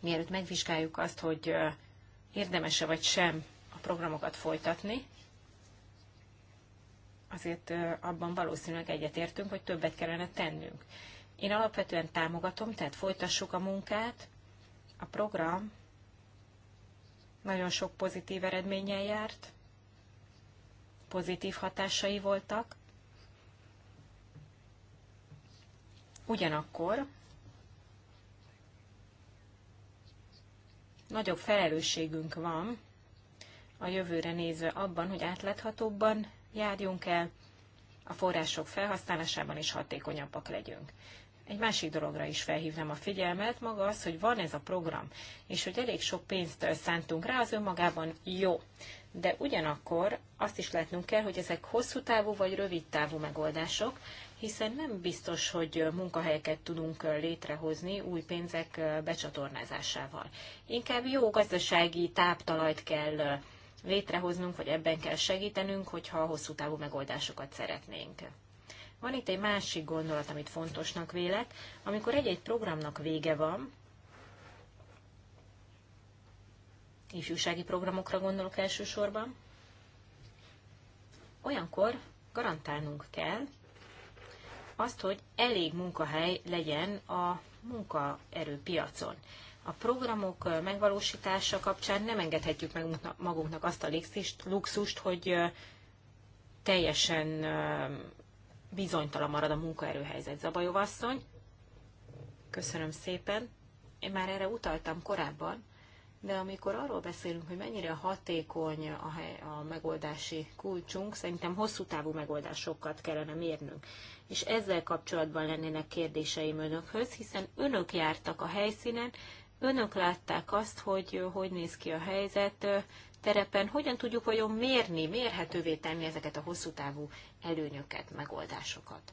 Mielőtt megvizsgáljuk azt, hogy érdemese vagy sem a programokat folytatni, azért abban valószínűleg egyetértünk, hogy többet kellene tennünk. Én alapvetően támogatom, tehát folytassuk a munkát, a program nagyon sok pozitív eredménnyel járt, pozitív hatásai voltak. Ugyanakkor nagyobb felelősségünk van a jövőre nézve abban, hogy átláthatóbban járjunk el, a források felhasználásában is hatékonyabbak legyünk egy másik dologra is felhívnám a figyelmet, maga az, hogy van ez a program, és hogy elég sok pénzt szántunk rá, az önmagában jó. De ugyanakkor azt is látnunk kell, hogy ezek hosszú távú vagy rövid távú megoldások, hiszen nem biztos, hogy munkahelyeket tudunk létrehozni új pénzek becsatornázásával. Inkább jó gazdasági táptalajt kell létrehoznunk, vagy ebben kell segítenünk, hogyha hosszú távú megoldásokat szeretnénk. Van itt egy másik gondolat, amit fontosnak vélek. Amikor egy-egy programnak vége van, ifjúsági programokra gondolok elsősorban, olyankor garantálnunk kell azt, hogy elég munkahely legyen a munkaerőpiacon. A programok megvalósítása kapcsán nem engedhetjük meg magunknak azt a luxust, hogy teljesen bizonytalan marad a munkaerőhelyzet. Zabajovasszony. köszönöm szépen. Én már erre utaltam korábban, de amikor arról beszélünk, hogy mennyire hatékony a, hely, a megoldási kulcsunk, szerintem hosszú távú megoldásokat kellene mérnünk. És ezzel kapcsolatban lennének kérdéseim önökhöz, hiszen önök jártak a helyszínen, önök látták azt, hogy hogy néz ki a helyzet, terepen, hogyan tudjuk vajon mérni, mérhetővé tenni ezeket a hosszú távú előnyöket, megoldásokat.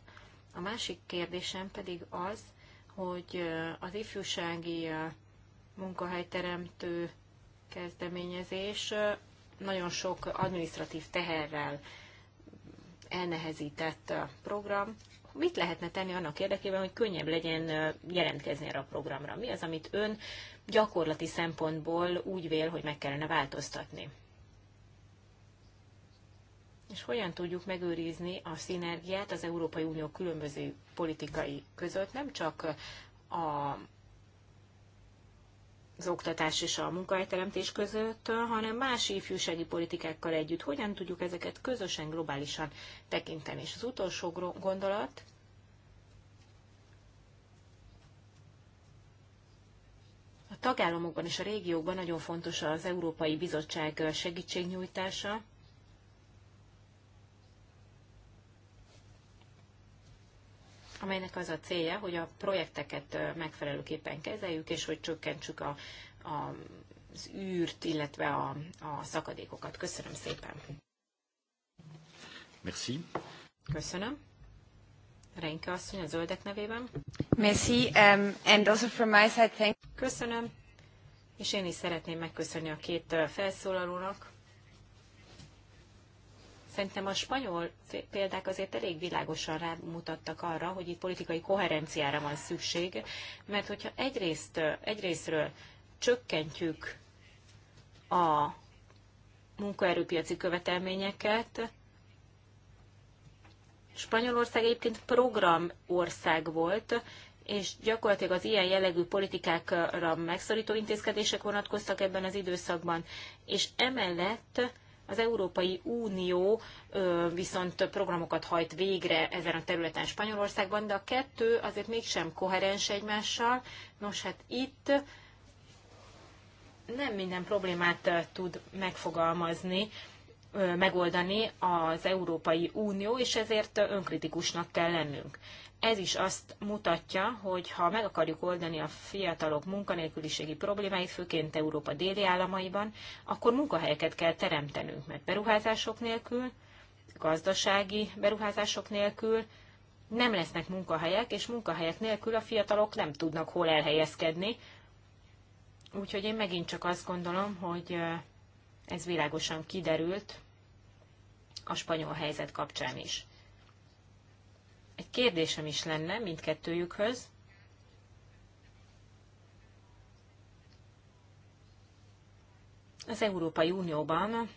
A másik kérdésem pedig az, hogy az ifjúsági munkahelyteremtő kezdeményezés nagyon sok administratív teherrel elnehezített program. Mit lehetne tenni annak érdekében, hogy könnyebb legyen jelentkezni erre a programra? Mi az, amit ön gyakorlati szempontból úgy vél, hogy meg kellene változtatni. És hogyan tudjuk megőrizni a szinergiát az Európai Unió különböző politikai között, nem csak a az oktatás és a munkahelyteremtés között, hanem más ifjúsági politikákkal együtt. Hogyan tudjuk ezeket közösen, globálisan tekinteni? És az utolsó gondolat, tagállamokban és a régiókban nagyon fontos az Európai Bizottság segítségnyújtása. amelynek az a célja, hogy a projekteket megfelelőképpen kezeljük, és hogy csökkentsük a, a, az űrt, illetve a, a szakadékokat. Köszönöm szépen! Merci. Köszönöm. Reinke asszony a zöldek nevében. Merci, um, and also from my side, thank Köszönöm, és én is szeretném megköszönni a két uh, felszólalónak. Szerintem a spanyol példák azért elég világosan rámutattak arra, hogy itt politikai koherenciára van szükség, mert hogyha egyrészt, uh, egyrésztről csökkentjük a munkaerőpiaci követelményeket, Spanyolország egyébként programország volt, és gyakorlatilag az ilyen jellegű politikákra megszorító intézkedések vonatkoztak ebben az időszakban, és emellett az Európai Unió viszont programokat hajt végre ezen a területen Spanyolországban, de a kettő azért mégsem koherens egymással. Nos, hát itt nem minden problémát tud megfogalmazni megoldani az Európai Unió, és ezért önkritikusnak kell lennünk. Ez is azt mutatja, hogy ha meg akarjuk oldani a fiatalok munkanélküliségi problémáit, főként Európa déli államaiban, akkor munkahelyeket kell teremtenünk, mert beruházások nélkül, gazdasági beruházások nélkül nem lesznek munkahelyek, és munkahelyek nélkül a fiatalok nem tudnak hol elhelyezkedni. Úgyhogy én megint csak azt gondolom, hogy ez világosan kiderült a spanyol helyzet kapcsán is. Egy kérdésem is lenne mindkettőjükhöz. Az Európai Unióban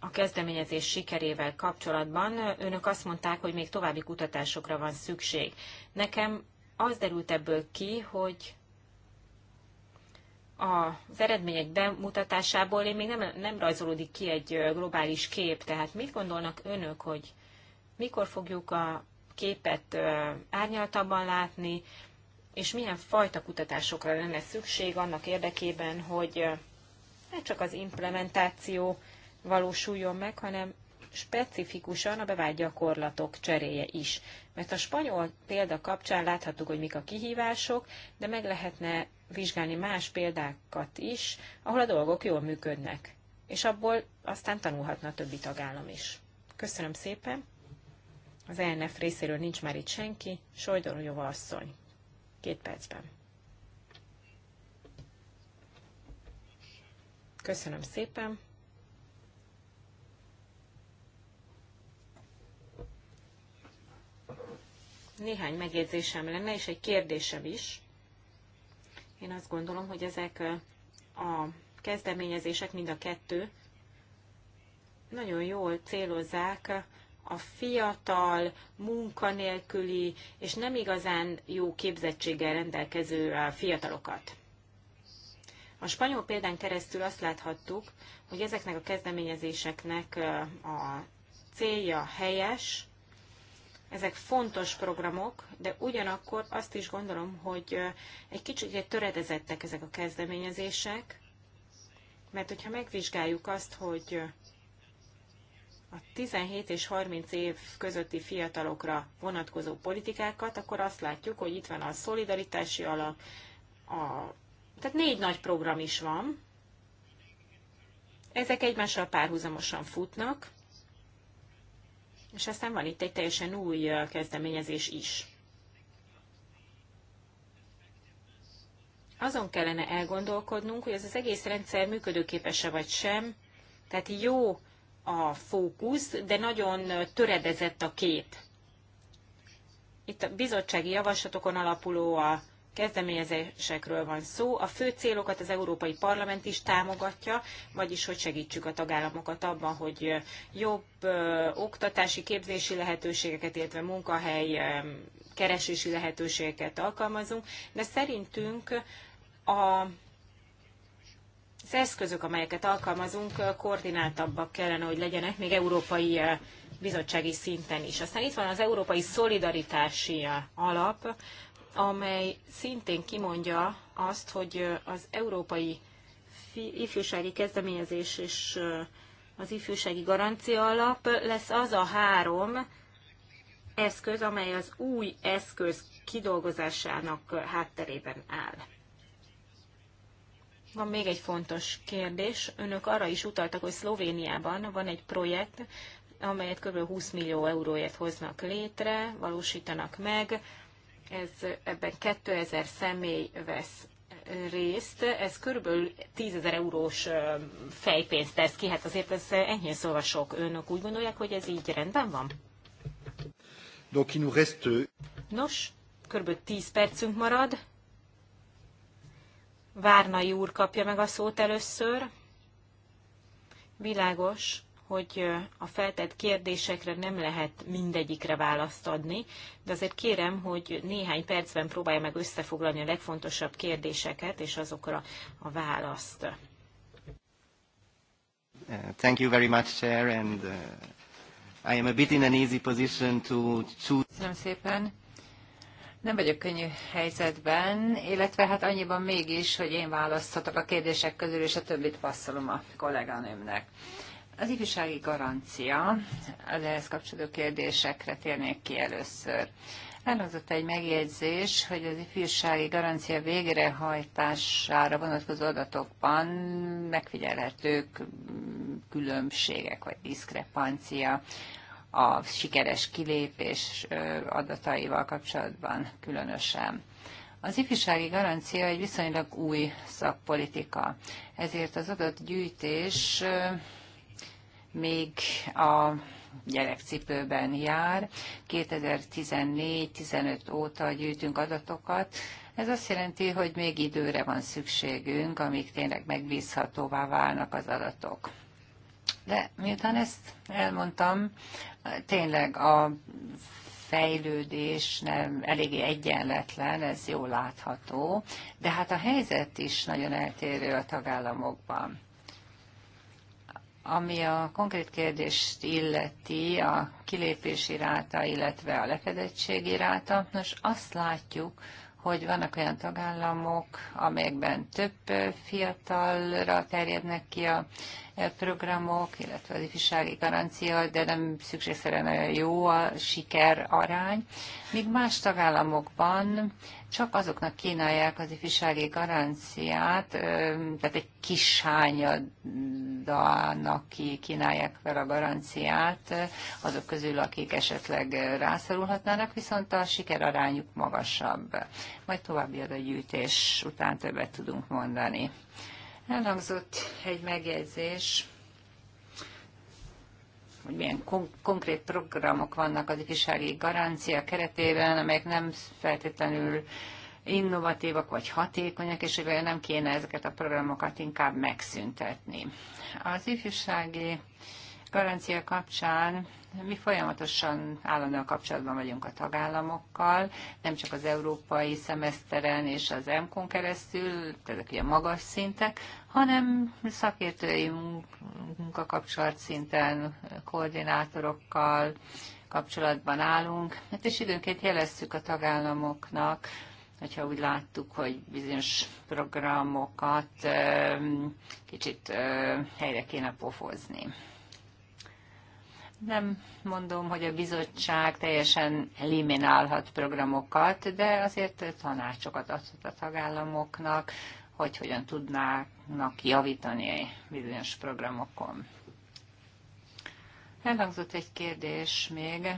a kezdeményezés sikerével kapcsolatban önök azt mondták, hogy még további kutatásokra van szükség. Nekem az derült ebből ki, hogy az eredmények bemutatásából én még nem, nem rajzolódik ki egy globális kép, tehát mit gondolnak önök, hogy mikor fogjuk a képet árnyaltabban látni, és milyen fajta kutatásokra lenne szükség annak érdekében, hogy ne csak az implementáció valósuljon meg, hanem specifikusan a bevált gyakorlatok cseréje is. Mert a spanyol példa kapcsán láthattuk, hogy mik a kihívások, de meg lehetne vizsgálni más példákat is, ahol a dolgok jól működnek, és abból aztán tanulhatna a többi tagállam is. Köszönöm szépen! Az ENF részéről nincs már itt senki. Sojdorújova asszony. Két percben. Köszönöm szépen! Néhány megjegyzésem lenne, és egy kérdésem is. Én azt gondolom, hogy ezek a kezdeményezések mind a kettő nagyon jól célozzák a fiatal, munkanélküli és nem igazán jó képzettséggel rendelkező fiatalokat. A spanyol példán keresztül azt láthattuk, hogy ezeknek a kezdeményezéseknek a célja helyes, ezek fontos programok, de ugyanakkor azt is gondolom, hogy egy kicsit töredezettek ezek a kezdeményezések, mert hogyha megvizsgáljuk azt, hogy a 17 és 30 év közötti fiatalokra vonatkozó politikákat, akkor azt látjuk, hogy itt van a szolidaritási alap, a, tehát négy nagy program is van. Ezek egymással párhuzamosan futnak, és aztán van itt egy teljesen új kezdeményezés is. Azon kellene elgondolkodnunk, hogy ez az egész rendszer működőképes-e vagy sem. Tehát jó a fókusz, de nagyon töredezett a kép. Itt a bizottsági javaslatokon alapuló a kezdeményezésekről van szó. A fő célokat az Európai Parlament is támogatja, vagyis hogy segítsük a tagállamokat abban, hogy jobb oktatási, képzési lehetőségeket, illetve munkahely keresési lehetőségeket alkalmazunk, de szerintünk a az eszközök, amelyeket alkalmazunk, koordináltabbak kellene, hogy legyenek, még európai bizottsági szinten is. Aztán itt van az Európai Szolidaritási Alap, amely szintén kimondja azt, hogy az európai ifjúsági kezdeményezés és az ifjúsági garancia alap lesz az a három eszköz, amely az új eszköz kidolgozásának hátterében áll. Van még egy fontos kérdés. Önök arra is utaltak, hogy Szlovéniában van egy projekt, amelyet kb. 20 millió euróért hoznak létre, valósítanak meg ez, ebben 2000 személy vesz részt, ez körülbelül 10 ezer eurós fejpénzt tesz ki, hát azért ez enyhén szóval sok. Önök úgy gondolják, hogy ez így rendben van? Donc, il nous reste... Nos, körülbelül 10 percünk marad. Várnai úr kapja meg a szót először. Világos, hogy a feltett kérdésekre nem lehet mindegyikre választ adni, de azért kérem, hogy néhány percben próbálja meg összefoglalni a legfontosabb kérdéseket és azokra a választ. Uh, thank you very much, Chair, and uh, I am a bit in an easy position to choose. szépen. Nem vagyok könnyű helyzetben, illetve hát annyiban mégis, hogy én választhatok a kérdések közül, és a többit passzolom a kolléganőmnek. Az ifjúsági garancia, az ehhez kapcsolódó kérdésekre térnék ki először. Elhangzott egy megjegyzés, hogy az ifjúsági garancia végrehajtására vonatkozó adatokban megfigyelhetők különbségek vagy diszkrepancia a sikeres kilépés adataival kapcsolatban különösen. Az ifjúsági garancia egy viszonylag új szakpolitika, ezért az adatgyűjtés még a gyerekcipőben jár. 2014-15 óta gyűjtünk adatokat, ez azt jelenti, hogy még időre van szükségünk, amíg tényleg megbízhatóvá válnak az adatok. De miután ezt elmondtam, tényleg a fejlődés nem eléggé egyenletlen, ez jól látható, de hát a helyzet is nagyon eltérő a tagállamokban. Ami a konkrét kérdést illeti, a kilépési ráta, illetve a lefedettségi ráta, nos azt látjuk, hogy vannak olyan tagállamok, amelyekben több fiatalra terjednek ki a programok, illetve az ifjúsági garancia, de nem szükségszerűen jó a siker arány, míg más tagállamokban csak azoknak kínálják az ifjúsági garanciát, tehát egy kis hányadának kínálják fel a garanciát, azok közül, akik esetleg rászorulhatnának, viszont a siker arányuk magasabb. Majd további gyűjtés után többet tudunk mondani. Elhangzott egy megjegyzés, hogy milyen kon- konkrét programok vannak az ifjúsági garancia keretében, amelyek nem feltétlenül innovatívak vagy hatékonyak, és hogy nem kéne ezeket a programokat inkább megszüntetni. Az ifjúsági garancia kapcsán mi folyamatosan állandóan kapcsolatban vagyunk a tagállamokkal, nem csak az európai szemeszteren és az EMKON keresztül, ezek ugye magas szintek, hanem szakértői munkakapcsolat szinten, koordinátorokkal kapcsolatban állunk. Hát és időnként jelezzük a tagállamoknak, hogyha úgy láttuk, hogy bizonyos programokat kicsit helyre kéne pofozni. Nem mondom, hogy a bizottság teljesen eliminálhat programokat, de azért tanácsokat adhat a tagállamoknak, hogy hogyan tudnának javítani bizonyos programokon. Elhangzott egy kérdés még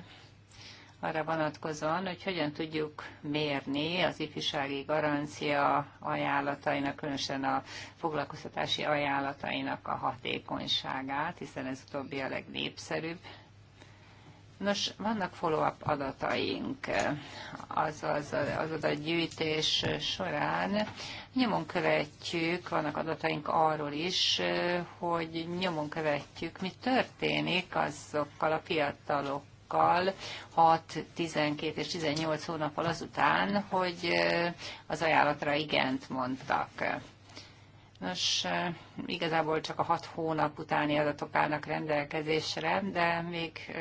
arra vonatkozóan, hogy hogyan tudjuk mérni az ifjúsági garancia ajánlatainak, különösen a foglalkoztatási ajánlatainak a hatékonyságát, hiszen ez utóbbi a legnépszerűbb. Nos, vannak follow-up adataink, azaz az adatgyűjtés során nyomon követjük, vannak adataink arról is, hogy nyomon követjük, mi történik azokkal a fiatalok, hónapokkal, 6, 12 és 18 hónappal azután, hogy az ajánlatra igent mondtak. Nos, igazából csak a hat hónap utáni adatok állnak rendelkezésre, de még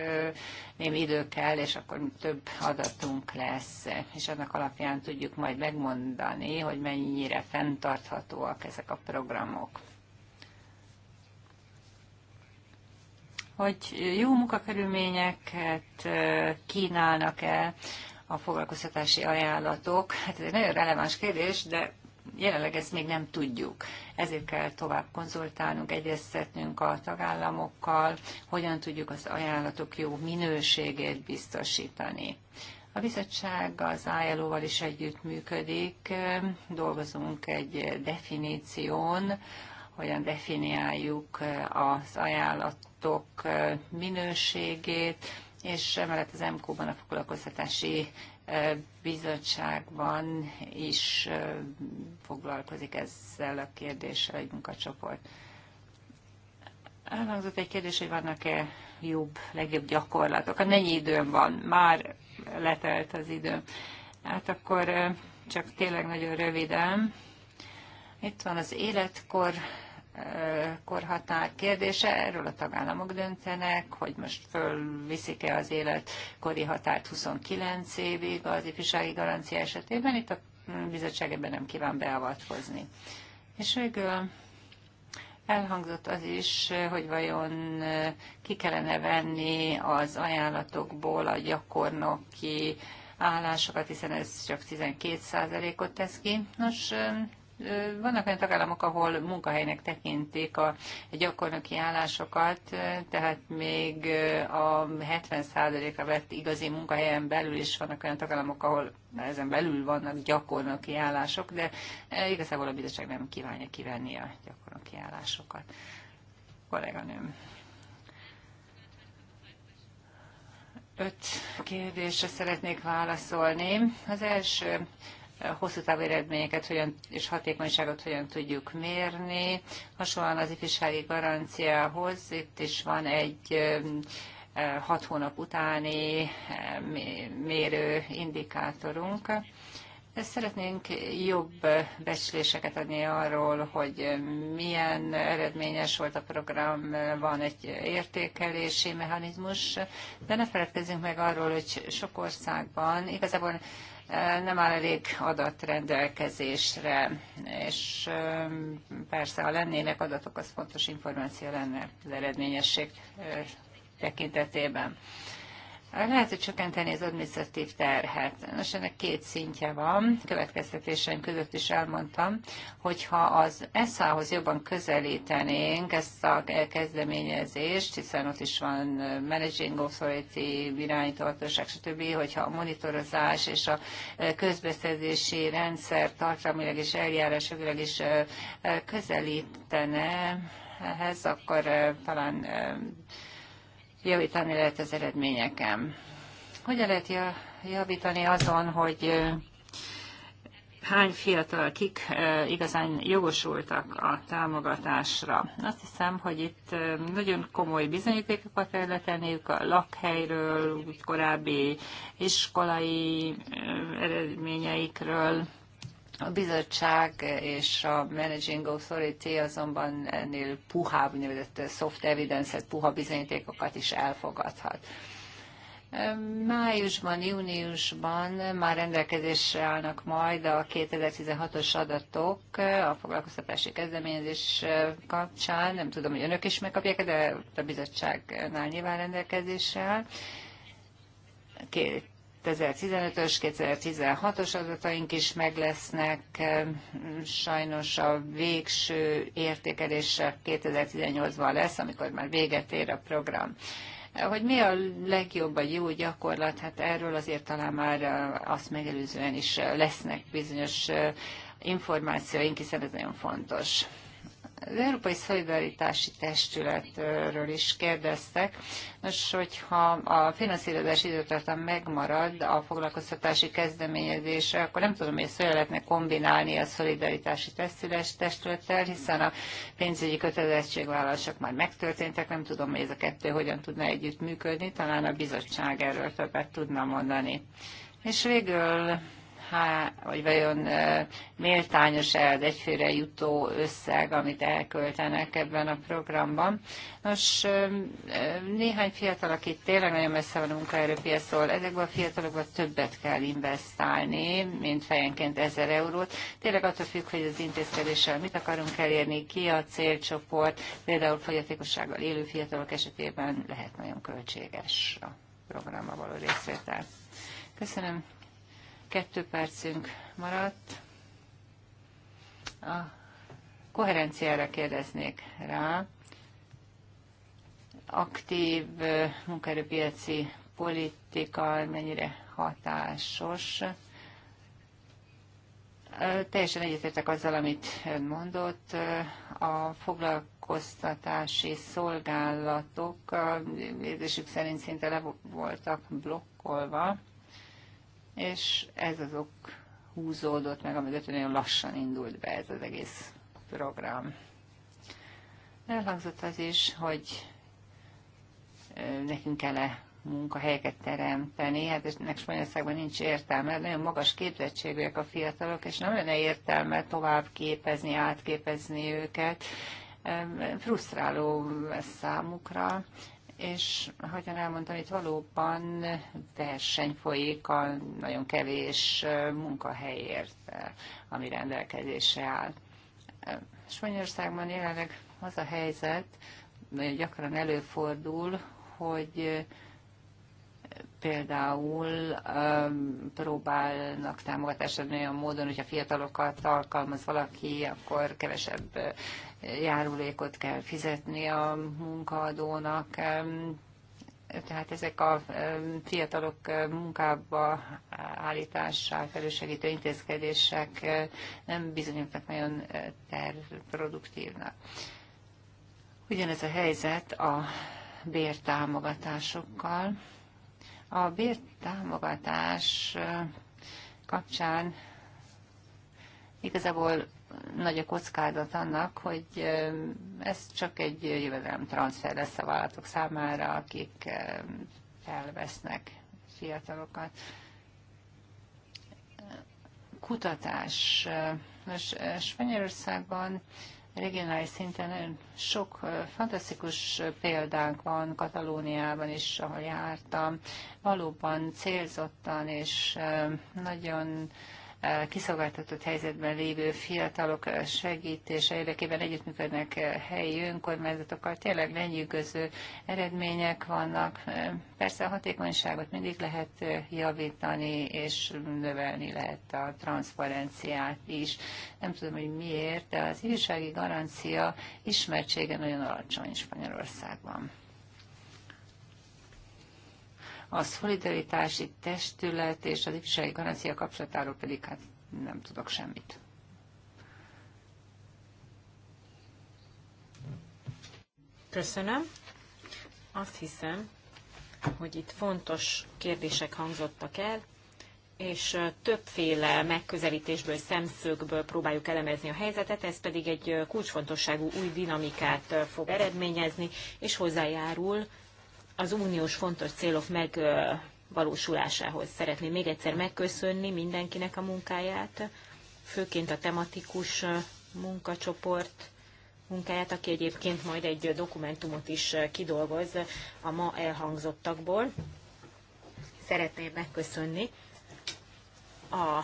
némi idő kell, és akkor több adatunk lesz, és annak alapján tudjuk majd megmondani, hogy mennyire fenntarthatóak ezek a programok. hogy jó munkakörülményeket kínálnak-e a foglalkoztatási ajánlatok. Hát ez egy nagyon releváns kérdés, de jelenleg ezt még nem tudjuk. Ezért kell tovább konzultálnunk, egyeztetnünk a tagállamokkal, hogyan tudjuk az ajánlatok jó minőségét biztosítani. A bizottság az ILO-val is együttműködik, dolgozunk egy definíción hogyan definiáljuk az ajánlatok minőségét, és emellett az MKO-ban a foglalkoztatási bizottságban is foglalkozik ezzel a kérdéssel egy munkacsoport. Elhangzott egy kérdés, hogy vannak-e jobb, legjobb gyakorlatok. Hát mennyi időm van? Már letelt az idő, Hát akkor csak tényleg nagyon röviden. Itt van az életkor korhatár kérdése, erről a tagállamok döntenek, hogy most fölviszik-e az életkori határt 29 évig az ifjúsági garancia esetében, itt a bizottság ebben nem kíván beavatkozni. És végül elhangzott az is, hogy vajon ki kellene venni az ajánlatokból a gyakornoki állásokat, hiszen ez csak 12%-ot tesz ki. Nos, vannak olyan tagállamok, ahol munkahelynek tekintik a gyakornoki állásokat, tehát még a 70%-ra vett igazi munkahelyen belül is vannak olyan tagállamok, ahol ezen belül vannak gyakornoki állások, de igazából a bizottság nem kívánja kivenni a gyakornoki állásokat. Kolléganőm. Öt kérdésre szeretnék válaszolni. Az első, hosszú távú eredményeket hogyan, és hatékonyságot hogyan tudjuk mérni. Hasonlóan az ifjúsági garanciához itt is van egy hat hónap utáni mérő indikátorunk. Szeretnénk jobb becsléseket adni arról, hogy milyen eredményes volt a program, van egy értékelési mechanizmus, de ne feledkezzünk meg arról, hogy sok országban igazából nem áll elég adat rendelkezésre, és persze, ha lennének adatok, az fontos információ lenne az eredményesség tekintetében. Lehet, hogy csökkenteni az administratív terhet. Nos, ennek két szintje van. Következtetéseim között is elmondtam, hogyha az ESZA-hoz jobban közelítenénk ezt a kezdeményezést, hiszen ott is van managing authority, irányítóhatóság, stb., hogyha a monitorozás és a közbeszerzési rendszer tartalmilag és eljárásoklag is közelítene ehhez, akkor talán javítani lehet az eredményekem. Hogyan lehet javítani azon, hogy hány fiatal, kik igazán jogosultak a támogatásra. Azt hiszem, hogy itt nagyon komoly bizonyítékokat kell letenniük a lakhelyről, korábbi iskolai eredményeikről, a bizottság és a Managing Authority azonban ennél puhább, úgynevezett soft evidence-et, puha bizonyítékokat is elfogadhat. Májusban, júniusban már rendelkezésre állnak majd a 2016-os adatok a foglalkoztatási kezdeményezés kapcsán. Nem tudom, hogy önök is megkapják, de a bizottságnál nyilván rendelkezésre áll. Két 2015-ös, 2016-os adataink is meg lesznek. Sajnos a végső értékelés 2018-ban lesz, amikor már véget ér a program. E, hogy mi a legjobb a jó gyakorlat, hát erről azért talán már e, azt megelőzően is e, lesznek bizonyos információink, hiszen ez nagyon fontos. Az Európai Szolidaritási Testületről is kérdeztek. Nos, hogyha a finanszírozás időtartam megmarad a foglalkoztatási kezdeményezésre, akkor nem tudom, hogy ezt olyan lehetne kombinálni a Szolidaritási Testülettel, hiszen a pénzügyi kötelezettségvállalások már megtörténtek, nem tudom, hogy ez a kettő hogyan tudna együtt működni, talán a bizottság erről többet tudna mondani. És végül há, vagy vajon méltányos-e az egyfőre jutó összeg, amit elköltenek ebben a programban. Nos, néhány fiatal, akik tényleg nagyon messze van a munkaerőpiacról, ezekben a fiatalokban többet kell investálni, mint fejenként 1000 eurót. Tényleg attól függ, hogy az intézkedéssel mit akarunk elérni, ki a célcsoport, például fogyatékossággal élő fiatalok esetében lehet nagyon költséges a programba való részvétel. Köszönöm. Kettő percünk maradt. A koherenciára kérdeznék rá. Aktív munkaerőpiaci politika mennyire hatásos. Teljesen egyetértek azzal, amit ön mondott. A foglalkoztatási szolgálatok érzésük szerint szinte le voltak blokkolva és ez azok húzódott meg, amit nagyon lassan indult be ez az egész program. Elhangzott az is, hogy nekünk kell-e munkahelyeket teremteni, hát és ennek Spanyolországban nincs értelme, nagyon magas képzettségűek a fiatalok, és nem lenne értelme tovább képezni, átképezni őket. Frusztráló ez számukra, és hogyan elmondtam, itt valóban verseny folyik a nagyon kevés munkahelyért, ami rendelkezésre áll. Spanyolországban jelenleg az a helyzet, nagyon gyakran előfordul, hogy például um, próbálnak támogatást adni olyan módon, hogyha fiatalokat alkalmaz valaki, akkor kevesebb járulékot kell fizetni a munkaadónak, tehát ezek a fiatalok munkába állítását elősegítő intézkedések nem bizonyultak nagyon terproduktívnak. Ugyanez a helyzet a bértámogatásokkal. A bértámogatás kapcsán igazából nagy a kockázat annak, hogy ez csak egy jövedelem transfer lesz a vállalatok számára, akik felvesznek fiatalokat. Kutatás. Nos, Spanyolországban regionális szinten nagyon sok fantasztikus példánk van, Katalóniában is, ahol jártam. Valóban célzottan és nagyon kiszolgáltatott helyzetben lévő fiatalok segítése érdekében együttműködnek helyi önkormányzatokkal. Tényleg lenyűgöző eredmények vannak. Persze a hatékonyságot mindig lehet javítani, és növelni lehet a transzparenciát is. Nem tudom, hogy miért, de az ifjúsági garancia ismertsége nagyon alacsony Spanyolországban. A szolidaritási testület és az ifjúsági garancia kapcsolatáról pedig hát nem tudok semmit. Köszönöm. Azt hiszem, hogy itt fontos kérdések hangzottak el, és többféle megközelítésből, szemszögből próbáljuk elemezni a helyzetet, ez pedig egy kulcsfontosságú új dinamikát fog eredményezni, és hozzájárul az uniós fontos célok megvalósulásához. Szeretném még egyszer megköszönni mindenkinek a munkáját, főként a tematikus munkacsoport munkáját, aki egyébként majd egy dokumentumot is kidolgoz a ma elhangzottakból. Szeretném megköszönni a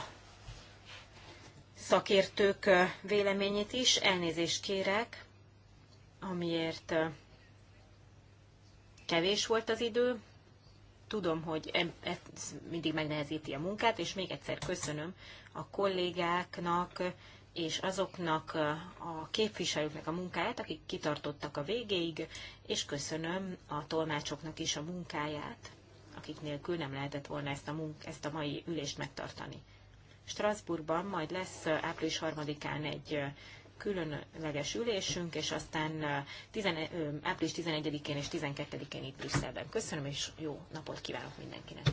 szakértők véleményét is. Elnézést kérek, amiért kevés volt az idő. Tudom, hogy ez mindig megnehezíti a munkát, és még egyszer köszönöm a kollégáknak és azoknak a képviselőknek a munkáját, akik kitartottak a végéig, és köszönöm a tolmácsoknak is a munkáját, akik nélkül nem lehetett volna ezt a, munk- ezt a mai ülést megtartani. Strasbourgban majd lesz április 3-án egy különleges ülésünk, és aztán 10, április 11-én és 12-én itt Brüsszelben. Köszönöm, és jó napot kívánok mindenkinek!